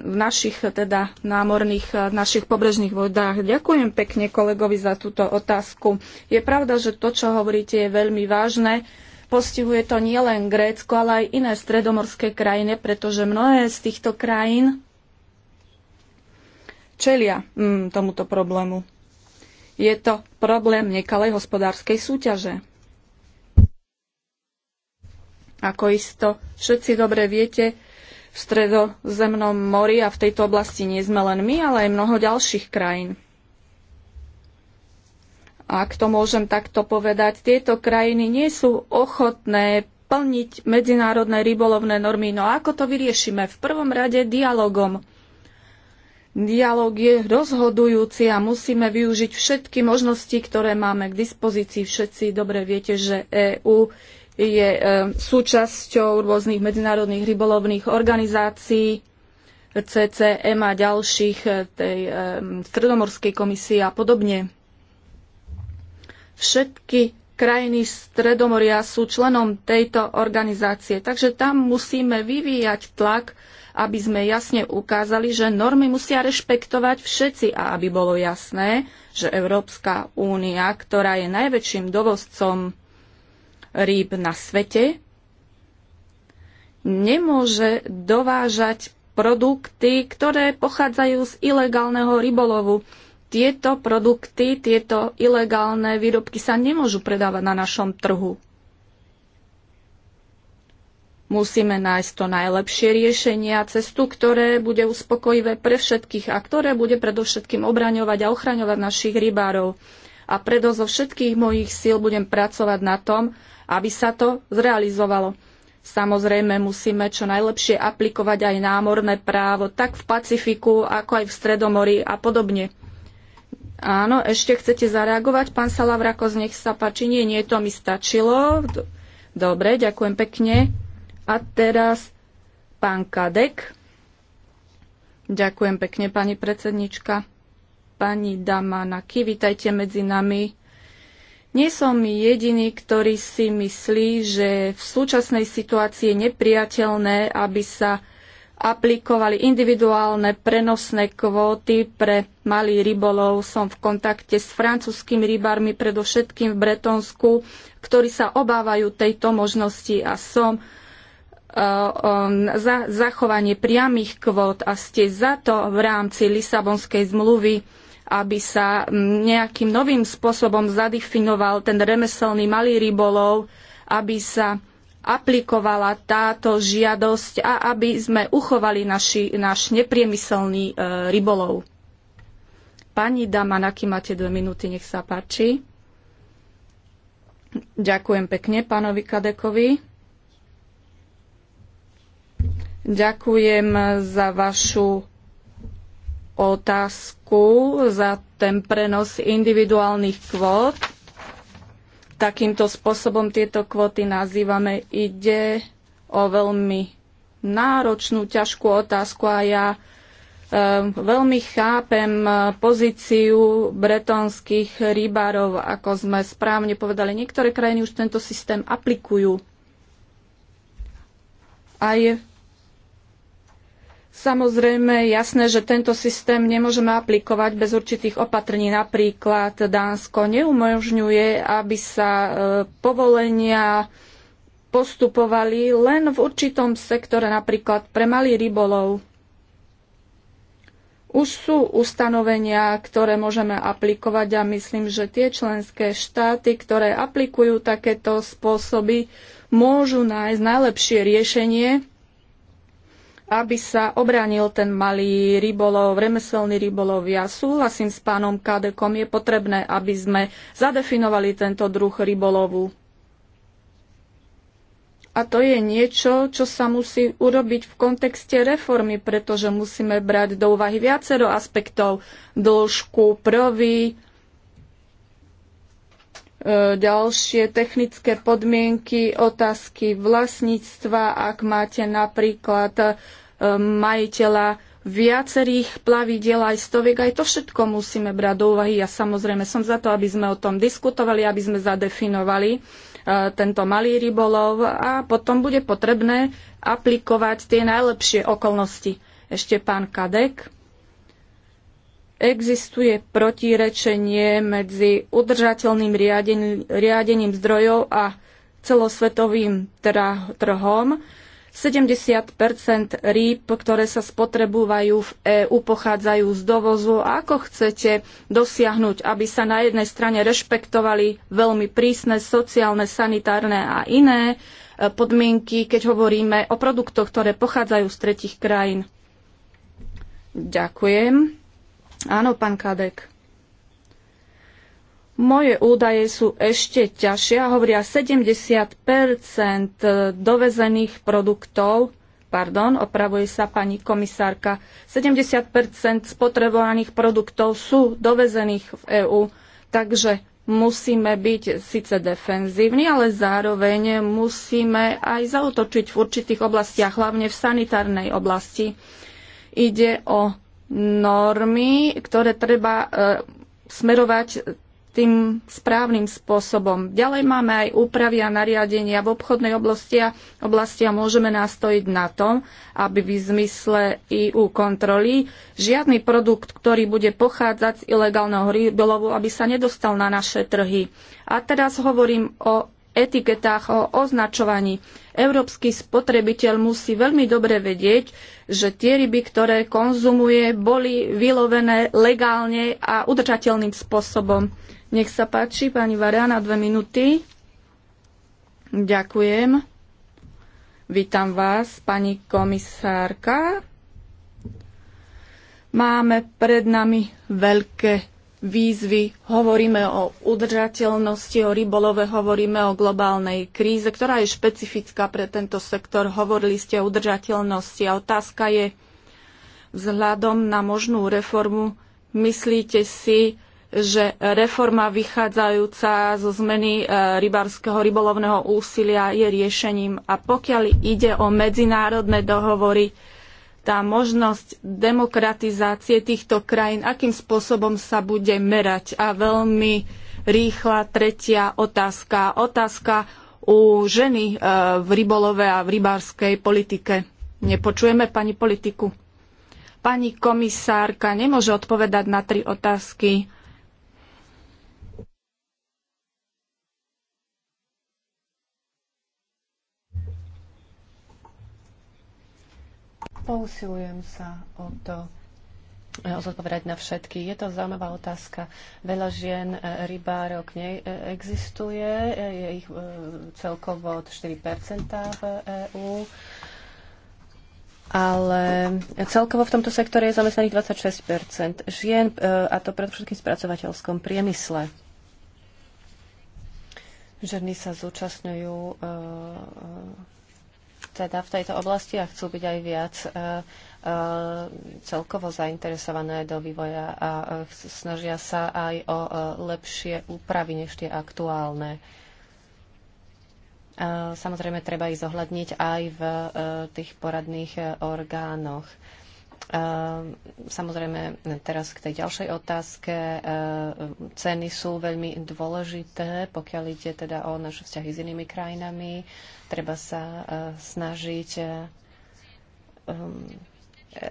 našich teda námorných, e, našich pobrežných vodách. Ďakujem pekne kolegovi za túto otázku. Je pravda, že to, čo hovoríte, je veľmi vážne. Postihuje to nielen Grécko, ale aj iné stredomorské krajiny, pretože mnohé z týchto krajín čelia mm, tomuto problému. Je to problém nekalej hospodárskej súťaže. Ako isto všetci dobre viete, v stredozemnom mori a v tejto oblasti nie sme len my, ale aj mnoho ďalších krajín. Ak to môžem takto povedať, tieto krajiny nie sú ochotné plniť medzinárodné rybolovné normy. No a ako to vyriešime? V prvom rade dialogom. Dialóg je rozhodujúci a musíme využiť všetky možnosti, ktoré máme k dispozícii. Všetci dobre viete, že EÚ je e, súčasťou rôznych medzinárodných rybolovných organizácií, CCM a ďalších, e, tej e, Stredomorskej komisie a podobne. Všetky krajiny Stredomoria sú členom tejto organizácie, takže tam musíme vyvíjať tlak, aby sme jasne ukázali, že normy musia rešpektovať všetci a aby bolo jasné, že Európska únia, ktorá je najväčším dovozcom rýb na svete, nemôže dovážať produkty, ktoré pochádzajú z ilegálneho rybolovu. Tieto produkty, tieto ilegálne výrobky sa nemôžu predávať na našom trhu. Musíme nájsť to najlepšie riešenie a cestu, ktoré bude uspokojivé pre všetkých a ktoré bude predovšetkým obraňovať a ochraňovať našich rybárov. A predo zo všetkých mojich síl budem pracovať na tom, aby sa to zrealizovalo. Samozrejme musíme čo najlepšie aplikovať aj námorné právo, tak v Pacifiku, ako aj v Stredomorí a podobne. Áno, ešte chcete zareagovať, pán Salavrakos, nech sa páči. Nie, nie, to mi stačilo. Dobre, ďakujem pekne. A teraz pán Kadek. Ďakujem pekne, pani predsednička. Pani Damana, vítajte medzi nami. Nie som jediný, ktorý si myslí, že v súčasnej situácii je nepriateľné, aby sa aplikovali individuálne prenosné kvóty pre malý rybolov. Som v kontakte s francúzskými rybármi, predovšetkým v Bretonsku, ktorí sa obávajú tejto možnosti a som e, za zachovanie priamých kvót a ste za to v rámci Lisabonskej zmluvy aby sa nejakým novým spôsobom zadefinoval ten remeselný malý rybolov, aby sa aplikovala táto žiadosť a aby sme uchovali naši, náš nepriemyselný e, rybolov. Pani Dama, Damanaki, máte dve minúty, nech sa páči. Ďakujem pekne pánovi Kadekovi. Ďakujem za vašu otázku za ten prenos individuálnych kvót. Takýmto spôsobom tieto kvóty nazývame. Ide o veľmi náročnú, ťažkú otázku a ja e, veľmi chápem e, pozíciu bretonských rybárov, ako sme správne povedali. Niektoré krajiny už tento systém aplikujú. Aj Samozrejme, jasné, že tento systém nemôžeme aplikovať bez určitých opatrení. Napríklad Dánsko neumožňuje, aby sa e, povolenia postupovali len v určitom sektore, napríklad pre malý rybolov. Už sú ustanovenia, ktoré môžeme aplikovať a myslím, že tie členské štáty, ktoré aplikujú takéto spôsoby, môžu nájsť najlepšie riešenie aby sa obránil ten malý rybolov, remeselný rybolov. Ja súhlasím s pánom Kadekom, je potrebné, aby sme zadefinovali tento druh rybolovu. A to je niečo, čo sa musí urobiť v kontexte reformy, pretože musíme brať do úvahy viacero aspektov. Dĺžku prvy, E, ďalšie technické podmienky, otázky vlastníctva, ak máte napríklad e, majiteľa viacerých plavidiel aj stoviek, aj to všetko musíme brať do úvahy. Ja samozrejme som za to, aby sme o tom diskutovali, aby sme zadefinovali e, tento malý rybolov a potom bude potrebné aplikovať tie najlepšie okolnosti. Ešte pán Kadek existuje protirečenie medzi udržateľným riadením, zdrojov a celosvetovým trhom. 70 rýb, ktoré sa spotrebúvajú v EÚ, pochádzajú z dovozu. A ako chcete dosiahnuť, aby sa na jednej strane rešpektovali veľmi prísne sociálne, sanitárne a iné e, podmienky, keď hovoríme o produktoch, ktoré pochádzajú z tretich krajín? Ďakujem. Áno, pán Kadek. Moje údaje sú ešte ťažšie a hovoria 70 dovezených produktov, pardon, opravuje sa pani komisárka, 70 spotrebovaných produktov sú dovezených v EÚ, takže musíme byť síce defenzívni, ale zároveň musíme aj zautočiť v určitých oblastiach, hlavne v sanitárnej oblasti. Ide o normy, ktoré treba e, smerovať tým správnym spôsobom. Ďalej máme aj úpravy a nariadenia v obchodnej oblasti a, oblasti a môžeme nastojiť na tom, aby v zmysle EU kontroly žiadny produkt, ktorý bude pochádzať z ilegálneho rybolovu, aby sa nedostal na naše trhy. A teraz hovorím o etiketách, o označovaní. Európsky spotrebiteľ musí veľmi dobre vedieť, že tie ryby, ktoré konzumuje, boli vylovené legálne a udržateľným spôsobom. Nech sa páči, pani Variana, dve minúty. Ďakujem. Vítam vás, pani komisárka. Máme pred nami veľké výzvy, hovoríme o udržateľnosti, o rybolove, hovoríme o globálnej kríze, ktorá je špecifická pre tento sektor. Hovorili ste o udržateľnosti a otázka je vzhľadom na možnú reformu. Myslíte si, že reforma vychádzajúca zo zmeny e, rybárskeho rybolovného úsilia je riešením. A pokiaľ ide o medzinárodné dohovory, tá možnosť demokratizácie týchto krajín, akým spôsobom sa bude merať. A veľmi rýchla tretia otázka. Otázka u ženy e, v rybolove a v rybárskej politike. Nepočujeme pani politiku. Pani komisárka nemôže odpovedať na tri otázky. Pousilujem sa o to e, zodpovedať na všetky. Je to zaujímavá otázka. Veľa žien e, rybárok neexistuje, e, je ich celkovo od 4 v EÚ. Ale celkovo v tomto sektore je zamestnaných 26 žien, a to predovšetkým v spracovateľskom priemysle. Ženy sa zúčastňujú teda v tejto oblasti a chcú byť aj viac e, e, celkovo zainteresované do vývoja a e, snažia sa aj o lepšie úpravy než tie aktuálne. Samozrejme, treba ich zohľadniť aj v tých poradných orgánoch. Ehm, samozrejme, teraz k tej ďalšej otázke. Ehm, ceny sú veľmi dôležité, pokiaľ ide teda o naše vzťahy s inými krajinami. Treba sa eh, snažiť ehm,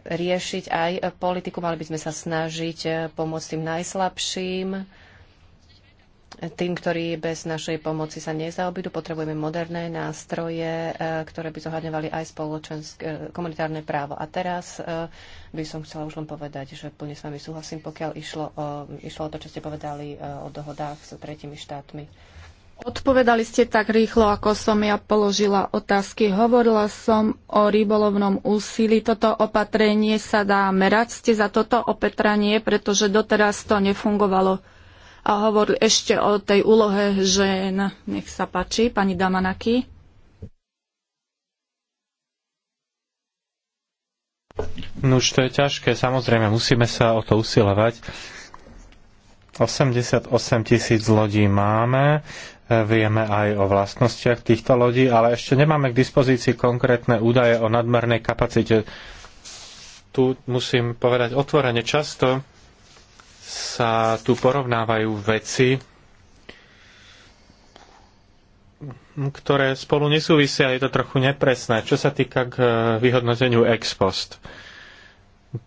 riešiť aj politiku. Mali by sme sa snažiť eh, pomôcť tým najslabším tým, ktorí bez našej pomoci sa nezaobídu. Potrebujeme moderné nástroje, e, ktoré by zohľadňovali aj spoločenské e, komunitárne právo. A teraz e, by som chcela už len povedať, že plne s vami súhlasím, pokiaľ išlo o, išlo o to, čo ste povedali o dohodách s tretimi štátmi. Odpovedali ste tak rýchlo, ako som ja položila otázky. Hovorila som o rybolovnom úsilí. Toto opatrenie sa dá merať. Ste za toto opetranie, pretože doteraz to nefungovalo a hovoril ešte o tej úlohe žen. Nech sa páči, pani Damanaki. No už to je ťažké, samozrejme, musíme sa o to usilovať. 88 tisíc lodí máme, vieme aj o vlastnostiach týchto lodí, ale ešte nemáme k dispozícii konkrétne údaje o nadmernej kapacite. Tu musím povedať otvorene, často sa tu porovnávajú veci, ktoré spolu nesúvisia, je to trochu nepresné. Čo sa týka k eh, vyhodnoteniu ex post,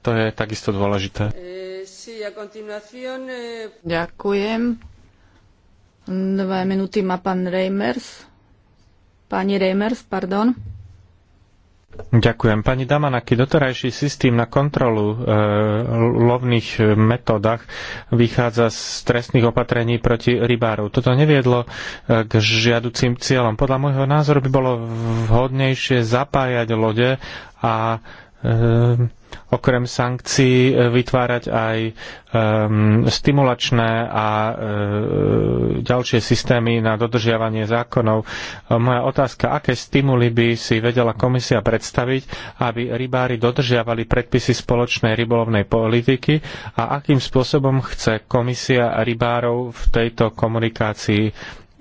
to je takisto dôležité. Eh, eh, Ďakujem. Dva minúty má pán Reimers. Pani Reimers, pardon. Ďakujem. Pani Damanaky, doterajší systém na kontrolu e, lovných e, metodách vychádza z trestných opatrení proti rybárov. Toto neviedlo e, k žiaducím cieľom. Podľa môjho názoru by bolo vhodnejšie zapájať lode a Ehm, okrem sankcií eh, vytvárať aj ehm, stimulačné a eh, ďalšie systémy na dodržiavanie zákonov. Eh, moja otázka, aké stimuly by si vedela komisia predstaviť, aby rybári dodržiavali predpisy spoločnej rybolovnej politiky a akým spôsobom chce komisia rybárov v tejto komunikácii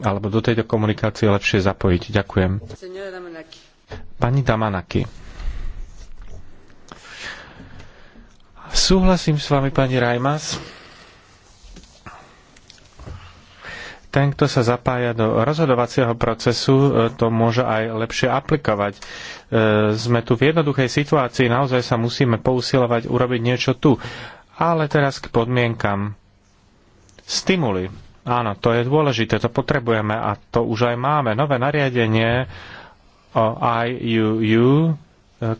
alebo do tejto komunikácie lepšie zapojiť. Ďakujem. Pani Damanaki. Súhlasím s vami, pani Rajmas. Ten, kto sa zapája do rozhodovacieho procesu, e, to môže aj lepšie aplikovať. E, sme tu v jednoduchej situácii, naozaj sa musíme pousilovať urobiť niečo tu. Ale teraz k podmienkam. Stimuly. Áno, to je dôležité, to potrebujeme a to už aj máme. Nové nariadenie o IUU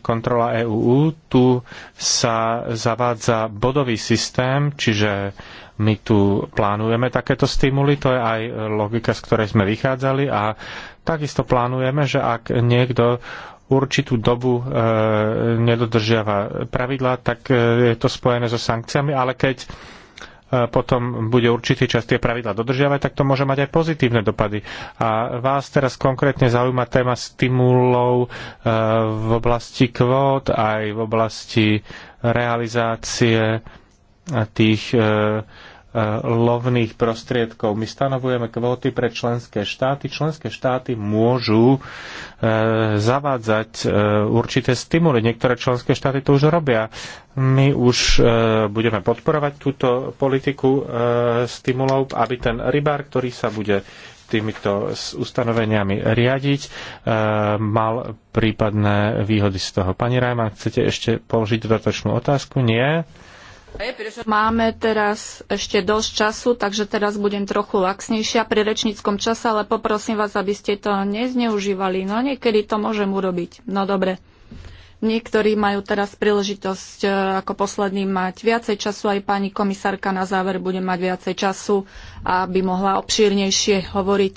kontrola EUU. Tu sa zavádza bodový systém, čiže my tu plánujeme takéto stimuly, to je aj logika, z ktorej sme vychádzali a takisto plánujeme, že ak niekto určitú dobu e, nedodržiava pravidla, tak e, je to spojené so sankciami, ale keď potom bude určitý čas tie pravidla dodržiavať, tak to môže mať aj pozitívne dopady. A vás teraz konkrétne zaujíma téma stimulov e, v oblasti kvót, aj v oblasti realizácie tých e, E, lovných prostriedkov. My stanovujeme kvóty pre členské štáty. Členské štáty môžu e, zavádzať e, určité stimuly. Niektoré členské štáty to už robia. My už budeme podporovať túto politiku stimulov, aby ten rybár, ktorý sa bude týmito ustanoveniami riadiť, mal prípadné výhody z toho. Pani Rajman, chcete ešte položiť dodatočnú otázku? Nie? Máme teraz ešte dosť času, takže teraz budem trochu laxnejšia pri rečníckom čase, ale poprosím vás, aby ste to nezneužívali. No niekedy to môžem urobiť. No dobre. Niektorí majú teraz príležitosť e, ako posledný mať viacej času, aj pani komisárka na záver bude mať viacej času, aby mohla obšírnejšie hovoriť.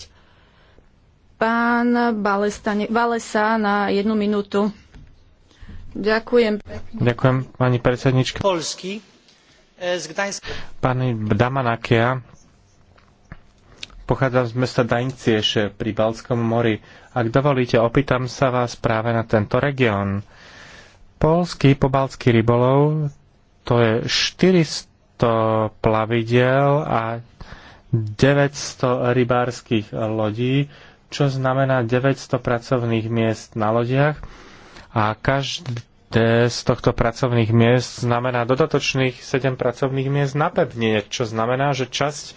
Pán Valesa na jednu minútu. Ďakujem. Ďakujem, pani predsednička z Gdańska. Pani Damanakia pochádzam z mesta Dancieš pri Balskom mori. Ak dovolíte, opýtam sa vás práve na tento región. Polský pobalský rybolov to je 400 plavidel a 900 rybárskych lodí, čo znamená 900 pracovných miest na lodiach a každý z tohto pracovných miest znamená dodatočných 7 pracovných miest na pevne, čo znamená, že časť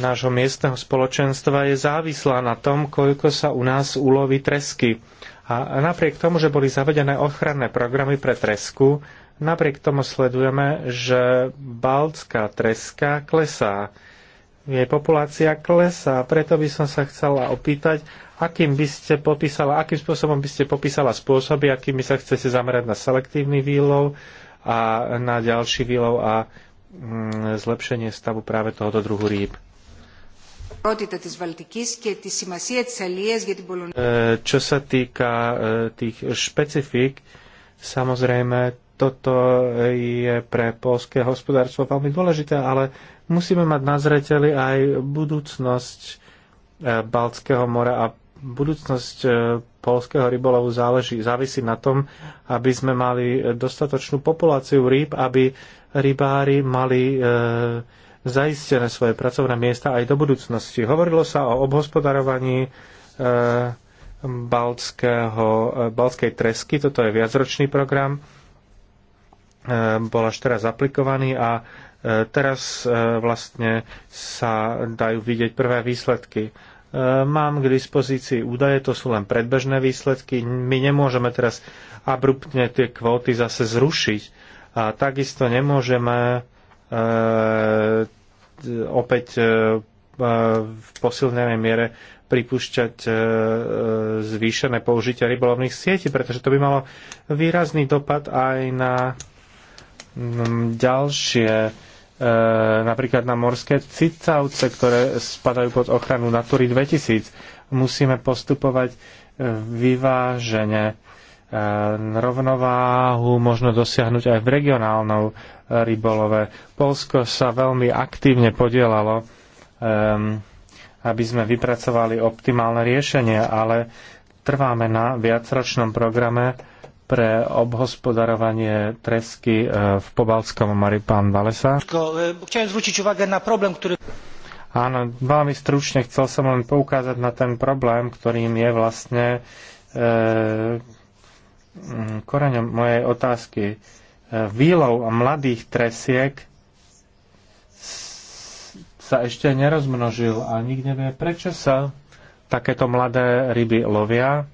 nášho miestneho spoločenstva je závislá na tom, koľko sa u nás uloví tresky. A napriek tomu, že boli zavedené ochranné programy pre tresku, napriek tomu sledujeme, že baltská treska klesá jej populácia klesá. Preto by som sa chcela opýtať, akým by ste popísala, akým spôsobom by ste popísala spôsoby, akými sa chcete zamerať na selektívny výlov a na ďalší výlov a mm, zlepšenie stavu práve tohoto druhu rýb. E, čo sa týka e, tých špecifik, samozrejme toto je pre polské hospodárstvo veľmi dôležité, ale musíme mať na zreteli aj budúcnosť e, Baltského mora a budúcnosť e, polského rybolovu záleží, závisí na tom, aby sme mali dostatočnú populáciu rýb, aby rybári mali e, zaistené svoje pracovné miesta aj do budúcnosti. Hovorilo sa o obhospodarovaní e, baltského, e, baltskej tresky, toto je viacročný program Ehm, bol až teraz aplikovaný a ehm, teraz ehm, vlastne sa dajú vidieť prvé výsledky. Mám k dispozícii údaje, to sú len predbežné výsledky. My nemôžeme teraz abruptne tie kvóty zase zrušiť a takisto nemôžeme opäť v posilnenej miere pripúšťať zvýšené použitie rybolovných sietí, pretože to by malo výrazný dopad aj na Mm, ďalšie e, napríklad na morské cicavce, ktoré spadajú pod ochranu Natury 2000. Musíme postupovať e, vyvážene. E, rovnováhu možno dosiahnuť aj v regionálnom rybolove. Polsko sa veľmi aktívne podielalo, ehm, aby sme vypracovali optimálne riešenie, ale trváme na viacročnom programe, pre obhospodarovanie tresky e, v Pobalskom Mari pán Valesa. E, Chcem zvrúčiť uwagę na problém, ktorý... Áno, veľmi stručne chcel som len poukázať na ten problém, ktorým je vlastne e, koreňom mojej otázky. E, výlov mladých tresiek sa ešte nerozmnožil a nikde nevie, prečo sa takéto mladé ryby lovia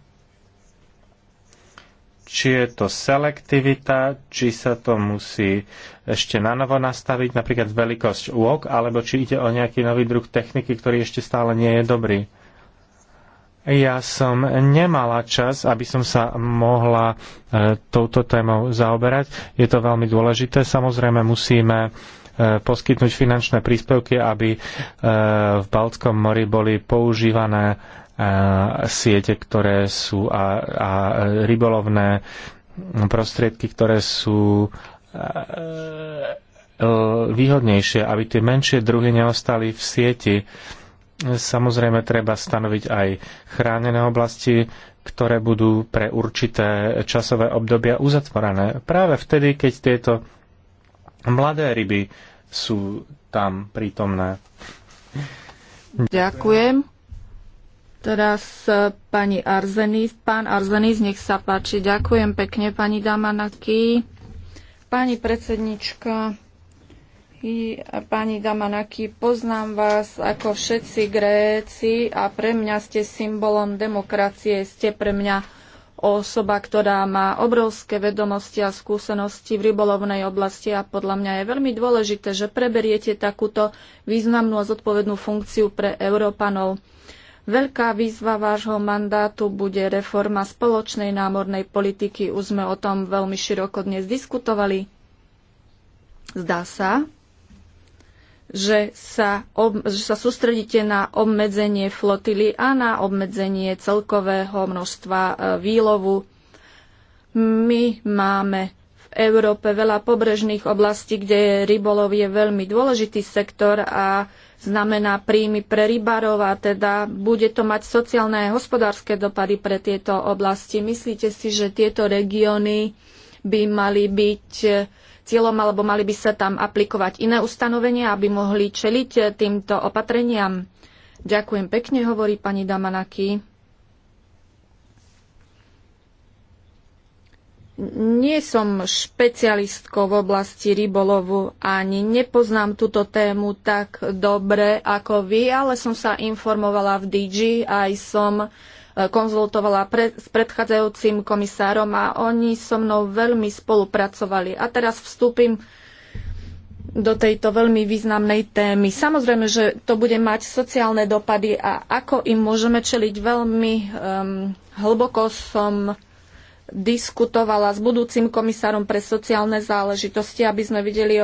či je to selektivita, či sa to musí ešte na novo nastaviť, napríklad veľkosť úok, alebo či ide o nejaký nový druh techniky, ktorý ešte stále nie je dobrý. Ja som nemala čas, aby som sa mohla e, touto témou zaoberať. Je to veľmi dôležité. Samozrejme musíme e, poskytnúť finančné príspevky, aby e, v Baltskom mori boli používané siete, ktoré sú a, a rybolovné prostriedky, ktoré sú výhodnejšie, aby tie menšie druhy neostali v sieti. Samozrejme, treba stanoviť aj chránené oblasti, ktoré budú pre určité časové obdobia uzatvorené. Práve vtedy, keď tieto mladé ryby sú tam prítomné. Ďakujem. Teraz e, pani Arzenis. Pán Arzenis, nech sa páči. Ďakujem pekne, pani Damanaki. Pani predsednička, pani Damanaki, poznám vás ako všetci Gréci a pre mňa ste symbolom demokracie. Ste pre mňa osoba, ktorá má obrovské vedomosti a skúsenosti v rybolovnej oblasti a podľa mňa je veľmi dôležité, že preberiete takúto významnú a zodpovednú funkciu pre Európanov. Veľká výzva vášho mandátu bude reforma spoločnej námornej politiky. Už sme o tom veľmi široko dnes diskutovali. Zdá sa, že sa, ob, že sa sústredíte na obmedzenie flotily a na obmedzenie celkového množstva e, výlovu. My máme v Európe veľa pobrežných oblastí, kde rybolov je veľmi dôležitý sektor a znamená príjmy pre rybarov a teda bude to mať sociálne a hospodárske dopady pre tieto oblasti. Myslíte si, že tieto regióny by mali byť e, cieľom alebo mali by sa tam aplikovať iné ustanovenia, aby mohli čeliť e, týmto opatreniam? Ďakujem pekne, hovorí pani Damanaki. nie som špecialistkou v oblasti rybolovu ani nepoznám túto tému tak dobre ako vy, ale som sa informovala v DG aj som e, konzultovala pre, s predchádzajúcim komisárom a oni so mnou veľmi spolupracovali. A teraz vstúpim do tejto veľmi významnej témy. Samozrejme, že to bude mať sociálne dopady a ako im môžeme čeliť veľmi um, hlboko som diskutovala s budúcim komisárom pre sociálne záležitosti, aby sme videli,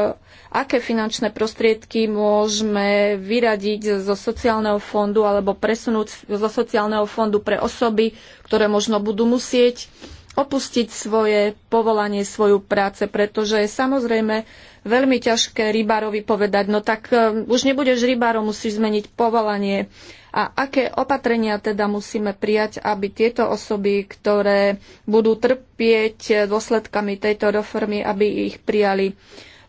aké finančné prostriedky môžeme vyradiť zo sociálneho fondu alebo presunúť zo sociálneho fondu pre osoby, ktoré možno budú musieť opustiť svoje povolanie, svoju práce, pretože je samozrejme veľmi ťažké rybárovi povedať, no tak um, už nebudeš rybárom, musíš zmeniť povolanie a aké opatrenia teda musíme prijať, aby tieto osoby, ktoré budú trpieť dôsledkami tejto reformy, aby ich prijali.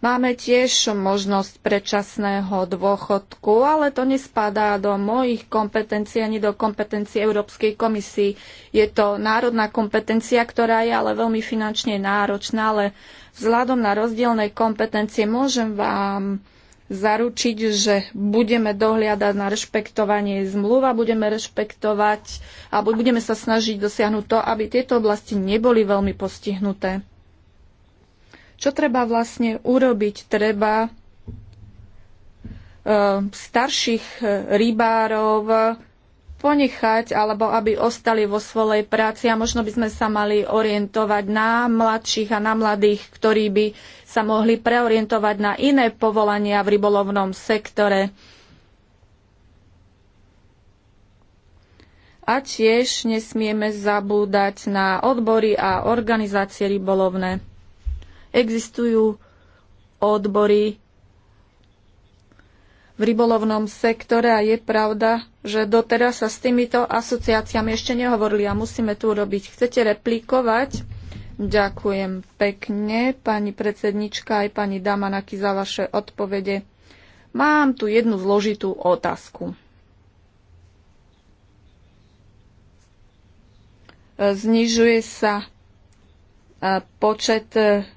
Máme tiež možnosť predčasného dôchodku, ale to nespadá do mojich kompetencií ani do kompetencií Európskej komisii. Je to národná kompetencia, ktorá je ale veľmi finančne náročná, ale vzhľadom na rozdielne kompetencie môžem vám zaručiť, že budeme dohliadať na rešpektovanie zmluv a budeme rešpektovať, alebo budeme sa snažiť dosiahnuť to, aby tieto oblasti neboli veľmi postihnuté. Čo treba vlastne urobiť? Treba eh, starších eh, rybárov ponechať alebo aby ostali vo svojej práci a možno by sme sa mali orientovať na mladších a na mladých, ktorí by sa mohli preorientovať na iné povolania v rybolovnom sektore. A tiež nesmieme zabúdať na odbory a organizácie rybolovné. Existujú odbory, v rybolovnom sektore a je pravda, že doteraz sa s týmito asociáciami ešte nehovorili a musíme tu urobiť. Chcete replikovať? Ďakujem pekne, pani predsednička aj pani Damanaki za vaše odpovede. Mám tu jednu zložitú otázku. Znižuje sa e, počet e,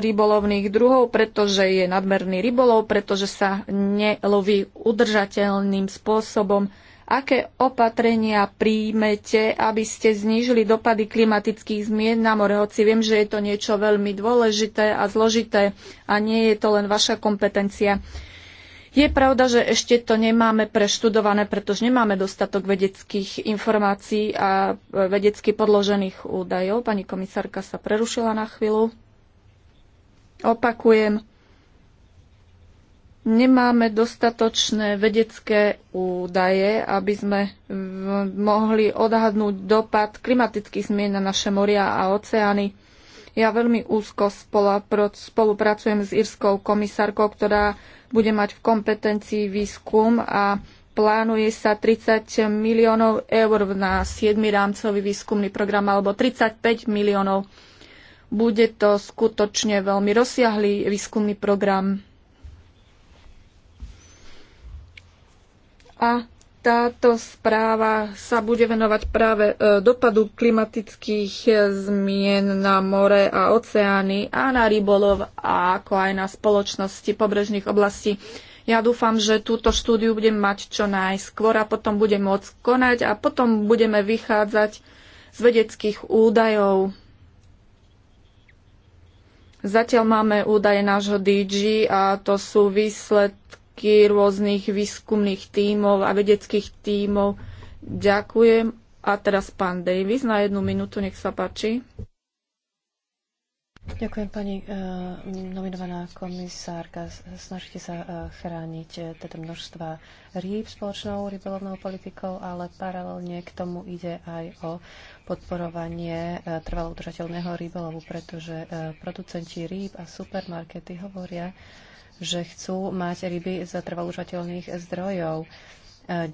rybolovných druhov, pretože je nadmerný rybolov, pretože sa neloví udržateľným spôsobom. Aké opatrenia príjmete, aby ste znížili dopady klimatických zmien na more? Hoci viem, že je to niečo veľmi dôležité a zložité a nie je to len vaša kompetencia. Je pravda, že ešte to nemáme preštudované, pretože nemáme dostatok vedeckých informácií a vedecky podložených údajov. Pani komisárka sa prerušila na chvíľu. Opakujem, nemáme dostatočné vedecké údaje, aby sme mohli odhadnúť dopad klimatických zmien na naše moria a oceány. Ja veľmi úzko spolupracujem s írskou komisárkou, ktorá bude mať v kompetencii výskum a plánuje sa 30 miliónov eur na 7. rámcový výskumný program alebo 35 miliónov eur bude to skutočne veľmi rozsiahlý výskumný program. A táto správa sa bude venovať práve e, dopadu klimatických e, zmien na more a oceány a na rybolov a ako aj na spoločnosti pobrežných oblastí. Ja dúfam, že túto štúdiu budem mať čo najskôr a potom budem môcť konať a potom budeme vychádzať z vedeckých údajov. Zatiaľ máme údaje nášho DG a to sú výsledky rôznych výskumných tímov a vedeckých tímov. Ďakujem. A teraz pán Davis na jednu minútu, nech sa páči. Ďakujem, pani eh, nominovaná komisárka. Snažíte sa eh, chrániť eh, teda množstva rýb spoločnou rybolovnou politikou, ale paralelne k tomu ide aj o podporovanie trvalo udržateľného rybolovu, pretože producenti rýb a supermarkety hovoria, že chcú mať ryby z trvalo udržateľných zdrojov. 10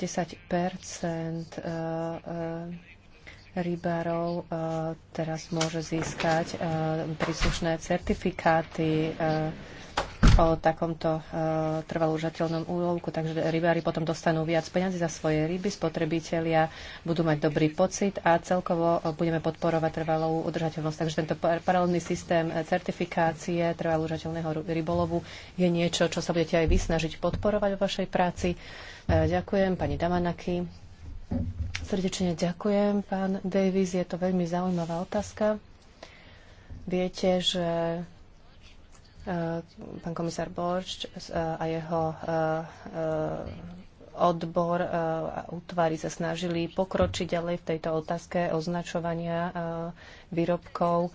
rybárov e, teraz môže získať e, príslušné certifikáty e, o takomto trvalúžateľnom úlovku, takže rybári potom dostanú viac peňazí za svoje ryby, spotrebitelia budú mať dobrý pocit a celkovo budeme podporovať trvalú udržateľnosť. Takže tento paralelný systém certifikácie trvalúžateľného rybolovu je niečo, čo sa budete aj vy snažiť podporovať vo vašej práci. Ďakujem pani Damanaki. Srdečne ďakujem, pán Davis. Je to veľmi zaujímavá otázka. Viete, že e, pán komisár Borč e, a jeho e, odbor a útvary sa snažili pokročiť ďalej v tejto otázke označovania výrobkov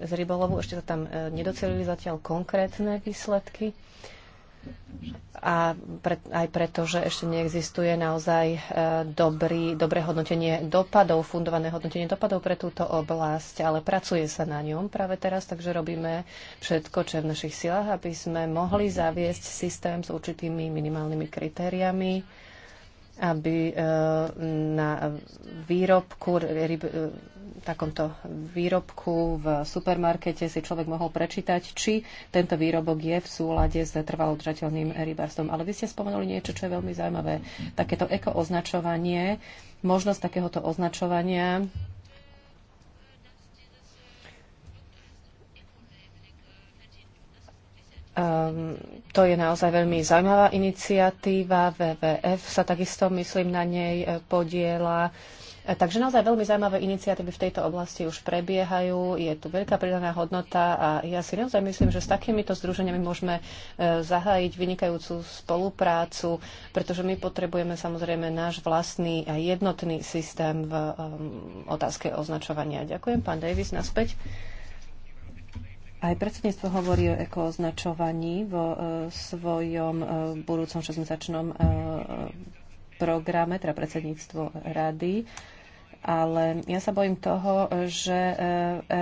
z rybolovu. Ešte sa tam nedocelili zatiaľ konkrétne výsledky a pre, aj preto, že ešte neexistuje naozaj e, dobrý, dobré hodnotenie dopadov, fundované hodnotenie dopadov pre túto oblasť, ale pracuje sa na ňom práve teraz, takže robíme všetko, čo je v našich silách, aby sme mohli zaviesť systém s určitými minimálnymi kritériami, aby e, na výrobku, ryb, e, takomto výrobku v supermarkete si človek mohol prečítať, či tento výrobok je v súlade s trvalodržateľným rybárstvom. Ale vy ste spomenuli niečo, čo je veľmi zaujímavé. Takéto ekooznačovanie, možnosť takéhoto označovania Um, to je naozaj veľmi zaujímavá iniciatíva. WWF sa takisto, myslím, na nej e, podiela. E, takže naozaj veľmi zaujímavé iniciatívy v tejto oblasti už prebiehajú. Je tu veľká pridaná hodnota a ja si naozaj myslím, že s takýmito združeniami môžeme e, zahájiť vynikajúcu spoluprácu, pretože my potrebujeme samozrejme náš vlastný a jednotný systém v um, otázke označovania. Ďakujem, pán Davis, naspäť. Aj predsedníctvo hovorí o ekoznačovaní vo e, svojom e, budúcom šesťmesačnom e, programe, teda predsedníctvo rady. Ale ja sa bojím toho, že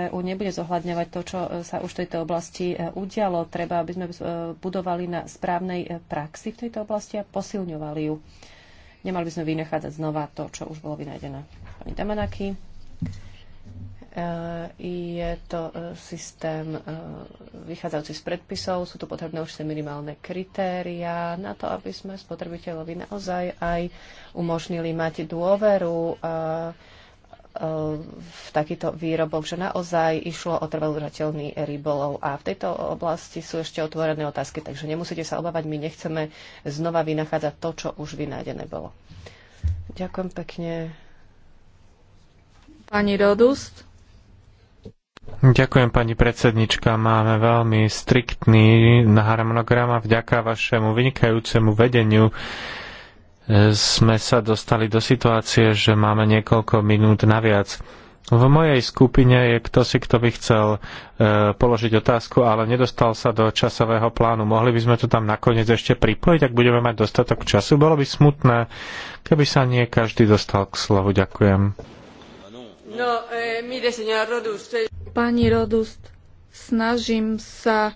EU nebude zohľadňovať to, čo sa už v tejto oblasti udialo. Treba, aby sme budovali na správnej praxi v tejto oblasti a posilňovali ju. Nemali by sme vynachádzať znova to, čo už bolo vynájdené. Pani Damanaki. Eh, je to eh, systém eh, vychádzajúci z predpisov, sú tu potrebné určité minimálne kritéria na to, aby sme spotrebiteľovi naozaj aj umožnili mať dôveru v takýto výroboch, že naozaj išlo o trvalúžateľný rybolov. A v tejto oblasti sú ešte otvorené otázky, takže nemusíte sa obávať, my nechceme znova vynachádzať to, čo už vynádené bolo. Ďakujem pekne. Pani Rodust. Ďakujem, pani predsednička. Máme veľmi striktný harmonogram a vďaka vašemu vynikajúcemu vedeniu e, sme sa dostali do situácie, že máme niekoľko minút naviac. V mojej skupine je kto si, kto by chcel e, položiť otázku, ale nedostal sa do časového plánu. Mohli by sme to tam nakoniec ešte pripojiť, ak budeme mať dostatok času. Bolo by smutné, keby sa nie každý dostal k slovu. Ďakujem. No, eh, mire, señora Rodust. E- pani Rodust, snažím sa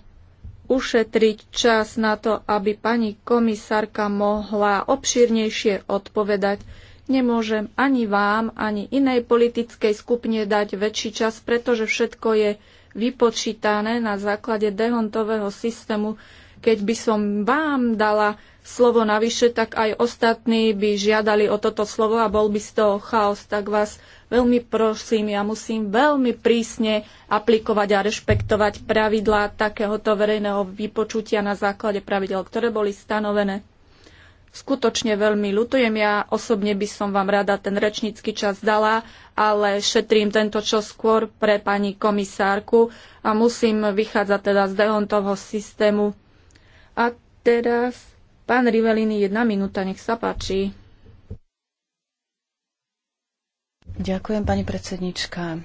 ušetriť čas na to, aby pani komisárka mohla obšírnejšie odpovedať. Nemôžem ani vám, ani inej politickej skupine dať väčší čas, pretože všetko je vypočítané na základe dehontového systému. Keď by som vám dala slovo navyše, tak aj ostatní by žiadali o toto slovo a bol by z toho chaos. Tak vás veľmi prosím, ja musím veľmi prísne aplikovať a rešpektovať pravidlá takéhoto verejného vypočutia na základe pravidel, ktoré boli stanovené. Skutočne veľmi ľutujem. Ja osobne by som vám rada ten rečnícky čas dala, ale šetrím tento čo skôr pre pani komisárku a musím vychádzať teda z Dehontovho systému. A teraz pán Rivelini, jedna minúta, nech sa páči. Ďakujem, pani predsednička.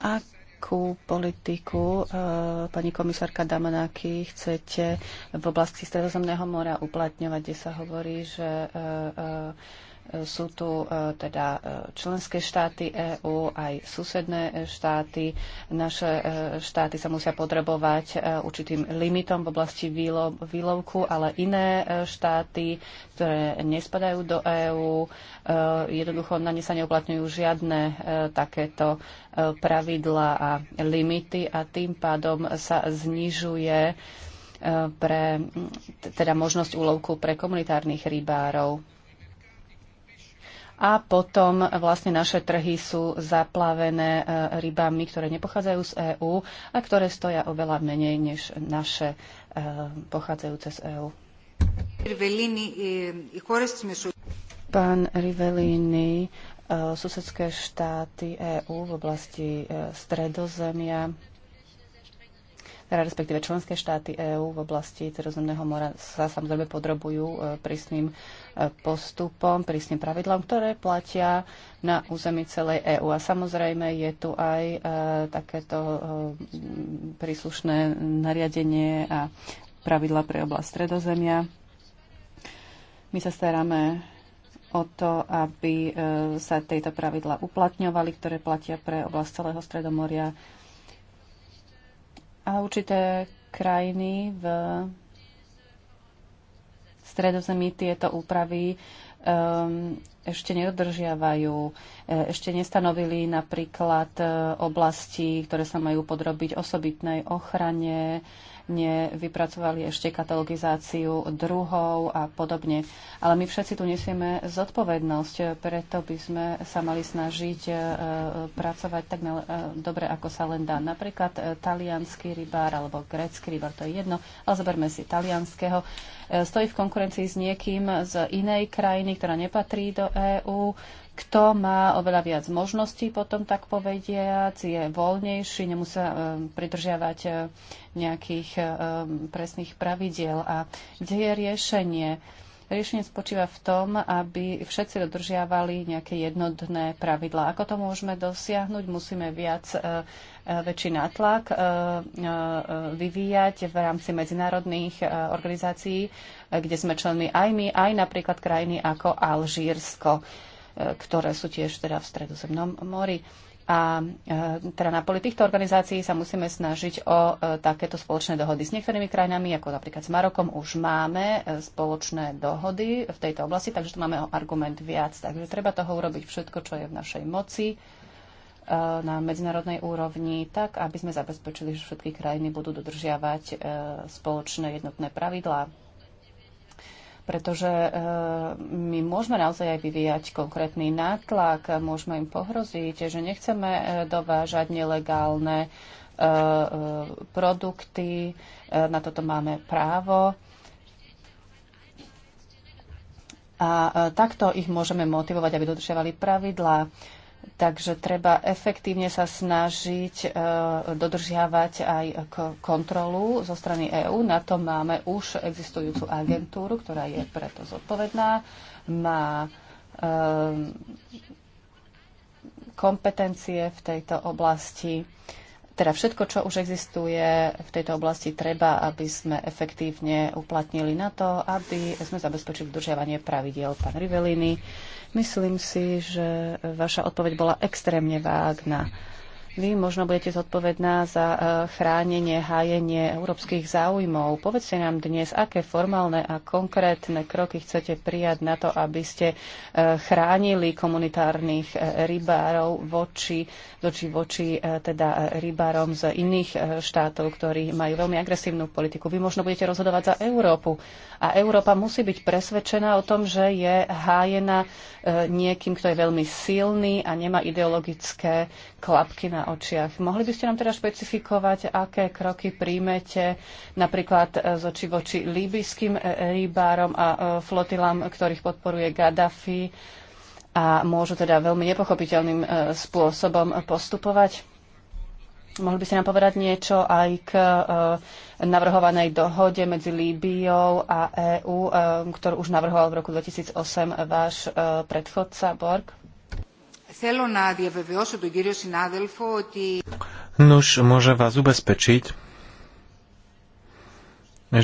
Akú politiku, eh, pani komisárka Damanáky, chcete v oblasti Stredozemného mora uplatňovať, kde sa hovorí, že eh, eh, sú tu e, teda e, členské štáty EÚ, aj susedné štáty. Naše e, štáty sa musia potrebovať určitým limitom v oblasti výlovku, ale iné štáty, ktoré nespadajú do EÚ, jednoducho na ne sa neuplatňujú žiadne takéto pravidla a limity a tým pádom sa znižuje pre, teda možnosť úlovku pre komunitárnych rybárov a potom vlastne naše trhy sú zaplavené e, rybami, ktoré nepochádzajú z EÚ a ktoré stoja oveľa menej než naše e, pochádzajúce z EÚ. E, Pán Rivellini, susedské štáty EÚ v oblasti Stredozemia teda respektíve členské štáty EÚ v oblasti Cerozemného mora sa samozrejme podrobujú e, prísnym e, postupom, prísnym pravidlám, ktoré platia na území celej EÚ. A samozrejme je tu aj e, takéto príslušné nariadenie a pravidla pre oblasť Stredozemia. My sa staráme o to, aby sa tieto pravidla uplatňovali, ktoré platia pre oblasť celého Stredomoria a určité krajiny v stredozemí tieto úpravy um, ešte nedodržiavajú, e, ešte nestanovili napríklad e, oblasti, ktoré sa majú podrobiť osobitnej ochrane, nevypracovali ešte katalogizáciu druhov a podobne. Ale my všetci tu nesieme zodpovednosť, preto by sme sa mali snažiť e, pracovať tak e, dobre, ako sa len dá. Napríklad e, talianský rybár alebo grécky rybár, to je jedno, ale zoberme si talianského. Stojí v konkurencii s niekým z inej krajiny, ktorá nepatrí do EÚ, kto má oveľa viac možností potom, tak povediať, je voľnejší, nemusia e, pridržiavať e, nejakých e, presných pravidiel. A kde je riešenie? Riešenie spočíva v tom, aby všetci dodržiavali nejaké jednotné pravidlá. Ako to môžeme dosiahnuť? Musíme viac väčší nátlak vyvíjať v rámci medzinárodných organizácií, kde sme členmi aj my, aj napríklad krajiny ako Alžírsko ktoré sú tiež teda v Stredozemnom mori. A e, teda na poli týchto organizácií sa musíme snažiť o e, takéto spoločné dohody. S niektorými krajinami, ako napríklad s Marokom, už máme e, spoločné dohody v tejto oblasti, takže tu máme argument viac. Takže treba toho urobiť všetko, čo je v našej moci na medzinárodnej úrovni, tak aby sme zabezpečili, že všetky krajiny budú dodržiavať spoločné jednotné pravidlá pretože e, my môžeme naozaj aj vyvíjať konkrétny nátlak, môžeme im pohroziť, že nechceme e, dovážať nelegálne e, produkty, na toto máme právo. A takto ich môžeme motivovať, aby dodržiavali pravidlá. Takže treba efektívne sa snažiť e, dodržiavať aj kontrolu zo strany EÚ. Na to máme už existujúcu agentúru, ktorá je preto zodpovedná. Má e, kompetencie v tejto oblasti teda všetko, čo už existuje v tejto oblasti, treba, aby sme efektívne uplatnili na to, aby sme zabezpečili dodržiavanie pravidiel. Pán Rivelini, myslím si, že vaša odpoveď bola extrémne vágna. Vy možno budete zodpovedná za e, chránenie, hájenie európskych záujmov. Povedzte nám dnes, aké formálne a konkrétne kroky chcete prijať na to, aby ste e, chránili komunitárnych e, rybárov voči, voči, voči teda rybárom z iných štátov, ktorí majú veľmi agresívnu politiku. Vy možno budete rozhodovať za Európu. A Európa musí byť presvedčená o tom, že je hájená niekým, kto je veľmi silný a nemá ideologické klapky na očiach. Mohli by ste nám teda špecifikovať, aké kroky príjmete napríklad e, z oči voči líbyským e, rybárom a e, flotilám, ktorých podporuje Gaddafi a môžu teda veľmi nepochopiteľným spôsobom postupovať? Mohli by ste nám povedať niečo aj k navrhovanej dohode medzi Líbiou a EÚ, ktorú už navrhoval v roku 2008 váš predchodca Borg? Θέλω να διαβεβαιώσω τον κύριο συνάδελφο ότι... Nuž, môžem vás ubezpečiť,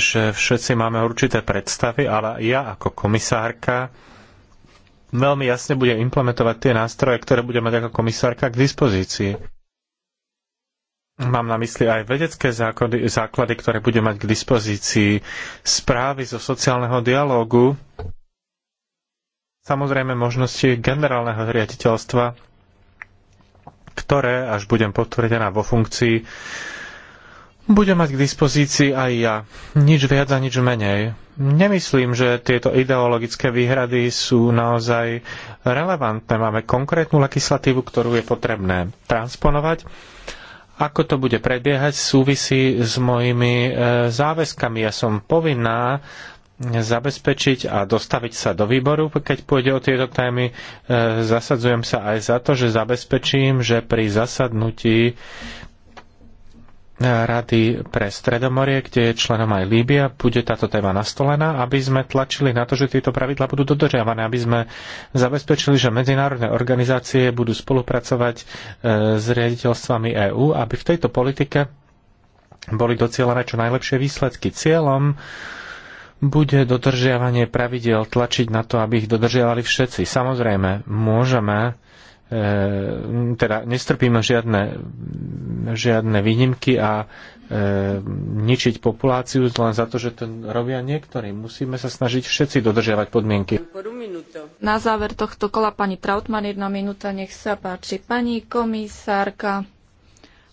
že všetci máme určité predstavy, ale ja ako komisárka veľmi jasne budem implementovať tie nástroje, ktoré budem mať ako komisárka k dispozícii. Mám na mysli aj vedecké základy, základy ktoré budem mať k dispozícii, správy zo sociálneho dialógu, samozrejme možnosti generálneho riaditeľstva, ktoré, až budem potvrdená vo funkcii, budem mať k dispozícii aj ja. Nič viac a nič menej. Nemyslím, že tieto ideologické výhrady sú naozaj relevantné. Máme konkrétnu legislatívu, ktorú je potrebné transponovať. Ako to bude prebiehať, súvisí s mojimi e, záväzkami. Ja som povinná zabezpečiť a dostaviť sa do výboru, keď pôjde o tieto témy. E, zasadzujem sa aj za to, že zabezpečím, že pri zasadnutí e, Rady pre Stredomorie, kde je členom aj Líbia, bude táto téma nastolená, aby sme tlačili na to, že tieto pravidlá budú dodržiavané, aby sme zabezpečili, že medzinárodné organizácie budú spolupracovať e, s riaditeľstvami EÚ, aby v tejto politike boli docielené čo najlepšie výsledky. Cieľom bude dodržiavanie pravidel tlačiť na to, aby ich dodržiavali všetci. Samozrejme, môžeme, e, teda nestrpíme žiadne, žiadne výnimky a e, ničiť populáciu len za to, že to robia niektorí. Musíme sa snažiť všetci dodržiavať podmienky. Na záver tohto kola pani Trautmann, jedna minúta, nech sa páči. Pani komisárka,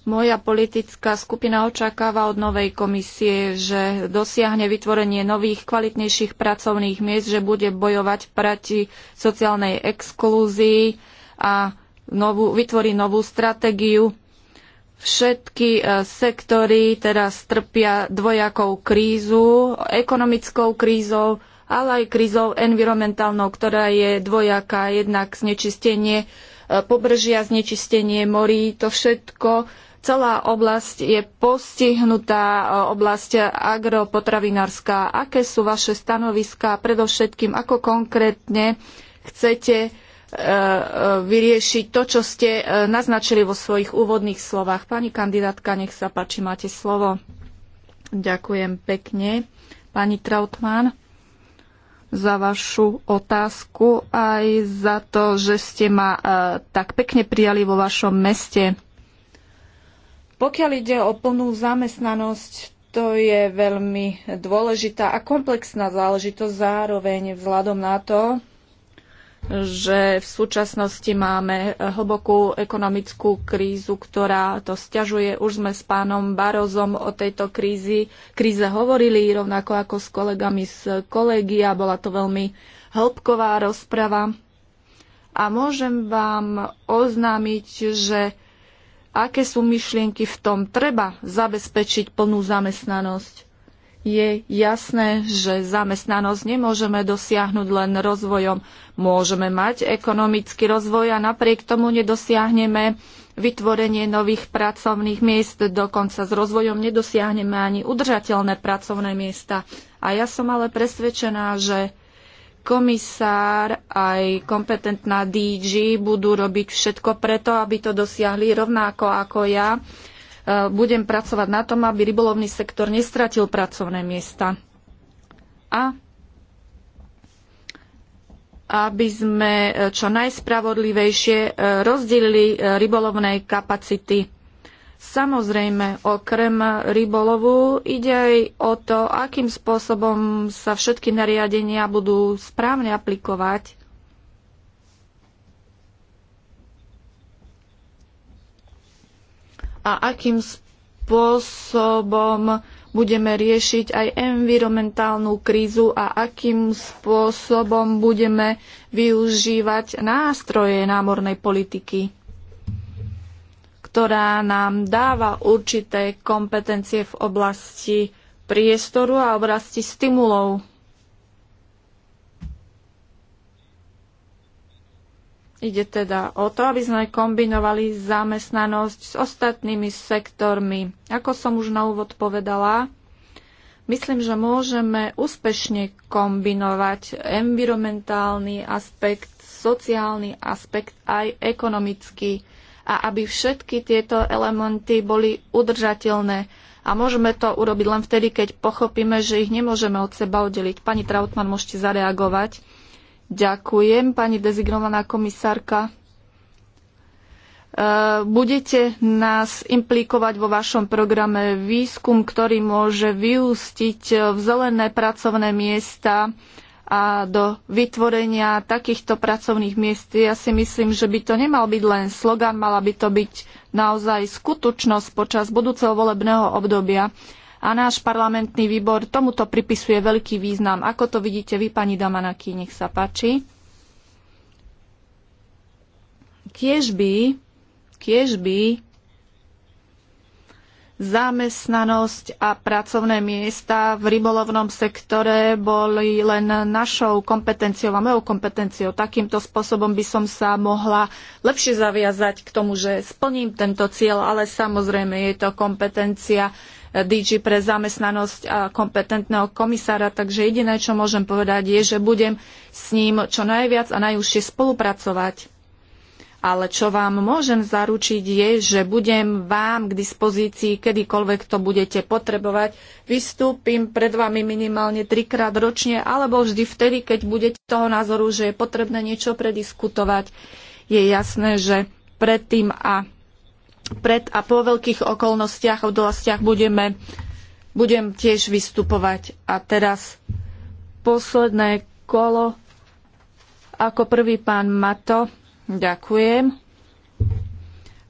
moja politická skupina očakáva od novej komisie, že dosiahne vytvorenie nových kvalitnejších pracovných miest, že bude bojovať proti sociálnej exklúzii a novú, vytvorí novú stratégiu. Všetky e, sektory teraz trpia dvojakou krízu, ekonomickou krízou, ale aj krízou environmentálnou, ktorá je dvojaká, jednak znečistenie e, pobržia, znečistenie morí, to všetko Celá oblasť je postihnutá, e, oblasť agropotravinárska. Aké sú vaše stanoviská? Predovšetkým, ako konkrétne chcete e, e, vyriešiť to, čo ste naznačili vo svojich úvodných slovách. Pani kandidátka, nech sa páči, máte slovo. Ďakujem pekne, pani Trautmann, za vašu otázku aj za to, že ste ma tak pekne prijali vo vašom meste. Pokiaľ ide o plnú zamestnanosť, to je veľmi dôležitá a komplexná záležitosť zároveň vzhľadom na to, že v súčasnosti máme hlbokú ekonomickú krízu, ktorá to stiažuje. Už sme s pánom Barozom o tejto krízi, kríze hovorili, rovnako ako s kolegami z kolegia. Bola to veľmi hĺbková rozprava. A môžem vám oznámiť, že aké sú myšlienky v tom. Treba zabezpečiť plnú zamestnanosť. Je jasné, že zamestnanosť nemôžeme dosiahnuť len rozvojom. Môžeme mať ekonomický rozvoj a napriek tomu nedosiahneme vytvorenie nových pracovných miest. Dokonca s rozvojom nedosiahneme ani udržateľné pracovné miesta. A ja som ale presvedčená, že komisár aj kompetentná DG budú robiť všetko preto, aby to dosiahli rovnako ako ja. E, budem pracovať na tom, aby rybolovný sektor nestratil pracovné miesta. A aby sme e, čo najspravodlivejšie e, rozdelili rybolovné kapacity Samozrejme, okrem rybolovu ide aj o to, akým spôsobom sa všetky nariadenia budú správne aplikovať. A akým spôsobom budeme riešiť aj environmentálnu krízu a akým spôsobom budeme využívať nástroje námornej politiky ktorá nám dáva určité kompetencie v oblasti priestoru a oblasti stimulov. Ide teda o to, aby sme kombinovali zamestnanosť s ostatnými sektormi. Ako som už na úvod povedala, myslím, že môžeme úspešne kombinovať environmentálny aspekt, sociálny aspekt aj ekonomický a aby všetky tieto elementy boli udržateľné. A môžeme to urobiť len vtedy, keď pochopíme, že ich nemôžeme od seba oddeliť. Pani Trautmann, môžete zareagovať. Ďakujem, pani dezignovaná komisárka. E, budete nás implikovať vo vašom programe výskum, ktorý môže vyústiť v zelené pracovné miesta a do vytvorenia takýchto pracovných miest. Ja si myslím, že by to nemal byť len slogan, mala by to byť naozaj skutočnosť počas budúceho volebného obdobia. A náš parlamentný výbor tomuto pripisuje veľký význam. Ako to vidíte vy, pani Damanaki, nech sa páči. Kiež by, kiež by zamestnanosť a pracovné miesta v rybolovnom sektore boli len našou kompetenciou a mojou kompetenciou. Takýmto spôsobom by som sa mohla lepšie zaviazať k tomu, že splním tento cieľ, ale samozrejme je to kompetencia eh, DG pre zamestnanosť a kompetentného komisára, takže jediné, čo môžem povedať, je, že budem s ním čo najviac a najúžšie spolupracovať ale čo vám môžem zaručiť je, že budem vám k dispozícii, kedykoľvek to budete potrebovať. Vystúpim pred vami minimálne trikrát ročne, alebo vždy vtedy, keď budete toho názoru, že je potrebné niečo prediskutovať. Je jasné, že predtým a pred a po veľkých okolnostiach a oblastiach budeme, budem tiež vystupovať. A teraz posledné kolo ako prvý pán Mato Ďakujem.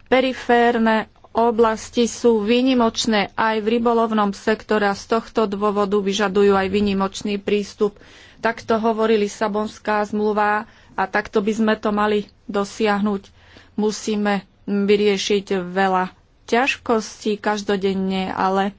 Periférne oblasti sú výnimočné aj v rybolovnom sektore a z tohto dôvodu vyžadujú aj výnimočný prístup. Takto hovorí Lisabonská zmluva a takto by sme to mali dosiahnuť. Musíme vyriešiť veľa ťažkostí každodenne, ale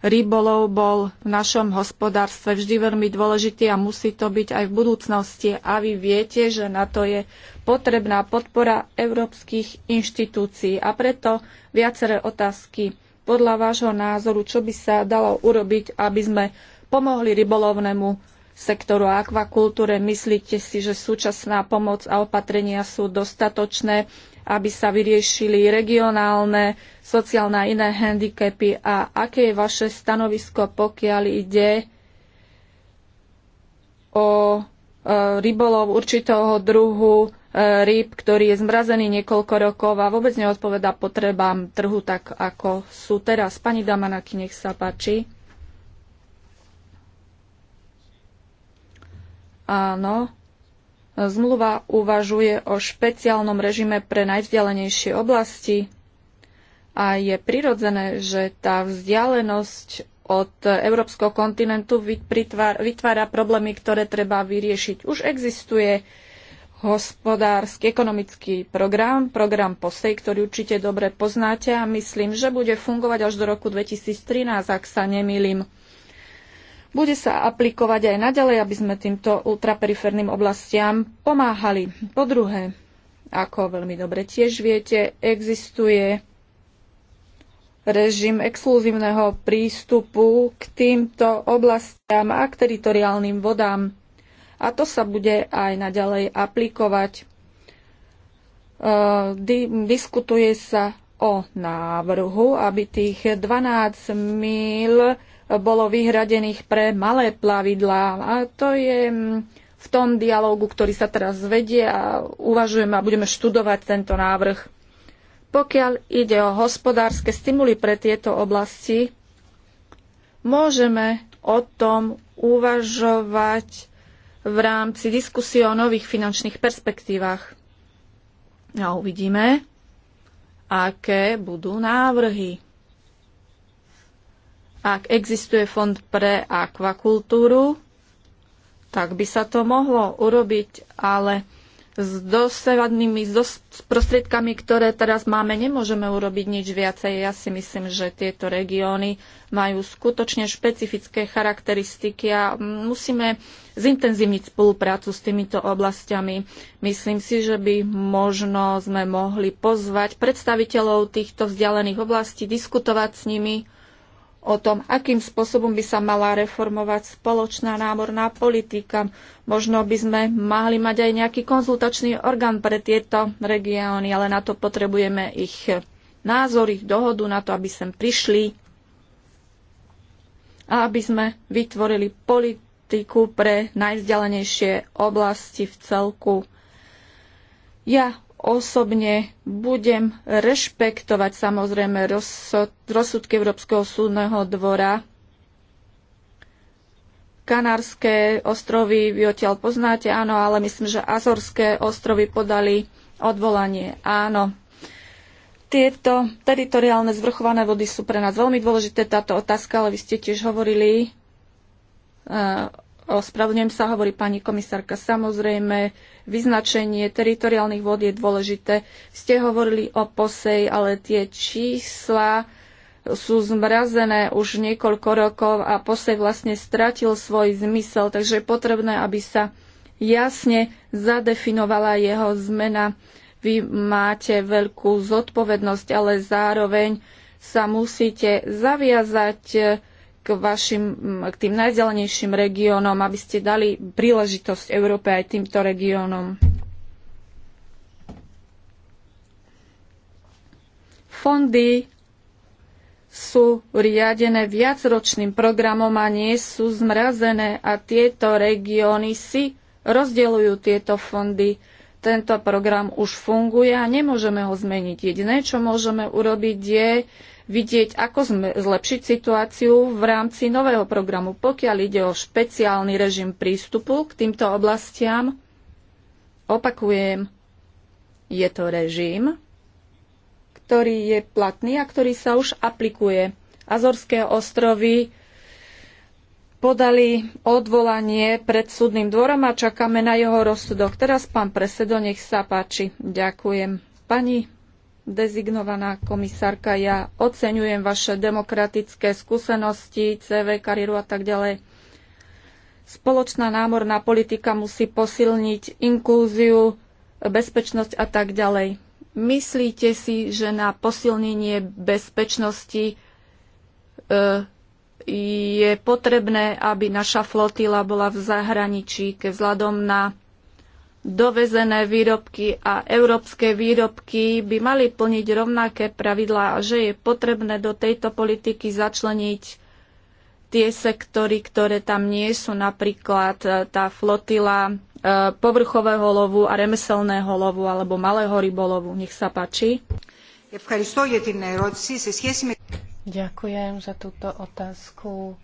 rybolov bol v našom hospodárstve vždy veľmi dôležitý a musí to byť aj v budúcnosti. A vy viete, že na to je potrebná podpora európskych inštitúcií. A preto viaceré otázky. Podľa vášho názoru, čo by sa dalo urobiť, aby sme pomohli rybolovnému sektoru a akvakultúre? Myslíte si, že súčasná pomoc a opatrenia sú dostatočné, aby sa vyriešili regionálne, sociálne a iné handicapy? A aké je vaše stanovisko, pokiaľ ide o e, rybolov určitého druhu rýb, ktorý je zmrazený niekoľko rokov a vôbec neodpovedá potrebám trhu tak, ako sú teraz. Pani Damanaki nech sa páči. Áno. Zmluva uvažuje o špeciálnom režime pre najvzdialenejšie oblasti a je prirodzené, že tá vzdialenosť od európskeho kontinentu vytvára problémy, ktoré treba vyriešiť. Už existuje hospodársky, ekonomický program, program POSEJ, ktorý určite dobre poznáte a myslím, že bude fungovať až do roku 2013, ak sa nemýlim. Bude sa aplikovať aj naďalej, aby sme týmto ultraperiferným oblastiam pomáhali. Po druhé, ako veľmi dobre tiež viete, existuje režim exkluzívneho prístupu k týmto oblastiam a k teritoriálnym vodám a to sa bude aj naďalej aplikovať. E, diskutuje sa o návrhu, aby tých 12 mil bolo vyhradených pre malé plavidlá. A to je mm, v tom dialógu, ktorý sa teraz vedie a uvažujeme a budeme študovať tento návrh. Pokiaľ ide o hospodárske stimuly pre tieto oblasti, môžeme o tom uvažovať v rámci diskusie o nových finančných perspektívach. A uvidíme, aké budú návrhy. Ak existuje fond pre akvakultúru, tak by sa to mohlo urobiť, ale s dosevadnými s prostriedkami, ktoré teraz máme, nemôžeme urobiť nič viacej. Ja si myslím, že tieto regióny majú skutočne špecifické charakteristiky a musíme zintenzívniť spoluprácu s týmito oblastiami. Myslím si, že by možno sme mohli pozvať predstaviteľov týchto vzdialených oblastí, diskutovať s nimi o tom, akým spôsobom by sa mala reformovať spoločná námorná politika. Možno by sme mali mať aj nejaký konzultačný orgán pre tieto regióny, ale na to potrebujeme ich názor, ich dohodu na to, aby sem prišli a aby sme vytvorili politiku pre najvzdialenejšie oblasti v celku. Ja osobne budem rešpektovať samozrejme rozsudky Európskeho súdneho dvora. Kanárske ostrovy vy odtiaľ poznáte, áno, ale myslím, že Azorské ostrovy podali odvolanie, áno. Tieto teritoriálne zvrchované vody sú pre nás veľmi dôležité, táto otázka, ale vy ste tiež hovorili uh, Ospravedlňujem sa, hovorí pani komisárka. Samozrejme, vyznačenie teritoriálnych vod je dôležité. Ste hovorili o posej, ale tie čísla sú zmrazené už niekoľko rokov a posej vlastne stratil svoj zmysel, takže je potrebné, aby sa jasne zadefinovala jeho zmena. Vy máte veľkú zodpovednosť, ale zároveň sa musíte zaviazať k, vašim, k tým najzelenejším regiónom, aby ste dali príležitosť Európe aj týmto regiónom? Fondy sú riadené viacročným programom a nie sú zmrazené a tieto regióny si rozdeľujú tieto fondy. Tento program už funguje a nemôžeme ho zmeniť. Jediné, čo môžeme urobiť, je vidieť, ako sme, zlepšiť situáciu v rámci nového programu, pokiaľ ide o špeciálny režim prístupu k týmto oblastiam. Opakujem, je to režim, ktorý je platný a ktorý sa už aplikuje. Azorské ostrovy podali odvolanie pred súdnym dvorom a čakáme na jeho rozsudok. Teraz pán presedo, nech sa páči. Ďakujem. Pani Dezignovaná komisárka, ja oceňujem vaše demokratické skúsenosti, CV, kariéru a tak ďalej. Spoločná námorná politika musí posilniť inklúziu, bezpečnosť a tak ďalej. Myslíte si, že na posilnenie bezpečnosti e, je potrebné, aby naša flotila bola v zahraničí, ke vzhľadom na dovezené výrobky a európske výrobky by mali plniť rovnaké pravidlá a že je potrebné do tejto politiky začleniť tie sektory, ktoré tam nie sú, napríklad e, tá flotila e, povrchového lovu a remeselného lovu alebo malého rybolovu. Nech sa páči. Ďakujem za túto otázku.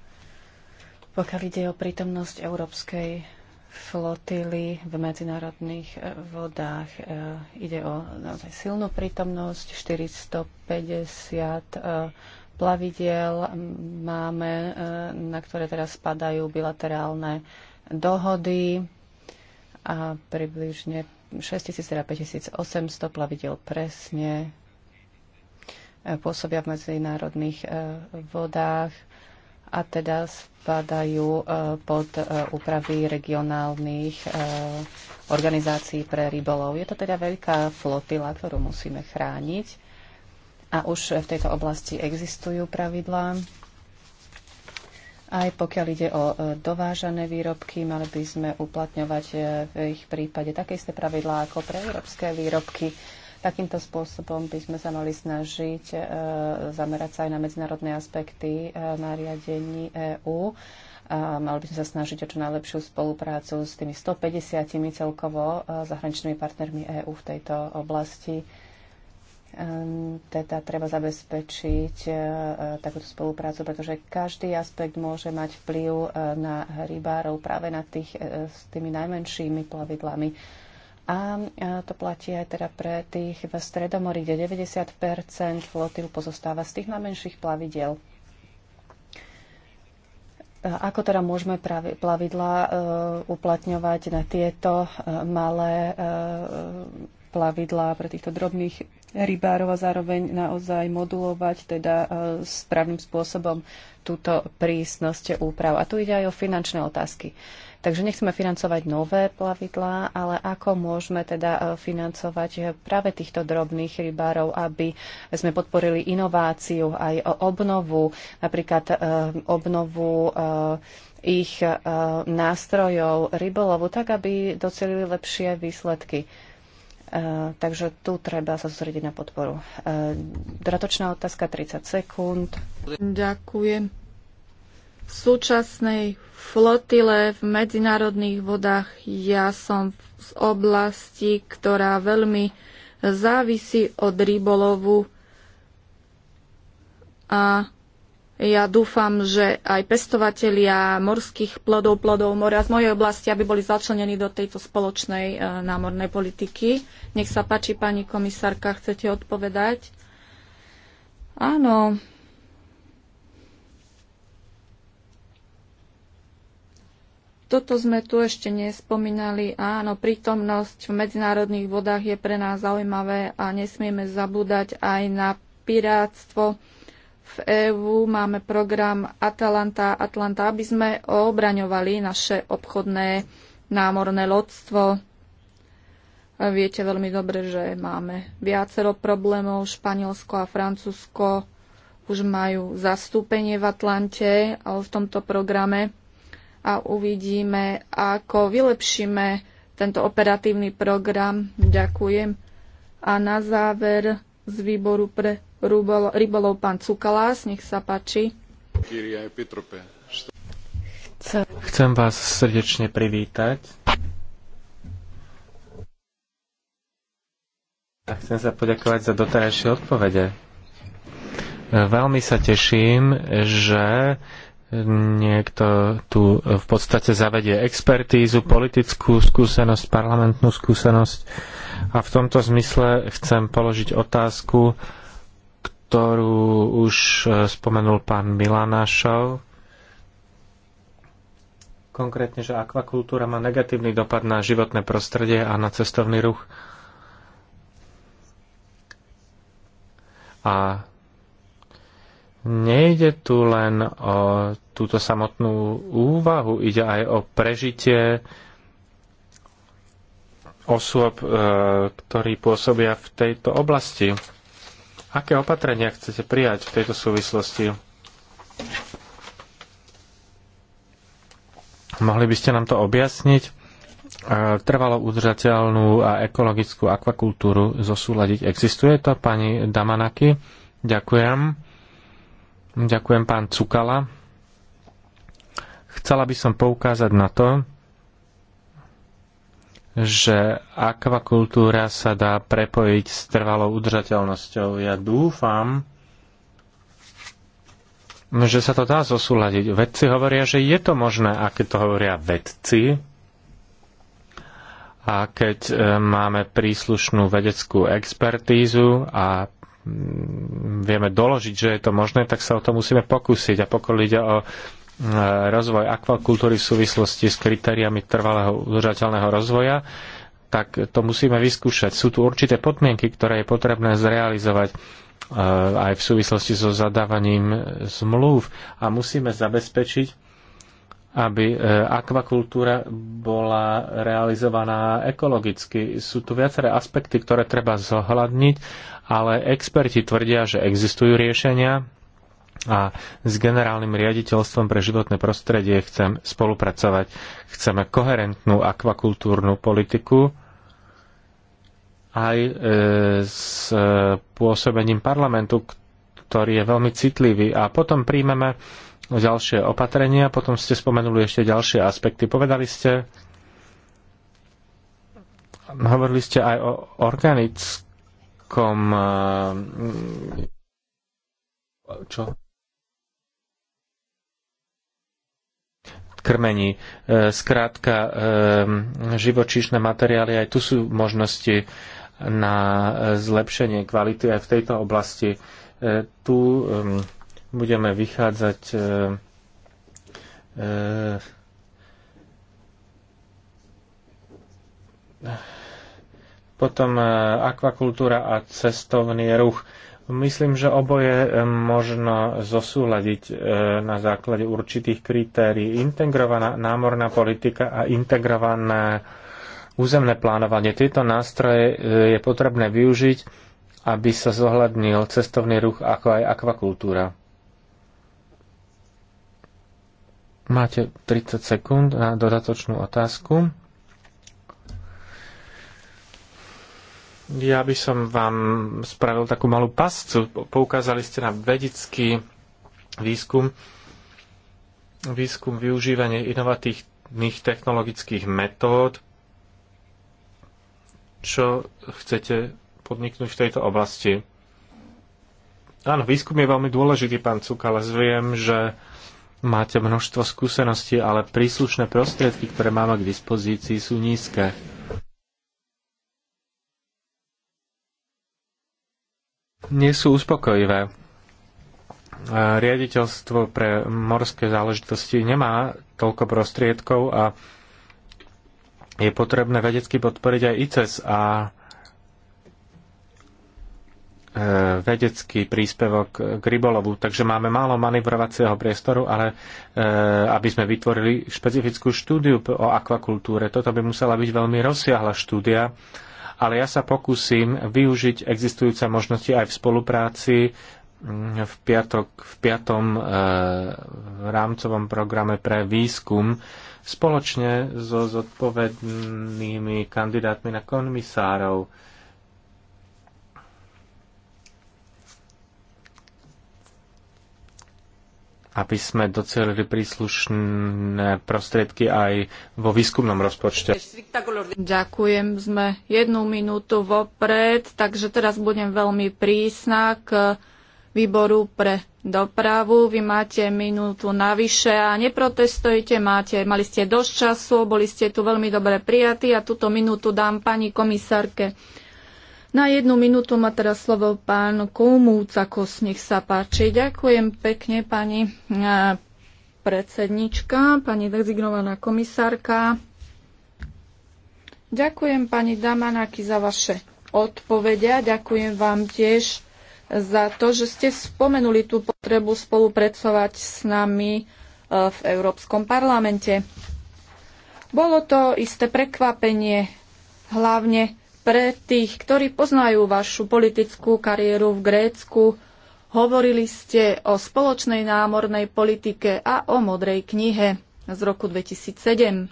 Pokiaľ ide o prítomnosť Európskej flotily v medzinárodných e, vodách. E, ide o naozaj silnú prítomnosť, 450 e, plavidiel máme, na ktoré teraz spadajú bilaterálne dohody a približne 6000, teda 5800 plavidiel presne pôsobia v medzinárodných vodách a teda spadajú e, pod e, úpravy regionálnych e, organizácií pre rybolov. Je to teda veľká flotila, ktorú musíme chrániť. A už v tejto oblasti existujú pravidlá. Aj pokiaľ ide o dovážané výrobky, mali by sme uplatňovať v ich prípade také isté pravidlá ako pre európske výrobky Takýmto spôsobom by sme sa mali snažiť e, zamerať sa aj na medzinárodné aspekty e, nariadení EÚ. Mali by sme sa snažiť o čo najlepšiu spoluprácu s tými 150 celkovo e, zahraničnými partnermi EÚ v tejto oblasti ehm, teda treba zabezpečiť takúto spoluprácu, pretože každý aspekt môže mať vplyv na rybárov práve na tých, s tými najmenšími plavidlami. A to platí aj teda pre tých v Stredomorí, kde 90 flotil pozostáva z tých najmenších plavidel. Ako teda môžeme plavidla e, uplatňovať na tieto e, malé e, plavidlá pre týchto drobných rybárov a zároveň naozaj modulovať teda správnym spôsobom túto prísnosť úprav. A tu ide aj o finančné otázky. Takže nechceme financovať nové plavidlá, ale ako môžeme teda e, financovať práve týchto drobných rybárov, aby sme podporili inováciu aj obnovu, napríklad e, obnovu e, ich nástrojov rybolovu, tak aby docelili lepšie výsledky. Takže tu treba sa sústrediť na podporu. Dratočná otázka, 30 sekúnd. Ďakujem v súčasnej flotile v medzinárodných vodách. Ja som z oblasti, ktorá veľmi závisí od rybolovu a ja dúfam, že aj pestovatelia morských plodov, plodov mora z mojej oblasti, aby boli začlenení do tejto spoločnej e, námornej politiky. Nech sa páči, pani komisárka, chcete odpovedať? Áno, Toto sme tu ešte nespomínali. Áno, prítomnosť v medzinárodných vodách je pre nás zaujímavé a nesmieme zabúdať aj na pirátstvo. V EÚ máme program Atalanta Atlanta, aby sme obraňovali naše obchodné námorné lodstvo. Viete veľmi dobre, že máme viacero problémov. Španielsko a Francúzsko už majú zastúpenie v Atlante v tomto programe a uvidíme, ako vylepšíme tento operatívny program. Ďakujem. A na záver z výboru pre rybolov pán Cukalás, nech sa páči. Chcem vás srdečne privítať. A chcem sa poďakovať za doterajšie odpovede. Veľmi sa teším, že niekto tu v podstate zavedie expertízu, politickú skúsenosť, parlamentnú skúsenosť. A v tomto zmysle chcem položiť otázku, ktorú už e, spomenul pán Milanášov. Konkrétne, že akvakultúra má negatívny dopad na životné prostredie a na cestovný ruch. A Nejde tu len o túto samotnú úvahu, ide aj o prežitie osôb, e, ktorí pôsobia v tejto oblasti. Aké opatrenia chcete prijať v tejto súvislosti? Mohli by ste nám to objasniť? E, trvalo udržateľnú a ekologickú akvakultúru zosúľadiť. Existuje to, pani Damanaki? Ďakujem. Ďakujem pán Cukala. Chcela by som poukázať na to, že akvakultúra sa dá prepojiť s trvalou udržateľnosťou. Ja dúfam, že sa to dá zosúľadiť. Vedci hovoria, že je to možné, aké to hovoria vedci, a keď e, máme príslušnú vedeckú expertízu a Mm, vieme doložiť, že je to možné, tak sa o to musíme pokúsiť. A pokiaľ ide o mm, rozvoj akvakultúry v súvislosti s kritériami trvalého udržateľného rozvoja, tak to musíme vyskúšať. Sú tu určité podmienky, ktoré je potrebné zrealizovať e, aj v súvislosti so zadávaním e, zmluv a musíme zabezpečiť, aby e, akvakultúra bola realizovaná ekologicky. Sú tu viaceré aspekty, ktoré treba zohľadniť, ale experti tvrdia, že existujú riešenia a s generálnym riaditeľstvom pre životné prostredie chcem spolupracovať. Chceme koherentnú akvakultúrnu politiku aj e, s pôsobením parlamentu, ktorý je veľmi citlivý. A potom príjmeme No, ďalšie opatrenia, potom ste spomenuli ešte ďalšie aspekty. Povedali ste, hovorili ste aj o organickom eh, čo? krmení. Eh, skrátka, eh, živočíšne materiály, aj tu sú možnosti na zlepšenie kvality aj v tejto oblasti. Tu budeme vychádzať e, e, potom e, akvakultúra a cestovný ruch. Myslím, že oboje možno zosúľadiť na základe určitých kritérií. Integrovaná námorná politika a integrované územné plánovanie. Tieto nástroje je potrebné využiť, aby sa zohľadnil cestovný ruch ako aj akvakultúra. Máte 30 sekúnd na dodatočnú otázku. Ja by som vám spravil takú malú pascu. Poukázali ste na vedecký výskum, výskum využívania inovatívnych technologických metód. Čo chcete podniknúť v tejto oblasti? Áno, výskum je veľmi dôležitý, pán ale zviem, že máte množstvo skúseností, ale príslušné prostriedky, ktoré máme k dispozícii, sú nízke. Nie sú uspokojivé. Riaditeľstvo pre morské záležitosti nemá toľko prostriedkov a je potrebné vedecky podporiť aj ICES a E, vedecký príspevok k rybolovu, takže máme málo manevrovacieho priestoru, ale e, aby sme vytvorili špecifickú štúdiu o akvakultúre, toto by musela byť veľmi rozsiahla štúdia, ale ja sa pokúsim využiť existujúce možnosti aj v spolupráci mm, v, piatok, v piatom e, rámcovom programe pre výskum spoločne so zodpovednými kandidátmi na komisárov aby sme docelili príslušné prostriedky aj vo výskumnom rozpočte. Ďakujem, sme jednu minútu vopred, takže teraz budem veľmi prísna k výboru pre dopravu. Vy máte minútu navyše a neprotestujte, máte, mali ste dosť času, boli ste tu veľmi dobre prijatí a túto minútu dám pani komisárke. Na jednu minútu má teraz slovo pán Komúcakos, nech sa páči. Ďakujem pekne, pani eh, predsednička, pani dezignovaná komisárka. Ďakujem pani Damanaki za vaše odpovede a ďakujem vám tiež za to, že ste spomenuli tú potrebu spolupracovať s nami eh, v Európskom parlamente. Bolo to isté prekvapenie, hlavne pre tých, ktorí poznajú vašu politickú kariéru v Grécku, hovorili ste o spoločnej námornej politike a o modrej knihe z roku 2007.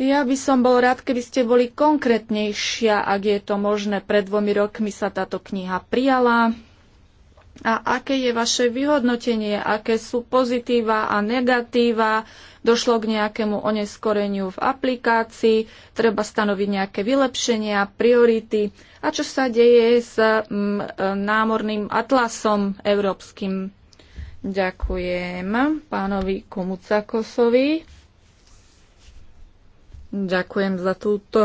Ja by som bol rád, keby ste boli konkrétnejšia, ak je to možné. Pred dvomi rokmi sa táto kniha prijala. A aké je vaše vyhodnotenie? Aké sú pozitíva a negatíva? Došlo k nejakému oneskoreniu v aplikácii? Treba stanoviť nejaké vylepšenia, priority? A čo sa deje s mm, námorným atlasom európskym? Ďakujem pánovi Komucakosovi. Ďakujem za túto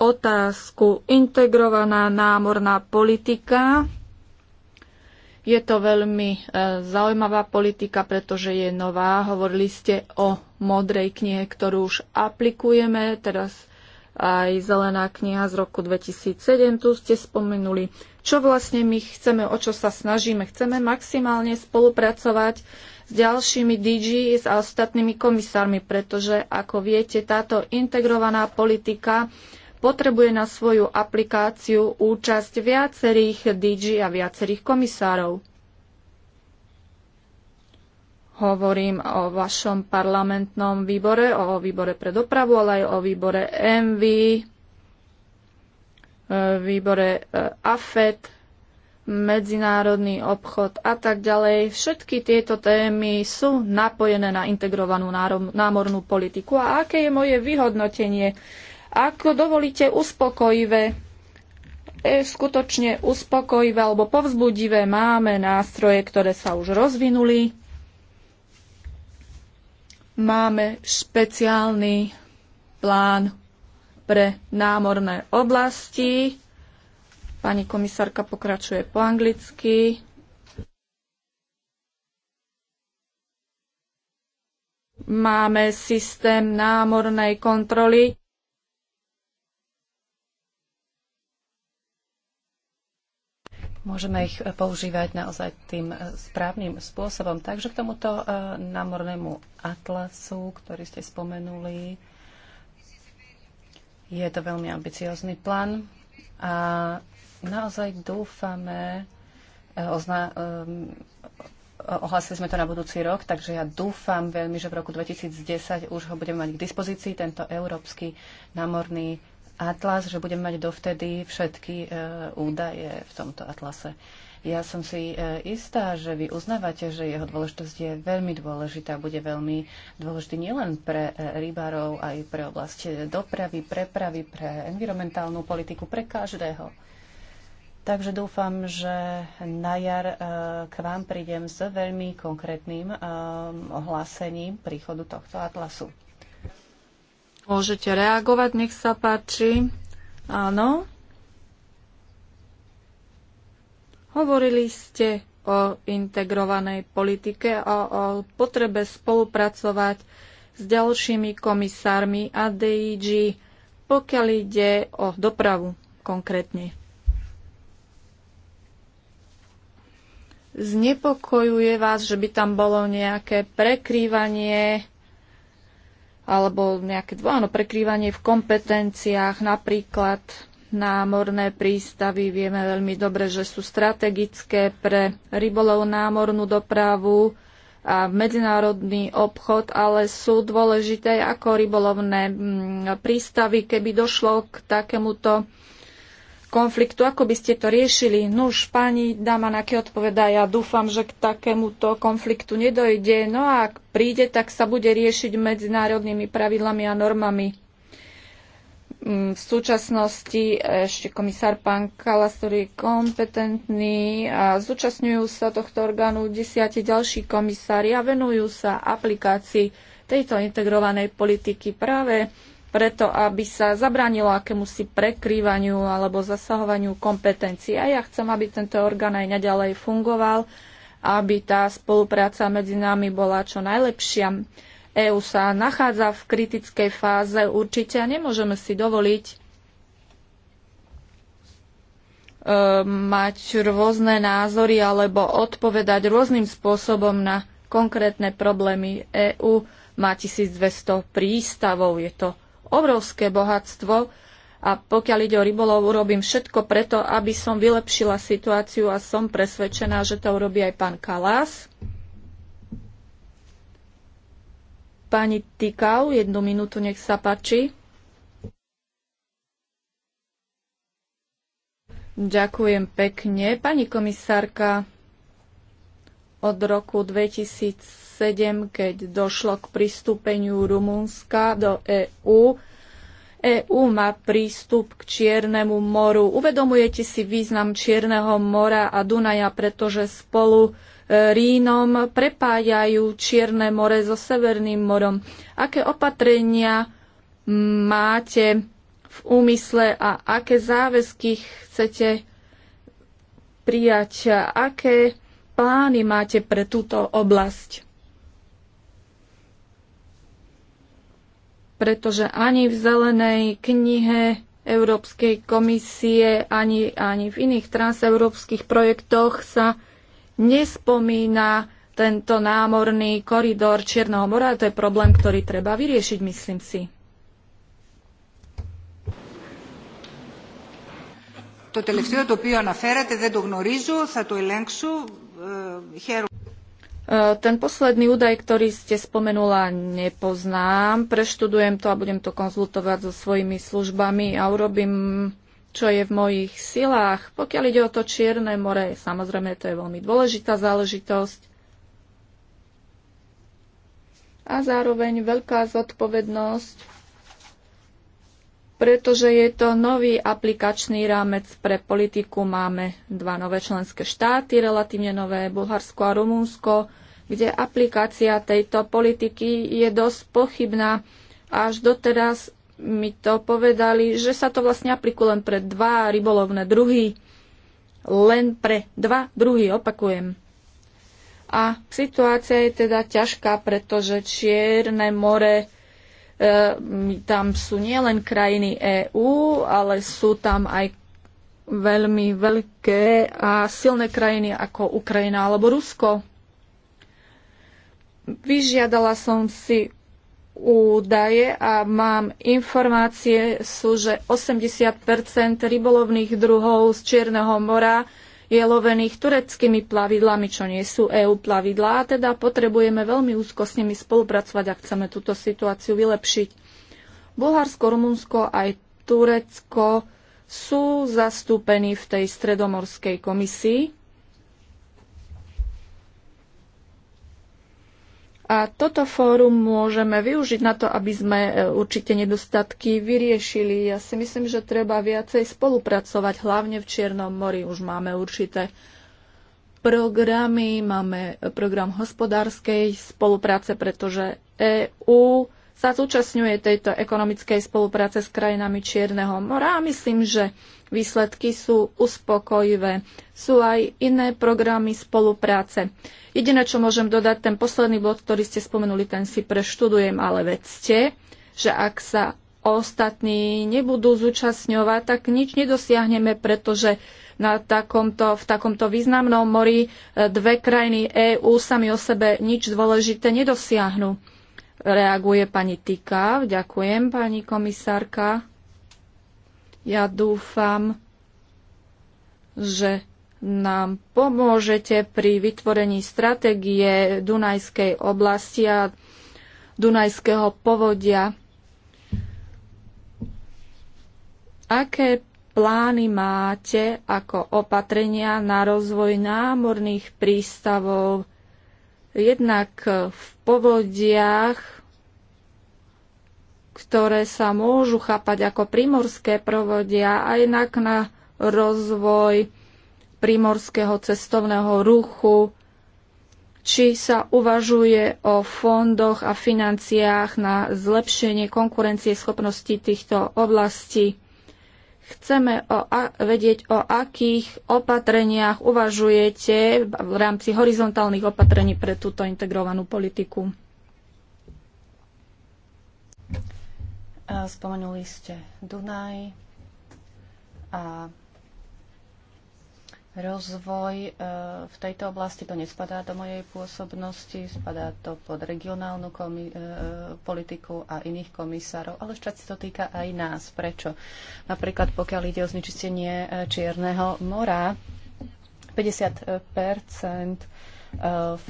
otázku. Integrovaná námorná politika je to veľmi e, zaujímavá politika, pretože je nová. Hovorili ste o modrej knihe, ktorú už aplikujeme. Teraz aj zelená kniha z roku 2007, tu ste spomenuli, čo vlastne my chceme, o čo sa snažíme. Chceme maximálne spolupracovať s ďalšími DG a ostatnými komisármi, pretože, ako viete, táto integrovaná politika potrebuje na svoju aplikáciu účasť viacerých DG a viacerých komisárov. Hovorím o vašom parlamentnom výbore, o výbore pre dopravu, ale aj o výbore MV, e, výbore e, AFET, medzinárodný obchod a tak ďalej. Všetky tieto témy sú napojené na integrovanú námornú politiku. A aké je moje vyhodnotenie? Ak dovolíte uspokojivé, e, skutočne uspokojivé alebo povzbudivé, máme nástroje, ktoré sa už rozvinuli. Máme špeciálny plán pre námorné oblasti. Pani komisárka pokračuje po anglicky. Máme systém námornej kontroly Môžeme ich e, používať naozaj tým e, správnym spôsobom. Takže k tomuto e, námornému atlasu, ktorý ste spomenuli, je to veľmi ambiciózny plán a naozaj dúfame, ozna, ohlasili sme to na budúci rok, takže ja dúfam veľmi, že v roku 2010 už ho budeme mať k dispozícii, tento európsky námorný atlas, že budeme mať dovtedy všetky e, údaje v tomto atlase. Ja som si e, istá, že vy uznávate, že jeho dôležitosť je veľmi dôležitá, bude veľmi dôležitý nielen pre e, rybárov, aj pre oblasť dopravy, prepravy, pre environmentálnu politiku, pre každého. Takže dúfam, že na jar k vám prídem s veľmi konkrétnym ohlásením príchodu tohto atlasu. Môžete reagovať, nech sa páči. Áno. Hovorili ste o integrovanej politike a o potrebe spolupracovať s ďalšími komisármi a DIG, pokiaľ ide o dopravu konkrétne. Znepokojuje vás, že by tam bolo nejaké prekrývanie alebo nejaké áno, prekrývanie v kompetenciách, napríklad námorné prístavy. Vieme veľmi dobre, že sú strategické pre rybolov, námornú dopravu a medzinárodný obchod, ale sú dôležité ako rybolovné mm, prístavy, keby došlo k takémuto konfliktu. Ako by ste to riešili? Nuž, pani aké odpovedá, ja dúfam, že k takémuto konfliktu nedojde. No a ak príde, tak sa bude riešiť medzinárodnými pravidlami a normami. Mm, v súčasnosti ešte komisár pán Kalas, ktorý je kompetentný a zúčastňujú sa tohto orgánu desiate ďalší komisári a venujú sa aplikácii tejto integrovanej politiky práve preto aby sa zabránilo akémusi prekrývaniu alebo zasahovaniu kompetencií. A ja chcem, aby tento orgán aj naďalej fungoval, aby tá spolupráca medzi nami bola čo najlepšia. EÚ sa nachádza v kritickej fáze určite a nemôžeme si dovoliť e, mať rôzne názory alebo odpovedať rôznym spôsobom na konkrétne problémy EÚ. Má 1200 prístavov, je to obrovské bohatstvo a pokiaľ ide o rybolov, urobím všetko preto, aby som vylepšila situáciu a som presvedčená, že to urobí aj pán Kalás. Pani Tikau, jednu minútu, nech sa páči. Ďakujem pekne. Pani komisárka, od roku 2000 keď došlo k pristúpeniu Rumunska do EÚ. EÚ má prístup k Čiernemu moru. Uvedomujete si význam Čierneho mora a Dunaja, pretože spolu e, Rínom prepájajú Čierne more so Severným morom. Aké opatrenia máte v úmysle a aké záväzky chcete prijať? Aké plány máte pre túto oblasť? pretože ani v zelenej knihe Európskej komisie, ani, ani v iných transeurópskych projektoch sa nespomína tento námorný koridor Čierneho mora. To je problém, ktorý treba vyriešiť, myslím si. To τελευταίο to, οποίο αναφέρατε δεν to, γνωρίζω, θα to, ελέγξω. Χαίρομαι. E, ten posledný údaj, ktorý ste spomenula, nepoznám. Preštudujem to a budem to konzultovať so svojimi službami a urobím, čo je v mojich silách. Pokiaľ ide o to Čierne more, samozrejme to je veľmi dôležitá záležitosť. A zároveň veľká zodpovednosť pretože je to nový aplikačný rámec pre politiku. Máme dva nové členské štáty, relatívne nové, Bulharsko a Rumunsko, kde aplikácia tejto politiky je dosť pochybná. Až doteraz mi to povedali, že sa to vlastne aplikuje len pre dva rybolovné druhy. Len pre dva druhy, opakujem. A situácia je teda ťažká, pretože Čierne more E, tam sú nielen krajiny EÚ, ale sú tam aj veľmi veľké a silné krajiny ako Ukrajina alebo Rusko. Vyžiadala som si údaje a mám informácie sú, že 80 rybolovných druhov z Čierneho mora je lovených tureckými plavidlami, čo nie sú EU plavidlá, a teda potrebujeme veľmi úzko s nimi spolupracovať, ak chceme túto situáciu vylepšiť. Bulharsko, Rumunsko aj Turecko sú zastúpení v tej stredomorskej komisii A toto fórum môžeme využiť na to, aby sme e, určite nedostatky vyriešili. Ja si myslím, že treba viacej spolupracovať, hlavne v Čiernom mori. Už máme určité programy, máme program hospodárskej spolupráce, pretože EÚ sa zúčastňuje tejto ekonomickej spolupráce s krajinami Čierneho mora a myslím, že výsledky sú uspokojivé. Sú aj iné programy spolupráce. Jediné, čo môžem dodať, ten posledný bod, ktorý ste spomenuli, ten si preštudujem, ale vedzte, že ak sa ostatní nebudú zúčastňovať, tak nič nedosiahneme, pretože na takomto, v takomto významnom mori eh, dve krajiny EÚ sami o sebe nič dôležité nedosiahnu reaguje pani Tika. Ďakujem, pani komisárka. Ja dúfam, že nám pomôžete pri vytvorení stratégie Dunajskej oblasti a Dunajského povodia. Aké plány máte ako opatrenia na rozvoj námorných prístavov jednak v povodiach, ktoré sa môžu chápať ako primorské provodia aj inak na rozvoj primorského cestovného ruchu, či sa uvažuje o fondoch a financiách na zlepšenie konkurencie schopnosti týchto oblastí. Chceme o, a, vedieť, o akých opatreniach uvažujete v rámci horizontálnych opatrení pre túto integrovanú politiku. Spomenuli ste Dunaj a Rozvoj e, v tejto oblasti to nespadá do mojej pôsobnosti, spadá to pod regionálnu e, e, politiku a iných komisárov, ale však sa to týka aj nás. Prečo? Napríklad pokiaľ ide o znečistenie Čierneho mora, 50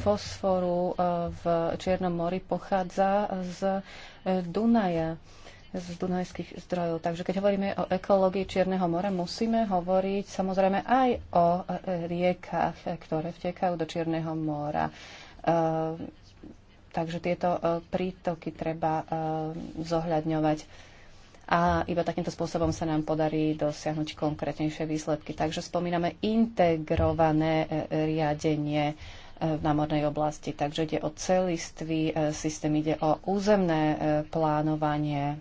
fosforu v Čiernom mori pochádza z Dunaja z Dunajských zdrojov. Takže keď hovoríme o ekológii Čierneho mora, musíme hovoriť samozrejme aj o e, riekach, e, ktoré vtekajú do Čierneho mora. E, takže tieto prítoky treba zohľadňovať a iba takýmto spôsobom sa nám podarí dosiahnuť konkrétnejšie výsledky. Takže spomíname integrované riadenie v námornej oblasti. Takže ide o celistvý systém, ide o územné plánovanie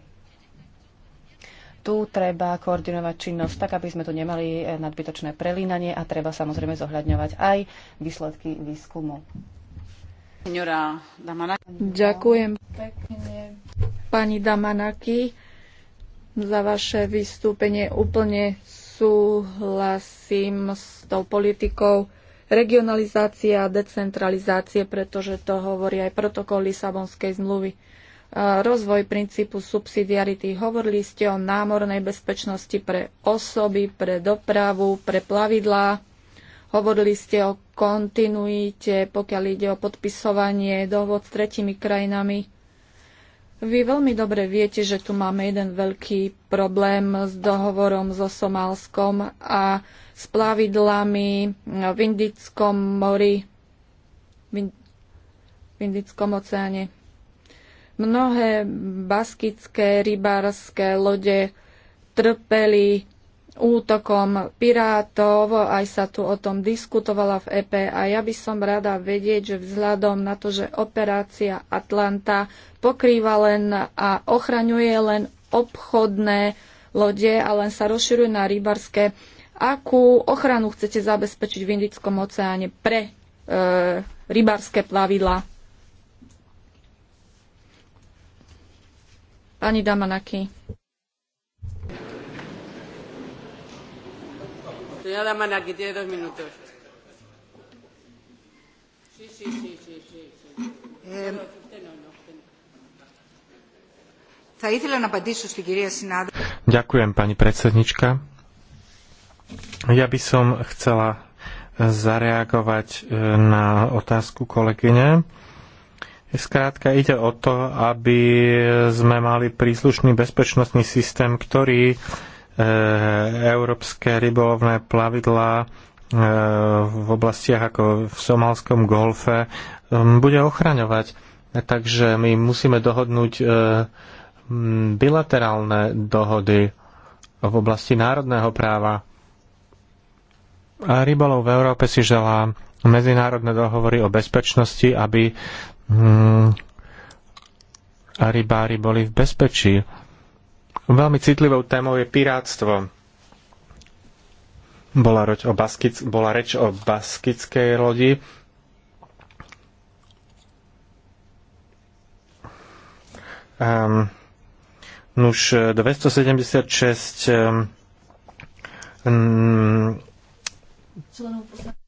tu treba koordinovať činnosť tak, aby sme tu nemali eh, nadbytočné prelínanie a treba samozrejme zohľadňovať aj výsledky výskumu. Ďakujem pekne pani Damanaki za vaše vystúpenie. Úplne súhlasím s tou politikou regionalizácie a decentralizácie, pretože to hovorí aj protokol Lisabonskej zmluvy rozvoj princípu subsidiarity. Hovorili ste o námornej bezpečnosti pre osoby, pre dopravu, pre plavidlá. Hovorili ste o kontinuite, pokiaľ ide o podpisovanie dohod s tretimi krajinami. Vy veľmi dobre viete, že tu máme jeden veľký problém s dohovorom so Somálskom a s plavidlami v Indickom mori, v Indickom oceáne. Mnohé baskické rybárske lode trpeli útokom pirátov, aj sa tu o tom diskutovala v EP a ja by som rada vedieť, že vzhľadom na to, že operácia Atlanta pokrýva len a ochraňuje len obchodné lode a len sa rozširuje na rybarské, akú ochranu chcete zabezpečiť v Indickom oceáne pre e, rybarské plavidla? Pani Damanaki. Ďakujem, pani predsednička. Ja by som chcela zareagovať na otázku kolegyne Skrátka ide o to, aby sme mali príslušný bezpečnostný systém, ktorý e, európske rybolovné plavidlá e, v oblastiach ako v Somálskom golfe e, bude ochraňovať. Takže my musíme dohodnúť e, bilaterálne dohody v oblasti národného práva. A rybolov v Európe si želá medzinárodné dohovory o bezpečnosti, aby hmm, a rybári boli v bezpečí. Veľmi citlivou témou je pirátstvo. Bola, roč o Baskic, bola reč o baskickej lodi. Um, nuž 276 e, um, ehm, členov poslancov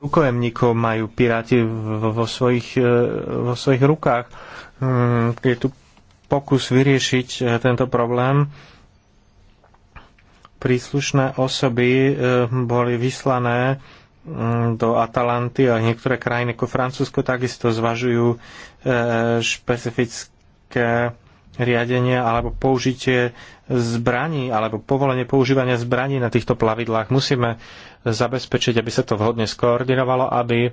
rukojemníkov majú piráti vo svojich, e, vo svojich rukách. Mm, je tu pokus vyriešiť e, tento problém. Príslušné osoby e, boli vyslané mm, do Atalanty a niektoré krajiny ako Francúzsko takisto zvažujú špecifické riadenie alebo použitie zbraní alebo povolenie používania zbraní na týchto plavidlách. Musíme zabezpečiť, aby sa to vhodne skoordinovalo, aby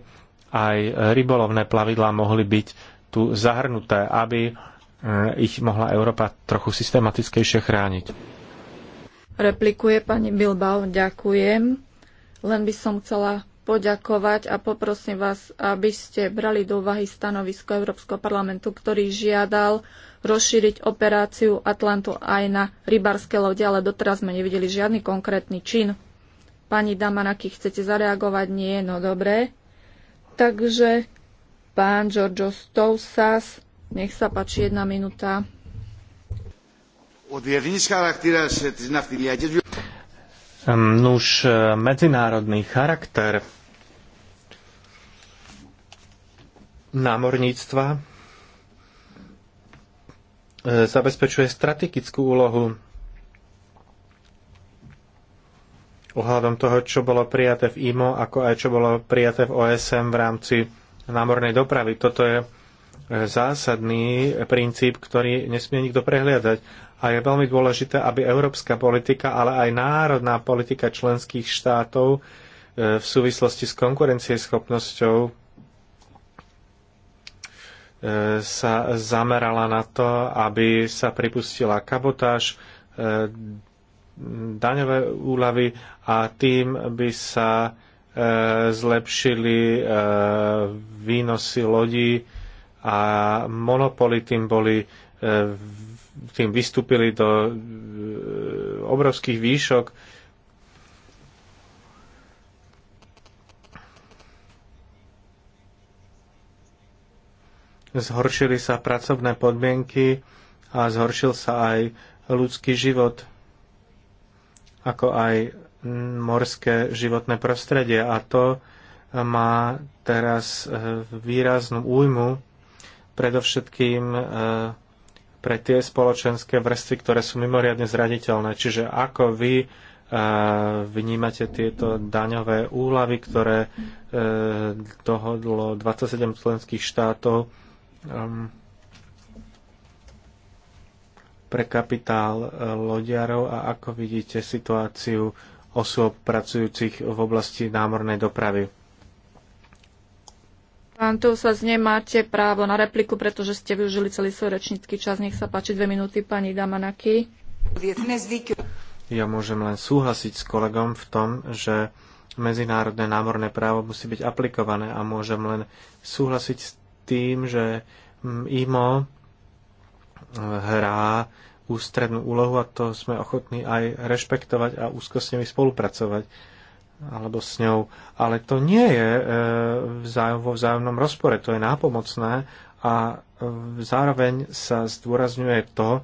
aj rybolovné plavidlá mohli byť tu zahrnuté, aby e, ich mohla Európa trochu systematickejšie chrániť. Replikuje pani Bilbao, ďakujem. Len by som chcela poďakovať a poprosím vás, aby ste brali do úvahy stanovisko Európskeho parlamentu, ktorý žiadal rozšíriť operáciu Atlantu aj na rybarské lode, ale doteraz sme nevideli žiadny konkrétny čin. Pani Damanaky, chcete zareagovať? Nie, no dobré. Takže pán Giorgio Stousas, nech sa páči jedna minúta. Nuž, medzinárodný charakter námorníctva E, zabezpečuje strategickú úlohu ohľadom toho, čo bolo prijaté v IMO, ako aj čo bolo prijaté v OSM v rámci námornej dopravy. Toto je e, zásadný princíp, ktorý nesmie nikto prehliadať. A je veľmi dôležité, aby európska politika, ale aj národná politika členských štátov e, v súvislosti s konkurencieschopnosťou E, sa zamerala na to, aby sa pripustila kabotáž, e, daňové úľavy a tým by sa e, zlepšili výnosy lodí a monopoly tým boli tým vystúpili do obrovských výšok zhoršili sa pracovné podmienky a zhoršil sa aj ľudský život, ako aj morské životné prostredie. A to má teraz e, výraznú újmu, predovšetkým e, pre tie spoločenské vrstvy, ktoré sú mimoriadne zraditeľné. Čiže ako vy e, vnímate tieto daňové úlavy, ktoré dohodlo 27 členských štátov um, pre kapitál eh, loďarov a ako vidíte situáciu osôb pracujúcich v oblasti námornej dopravy. Pán sa nemáte právo na repliku, pretože ste využili celý svoj rečnícky čas. Nech sa páči dve minúty, pani Damanaki. Ja môžem len súhlasiť s kolegom v tom, že medzinárodné námorné právo musí byť aplikované a môžem len súhlasiť s tým, že mm, IMO hrá ústrednú úlohu a to sme ochotní aj rešpektovať a úzko s nimi spolupracovať alebo s ňou. Ale to nie je e, vzájom, vo vzájomnom rozpore, to je nápomocné a e, zároveň sa zdôrazňuje to,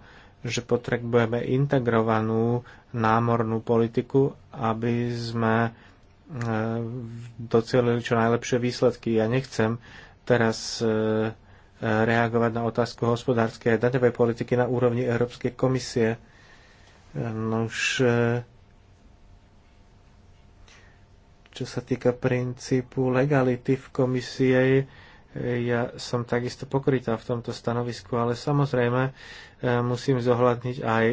že potrebujeme integrovanú námornú politiku, aby sme e, docielili čo najlepšie výsledky. Ja nechcem teraz e, e, reagovať na otázku hospodárskej a daňovej politiky na úrovni Európskej komisie. E, no už, čo sa týka princípu legality v komisie, ja som takisto pokrytá v tomto stanovisku, ale samozrejme musím zohľadniť aj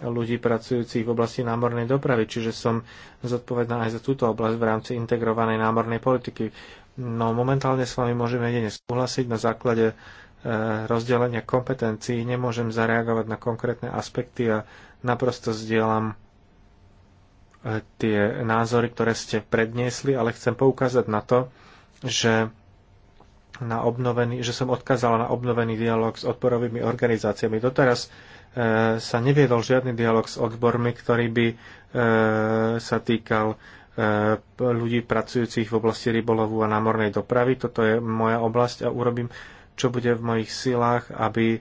ľudí pracujúcich v oblasti námornej dopravy, čiže som zodpovedná aj za túto oblasť v rámci integrovanej námornej politiky. No momentálne s vami môžeme jedine súhlasiť na základe e, rozdelenia kompetencií. Nemôžem zareagovať na konkrétne aspekty a naprosto zdieľam e, tie názory, ktoré ste predniesli, ale chcem poukázať na to, že, na obnovený, že som odkázala na obnovený dialog s odporovými organizáciami. Doteraz e, sa neviedol žiadny dialog s odbormi, ktorý by e, sa týkal Eh, ľudí pracujúcich v oblasti rybolovu a námornej dopravy. Toto je moja oblasť a urobím, čo bude v mojich silách, aby eh,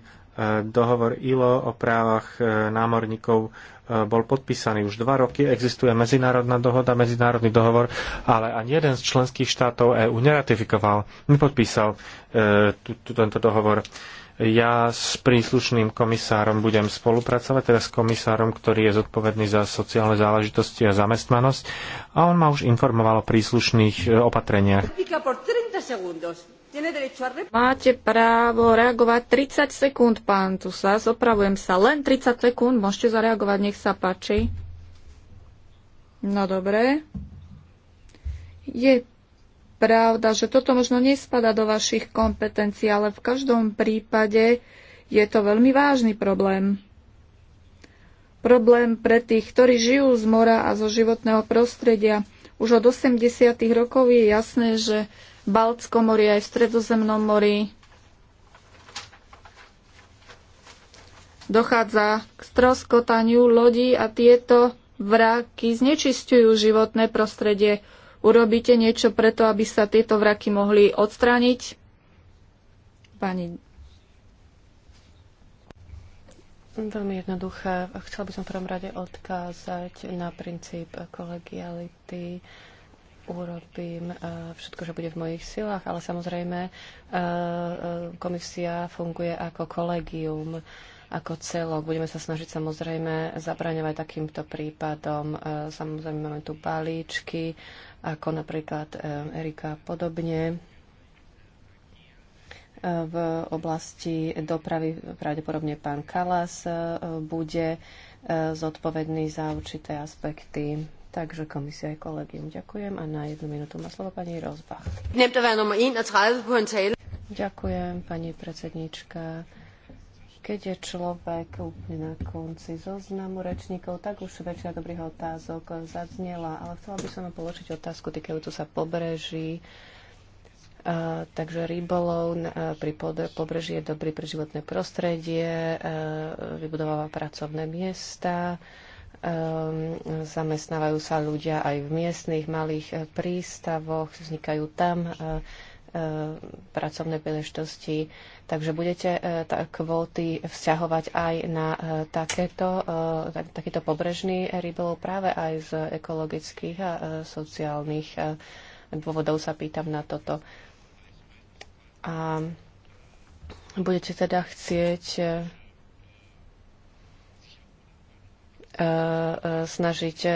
dohovor ILO o právach eh, námorníkov bol podpísaný. Už dva roky existuje medzinárodná dohoda, medzinárodný dohovor, ale ani jeden z členských štátov EÚ neratifikoval, nepodpísal e, tento dohovor. E, ja s príslušným komisárom budem spolupracovať, teda s komisárom, ktorý je zodpovedný za sociálne záležitosti a zamestnanosť. A on ma už informoval o príslušných e, opatreniach. Máte právo reagovať 30 sekúnd, pán Tusa. Opravujem sa, len 30 sekúnd. Môžete zareagovať, nech sa páči. No dobre. Je pravda, že toto možno nespada do vašich kompetencií, ale v každom prípade je to veľmi vážny problém. Problém pre tých, ktorí žijú z mora a zo životného prostredia. Už od 80. rokov je jasné, že Baltsko mori aj v Stredozemnom mori dochádza k stroskotaniu lodí a tieto vraky znečisťujú životné prostredie. Urobíte niečo preto, aby sa tieto vraky mohli odstrániť? Pani. Veľmi jednoduché. Chcela by som v prvom rade odkázať na princíp kolegiality urobím eh, všetko, čo bude v mojich silách, ale samozrejme eh, eh, komisia funguje ako kolegium, ako celok. Budeme sa snažiť samozrejme zabraňovať takýmto prípadom. Samozrejme máme tu balíčky ako napríklad e, Erika podobne. E, v oblasti dopravy pravdepodobne pán Kalas e, bude zodpovedný za určité aspekty. Takže komisia aj kolegium ďakujem a na jednu minútu má slovo pani Rozbach. Ďakujem, pani predsednička. Keď je človek úplne na konci zoznamu rečníkov, tak už väčšina dobrých otázok zaznela, ale chcela by som vám položiť otázku týkajúcu sa pobreží. Uh, takže rybolov uh, pri pobreží je dobrý pre životné prostredie, uh, vybudováva pracovné miesta, um, zamestnávajú sa ľudia aj v miestnych malých e, prístavoch, vznikajú tam e, E, pracovné príležitosti. Takže budete e, kvóty vzťahovať aj na e, takéto, takýto pobrežný rybolov práve aj z ekologických a sociálnych dôvodov sa pýtam na toto. A budete teda chcieť E, e, snažiť e,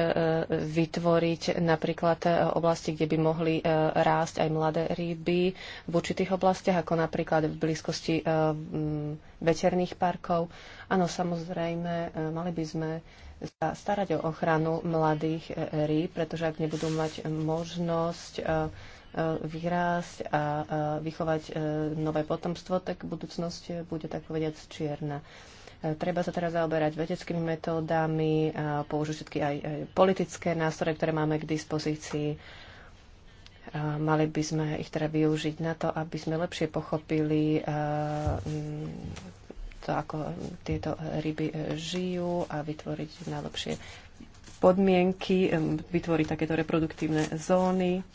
vytvoriť napríklad oblasti, kde by mohli rásť aj mladé ryby v určitých oblastiach, ako napríklad v blízkosti veterných parkov. Áno, samozrejme, mali by sme sa starať o ochranu mladých rýb, pretože ak nebudú mať možnosť vyrásť a vychovať nové potomstvo, tak budúcnosť bude tak povediať čierna. Treba sa teraz zaoberať vedeckými metódami, použiť všetky aj politické nástroje, ktoré máme k dispozícii. Mali by sme ich teda využiť na to, aby sme lepšie pochopili mm, to, ako tieto ryby e, žijú a vytvoriť najlepšie podmienky, vytvoriť takéto reproduktívne zóny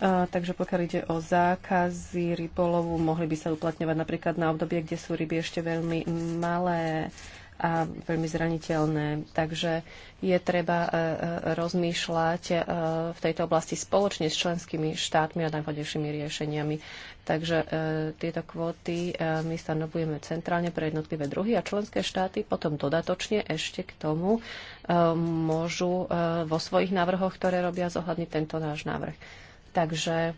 takže pokiaľ ide o zákazy rybolovu, mohli by sa uplatňovať napríklad na obdobie, kde sú ryby ešte veľmi malé a veľmi zraniteľné. Takže je treba e, e, rozmýšľať e, v tejto oblasti spoločne s členskými štátmi a najvhodnejšími riešeniami. Takže tieto kvóty my stanovujeme centrálne pre jednotlivé druhy a členské štáty potom dodatočne ešte k tomu môžu vo svojich návrhoch, ktoré robia, zohľadniť tento náš návrh. Takže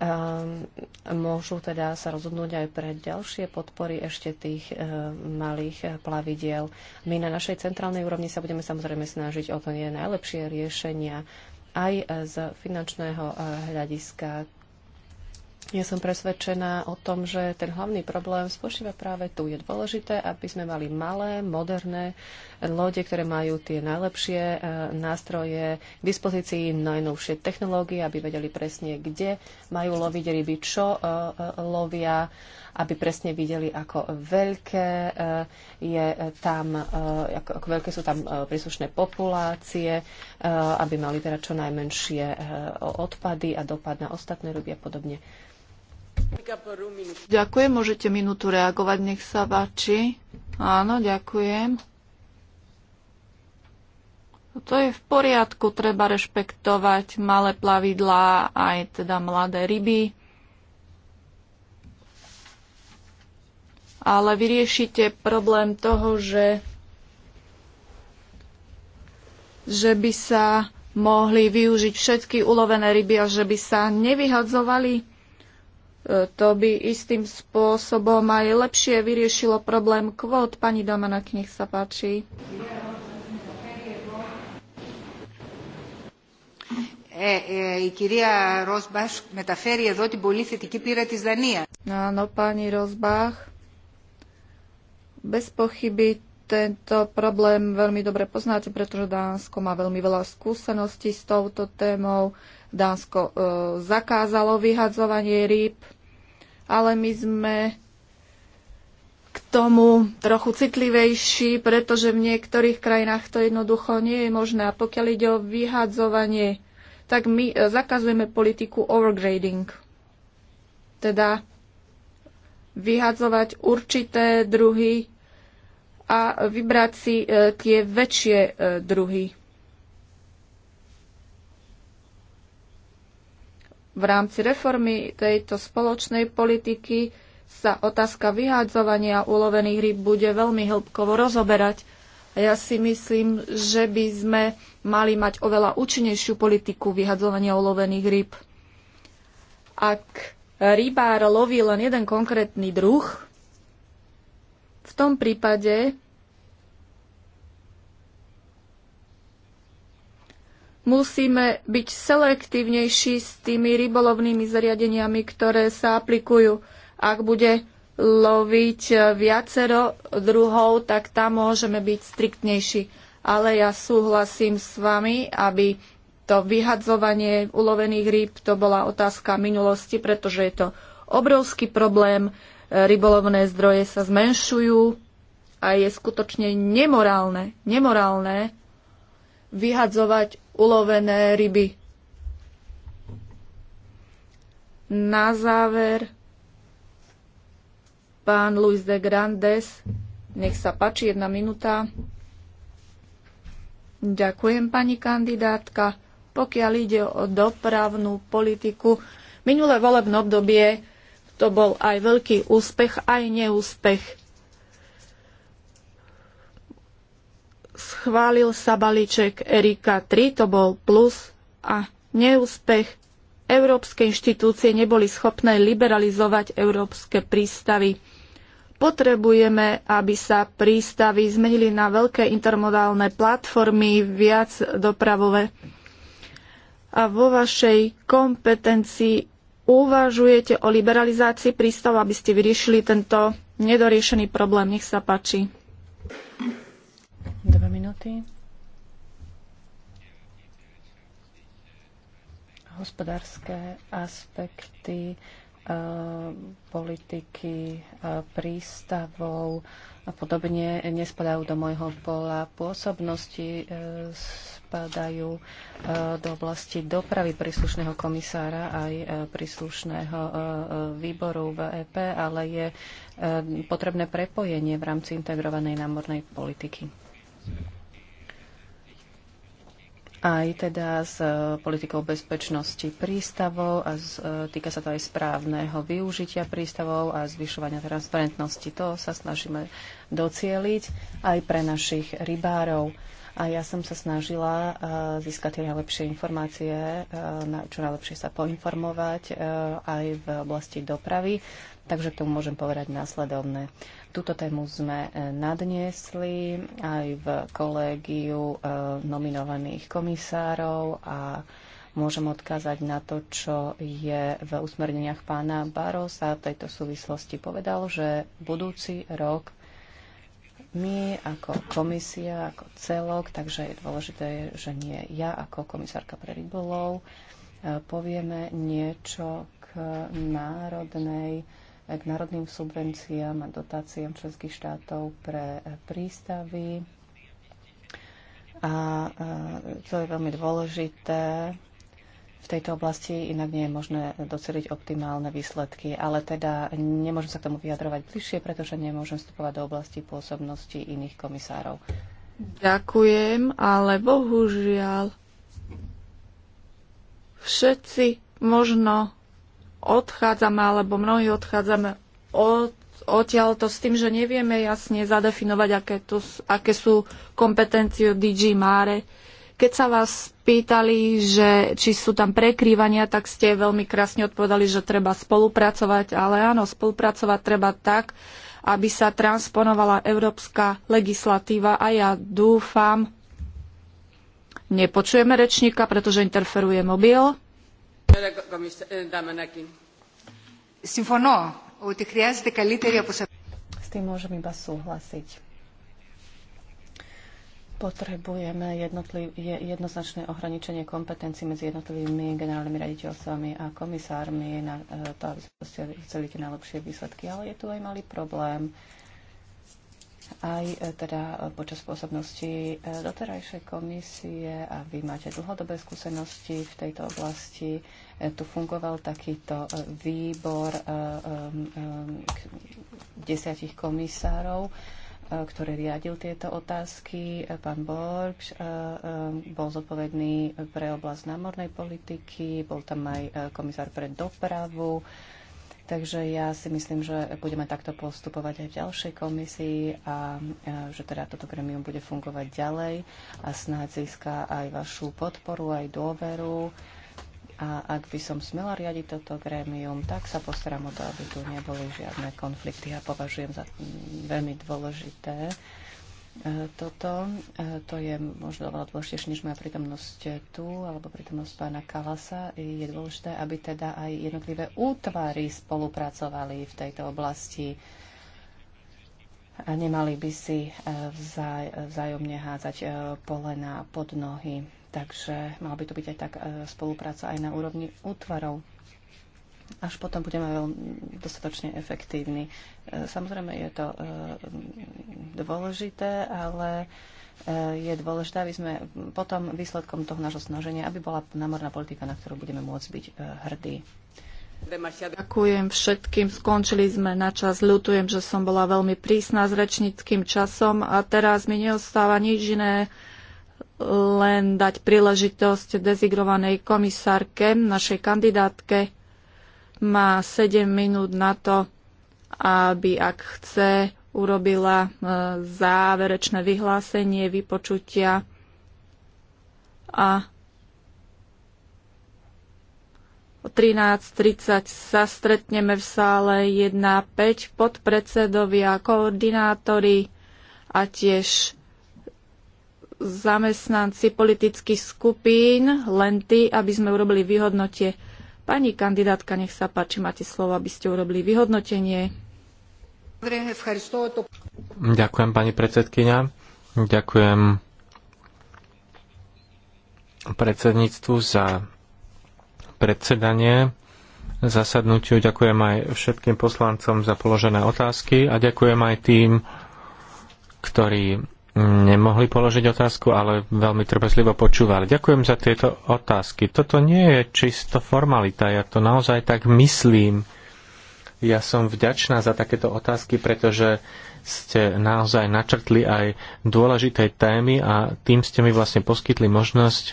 ehm, môžu teda sa rozhodnúť aj pre ďalšie podpory ešte tých ehm, malých eh, plavidiel. My na našej centrálnej úrovni sa budeme samozrejme snažiť o to nie najlepšie riešenia aj eh, z finančného eh, hľadiska. Ja som presvedčená o tom, že ten hlavný problém spočíva práve tu. Je dôležité, aby sme mali malé, moderné, lode, ktoré majú tie najlepšie e, nástroje k dispozícii, najnovšie technológie, aby vedeli presne, kde majú loviť ryby, čo e, e, lovia, aby presne videli, ako veľké je tam, ako, ako veľké sú tam príslušné populácie, aby mali teda čo najmenšie odpady a dopad na ostatné ryby a podobne. Ďakujem, môžete minútu reagovať, nech sa páči. Áno, ďakujem. No to je v poriadku, treba rešpektovať malé plavidlá, aj teda mladé ryby. Ale vyriešite problém toho, že, že by sa mohli využiť všetky ulovené ryby a že by sa nevyhadzovali. E, to by istým spôsobom aj lepšie vyriešilo problém kvót. Pani Domenek, nech sa páči. Yeah. η κυρία Ρόσμπαχ μεταφέρει εδώ την πολύ θετική πείρα της Δανίας. Áno, pani Rosbach, bez pochyby tento problém veľmi dobre poznáte, pretože Dánsko má veľmi veľa skúseností s touto témou. Dánsko e, zakázalo vyhadzovanie rýb, ale my sme k tomu trochu citlivejší, pretože v niektorých krajinách to jednoducho nie je možné. A pokiaľ ide o vyhadzovanie tak my e, zakazujeme politiku overgrading, teda vyhadzovať určité druhy a vybrať si e, tie väčšie e, druhy. V rámci reformy tejto spoločnej politiky sa otázka vyhádzovania ulovených rýb bude veľmi hĺbkovo rozoberať. Ja si myslím, že by sme mali mať oveľa účinnejšiu politiku vyhadzovania olovených rýb. Ak rybár loví len jeden konkrétny druh, v tom prípade musíme byť selektívnejší s tými rybolovnými zariadeniami, ktoré sa aplikujú. Ak bude loviť viacero druhov, tak tam môžeme byť striktnejší. Ale ja súhlasím s vami, aby to vyhadzovanie ulovených rýb to bola otázka minulosti, pretože je to obrovský problém. Rybolovné zdroje sa zmenšujú a je skutočne nemorálne, nemorálne vyhadzovať ulovené ryby. Na záver Pán Luis de Grandes, nech sa páči, jedna minúta. Ďakujem, pani kandidátka. Pokiaľ ide o dopravnú politiku, minulé volebné obdobie to bol aj veľký úspech, aj neúspech. Schválil sa balíček Erika 3, to bol plus, a neúspech európske inštitúcie neboli schopné liberalizovať európske prístavy. Potrebujeme, aby sa prístavy zmenili na veľké intermodálne platformy, viac dopravové. A vo vašej kompetencii uvažujete o liberalizácii prístavu, aby ste vyriešili tento nedoriešený problém. Nech sa páči. Dve minúty. Hospodárske aspekty Eh, politiky eh, prístavov a podobne nespadajú do môjho pola pôsobnosti, eh, spadajú do oblasti dopravy príslušného komisára aj príslušného výboru v EP, ale je potrebné prepojenie v rámci integrovanej námornej politiky aj teda s e, politikou bezpečnosti prístavov a z, e, týka sa to aj správneho využitia prístavov a zvyšovania transparentnosti. To sa snažíme docieliť aj pre našich rybárov a ja som sa snažila eh, získať tie najlepšie informácie, eh, čo najlepšie sa poinformovať eh, aj v oblasti dopravy. Takže k tomu môžem povedať následovné. Túto tému sme nadniesli aj v kolégiu nominovaných komisárov a môžem odkázať na to, čo je v usmerneniach pána Barosa v tejto súvislosti povedal, že budúci rok my ako komisia, ako celok, takže je dôležité, že nie ja ako komisárka pre rybolov e, povieme niečo k národnej e, k národným subvenciám a dotáciám členských štátov pre prístavy. A e, to je veľmi dôležité, v tejto oblasti, inak nie je možné doceliť optimálne výsledky. Ale teda nemôžem sa k tomu vyjadrovať bližšie, pretože nemôžem vstupovať do oblasti pôsobnosti iných komisárov. Ďakujem, ale bohužiaľ všetci možno odchádzame, alebo mnohí odchádzame od odtiaľto s tým, že nevieme jasne zadefinovať, aké, to, aké sú kompetencie DG Mare keď sa vás pýtali, že či sú tam prekrývania, tak ste veľmi krásne odpovedali, že treba spolupracovať, ale áno, spolupracovať treba tak, aby sa transponovala európska legislatíva a ja dúfam, nepočujeme rečníka, pretože interferuje mobil. S tým môžem iba súhlasiť Potrebujeme jednoznačné ohraničenie kompetencií medzi jednotlivými generálnymi raditeľstvami a komisármi na e, to, aby ste chceli tie najlepšie výsledky. Ale je tu aj malý problém. Aj e, teda počas pôsobnosti e, doterajšej komisie a vy máte dlhodobé skúsenosti v tejto oblasti. Tu fungoval takýto výbor desiatich komisárov E, ktorý riadil tieto otázky. E, pán Borg e, bol zodpovedný pre oblasť námornej politiky, bol tam aj komisár pre dopravu. Takže ja si myslím, že budeme takto postupovať aj v ďalšej komisii a že teda toto gremium bude fungovať ďalej a snáď získa aj vašu podporu, aj dôveru a ak by som smela riadiť toto grémium, tak sa postaram o to, aby tu neboli žiadne konflikty. Ja považujem za veľmi dôležité e, toto. E, to je možno oveľa dôležitejšie, než moja prítomnosť tu, alebo prítomnosť pána Kalasa. Je dôležité, aby teda aj jednotlivé útvary spolupracovali v tejto oblasti a nemali by si e, vzaj, vzájomne hádzať polena pod nohy Takže mala by to byť aj tak e, spolupráca aj na úrovni útvarov. Až potom budeme veľmi dostatočne efektívni. E, samozrejme je to e, dôležité, ale je dôležité, aby sme potom výsledkom toho nášho snaženia, aby bola námorná politika, na ktorú budeme môcť byť hrdí. Ďakujem všetkým. Skončili sme na čas. Ľutujem, že som bola veľmi prísna s rečníckým časom a teraz mi neostáva nič iné, len dať príležitosť dezigrovanej komisárke, našej kandidátke. Má 7 minút na to, aby ak chce, urobila e, záverečné vyhlásenie vypočutia a 13.30 sa stretneme v sále 1.5 podpredsedovia, koordinátori a tiež zamestnanci politických skupín, len tí, aby sme urobili vyhodnotie. Pani kandidátka, nech sa páči, máte slovo, aby ste urobili vyhodnotenie. Ďakujem, pani predsedkynia. Ďakujem predsedníctvu za predsedanie zasadnutiu. Ďakujem aj všetkým poslancom za položené otázky a ďakujem aj tým, ktorí nemohli položiť otázku, ale veľmi trpezlivo počúvali. Ďakujem za tieto otázky. Toto nie je čisto formalita, ja to naozaj tak myslím. Ja som vďačná za takéto otázky, pretože ste naozaj načrtli aj dôležité témy a tým ste mi vlastne poskytli možnosť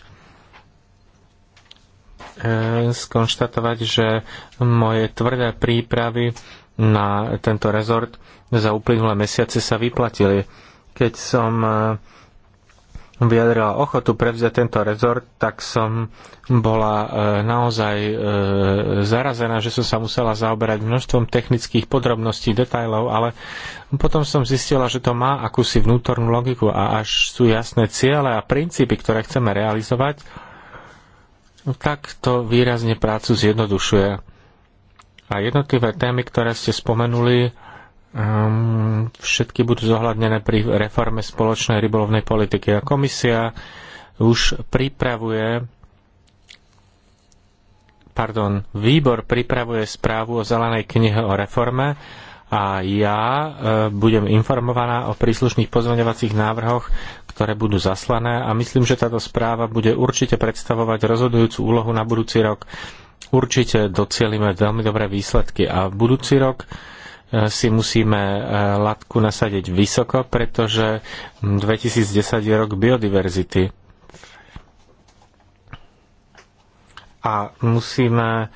eh, skonštatovať, že moje tvrdé prípravy na tento rezort za uplynulé mesiace sa vyplatili keď som e, vyjadrila ochotu prevziať tento rezort, tak som bola e, naozaj e, zarazená, že som sa musela zaoberať množstvom technických podrobností, detajlov, ale potom som zistila, že to má akúsi vnútornú logiku a až sú jasné ciele a princípy, ktoré chceme realizovať, tak to výrazne prácu zjednodušuje. A jednotlivé témy, ktoré ste spomenuli, Ehm, všetky budú zohľadnené pri reforme spoločnej rybolovnej politiky. A komisia už pripravuje pardon, výbor pripravuje správu o zelenej knihe o reforme a ja ehm, budem informovaná o príslušných pozvaňovacích návrhoch, ktoré budú zaslané a myslím, že táto správa bude určite predstavovať rozhodujúcu úlohu na budúci rok. Určite docielime veľmi dobré výsledky a budúci rok si musíme e, latku nasadiť vysoko, pretože 2010 je rok biodiverzity. A musíme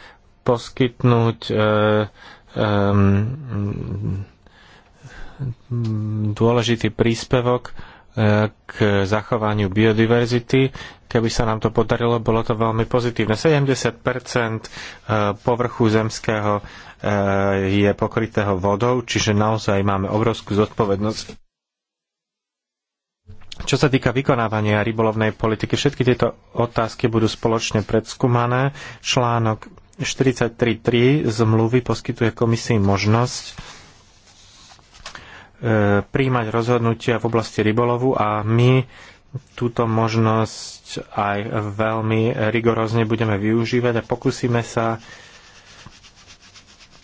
poskytnúť e, dôležitý príspevok k zachovaniu biodiverzity. Keby sa nám to podarilo, bolo to veľmi pozitívne. 70 e, povrchu zemského e, je pokrytého vodou, čiže naozaj máme obrovskú zodpovednosť. Čo sa týka vykonávania rybolovnej politiky, všetky tieto otázky budú spoločne predskúmané. Článok 43.3 zmluvy poskytuje komisii možnosť príjmať rozhodnutia v oblasti rybolovu a my túto možnosť aj veľmi rigorózne budeme využívať a pokúsime sa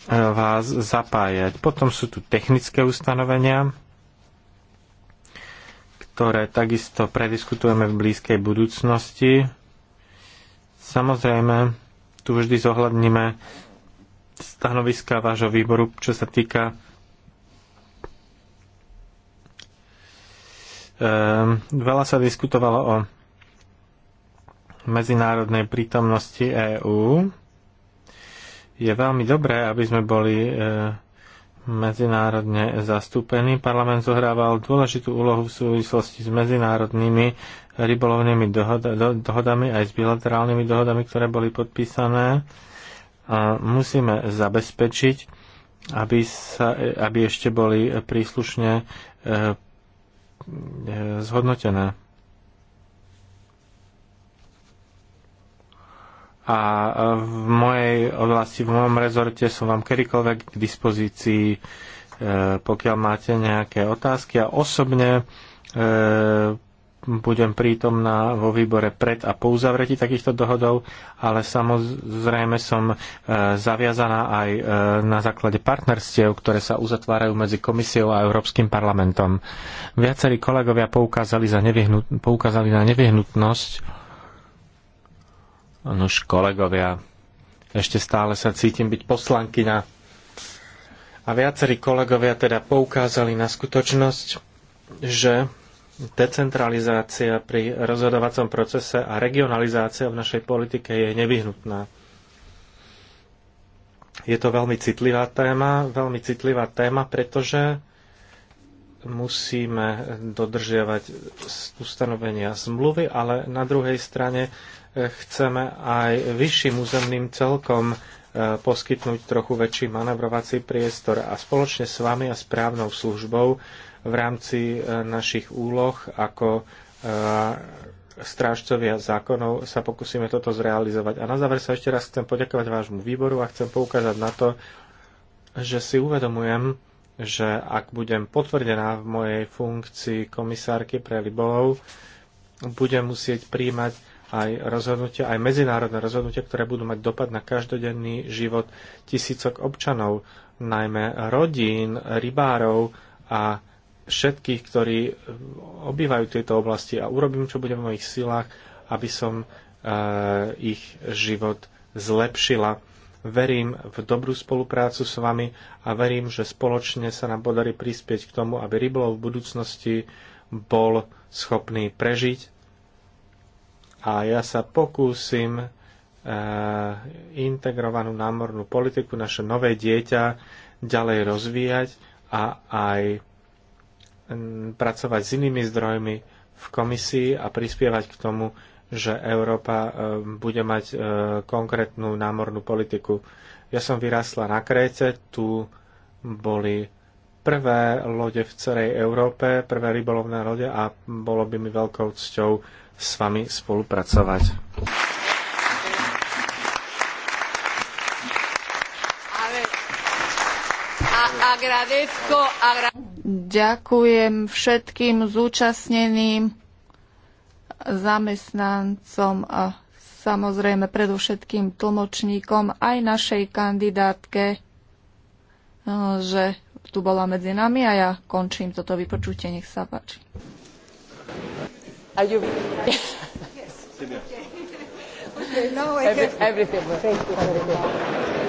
e, vás zapájať. Potom sú tu technické ustanovenia, ktoré takisto prediskutujeme v blízkej budúcnosti. Samozrejme, tu vždy zohľadníme stanoviska vášho výboru, čo sa týka Ehm, veľa sa diskutovalo o medzinárodnej prítomnosti EÚ. Je veľmi dobré, aby sme boli e, medzinárodne zastúpení. Parlament zohrával dôležitú úlohu v súvislosti s medzinárodnými rybolovnými dohoda, do, dohodami aj s bilaterálnymi dohodami, ktoré boli podpísané. A musíme zabezpečiť, aby, sa, aby ešte boli príslušne e, zhodnotené. A v mojej oblasti, v mojom rezorte som vám kedykoľvek k dispozícii, e, pokiaľ máte nejaké otázky. A osobne e, budem prítomná vo výbore pred a po uzavretí takýchto dohodov, ale samozrejme som e, zaviazaná aj e, na základe partnerstiev, ktoré sa uzatvárajú medzi komisiou a Európskym parlamentom. Viacerí kolegovia poukázali, za nevyhnut- poukázali na nevyhnutnosť. Nož kolegovia, ešte stále sa cítim byť poslankyňa. A viacerí kolegovia teda poukázali na skutočnosť, že Decentralizácia pri rozhodovacom procese a regionalizácia v našej politike je nevyhnutná. Je to veľmi citlivá téma, veľmi citlivá téma, pretože musíme dodržiavať ustanovenia zmluvy, ale na druhej strane eh, chceme aj vyšším územným celkom eh, poskytnúť trochu väčší manevrovací priestor a spoločne s vami a správnou službou v rámci e, našich úloh ako e, strážcovia zákonov sa pokúsime toto zrealizovať. A na záver sa ešte raz chcem poďakovať vášmu výboru a chcem poukázať na to, že si uvedomujem, že ak budem potvrdená v mojej funkcii komisárky pre Libolov, budem musieť príjmať aj rozhodnutia, aj medzinárodné rozhodnutia, ktoré budú mať dopad na každodenný život tisícok občanov, najmä rodín, rybárov a všetkých, ktorí eh, obývajú tieto oblasti a urobím, čo bude v mojich silách, aby som e, ich život zlepšila. Verím v dobrú spoluprácu s vami a verím, že spoločne sa nám podarí prispieť k tomu, aby rybolov v budúcnosti bol schopný prežiť. A ja sa pokúsim e, integrovanú námornú politiku, naše nové dieťa, ďalej rozvíjať a aj pracovať s inými zdrojmi v komisii a prispievať k tomu, že Európa e, bude mať e, konkrétnu námornú politiku. Ja som vyrásla na Kréte, tu boli prvé lode v celej Európe, prvé rybolovné lode a bolo by mi veľkou cťou s vami spolupracovať. Agradezco, agradezco. Ďakujem všetkým zúčastneným zamestnancom a samozrejme predovšetkým tlmočníkom aj našej kandidátke, eh, že tu bola medzi nami a ja končím toto vypočutie. Nech sa páči. Are you... yes. Okay. okay, I have... everything. Thank you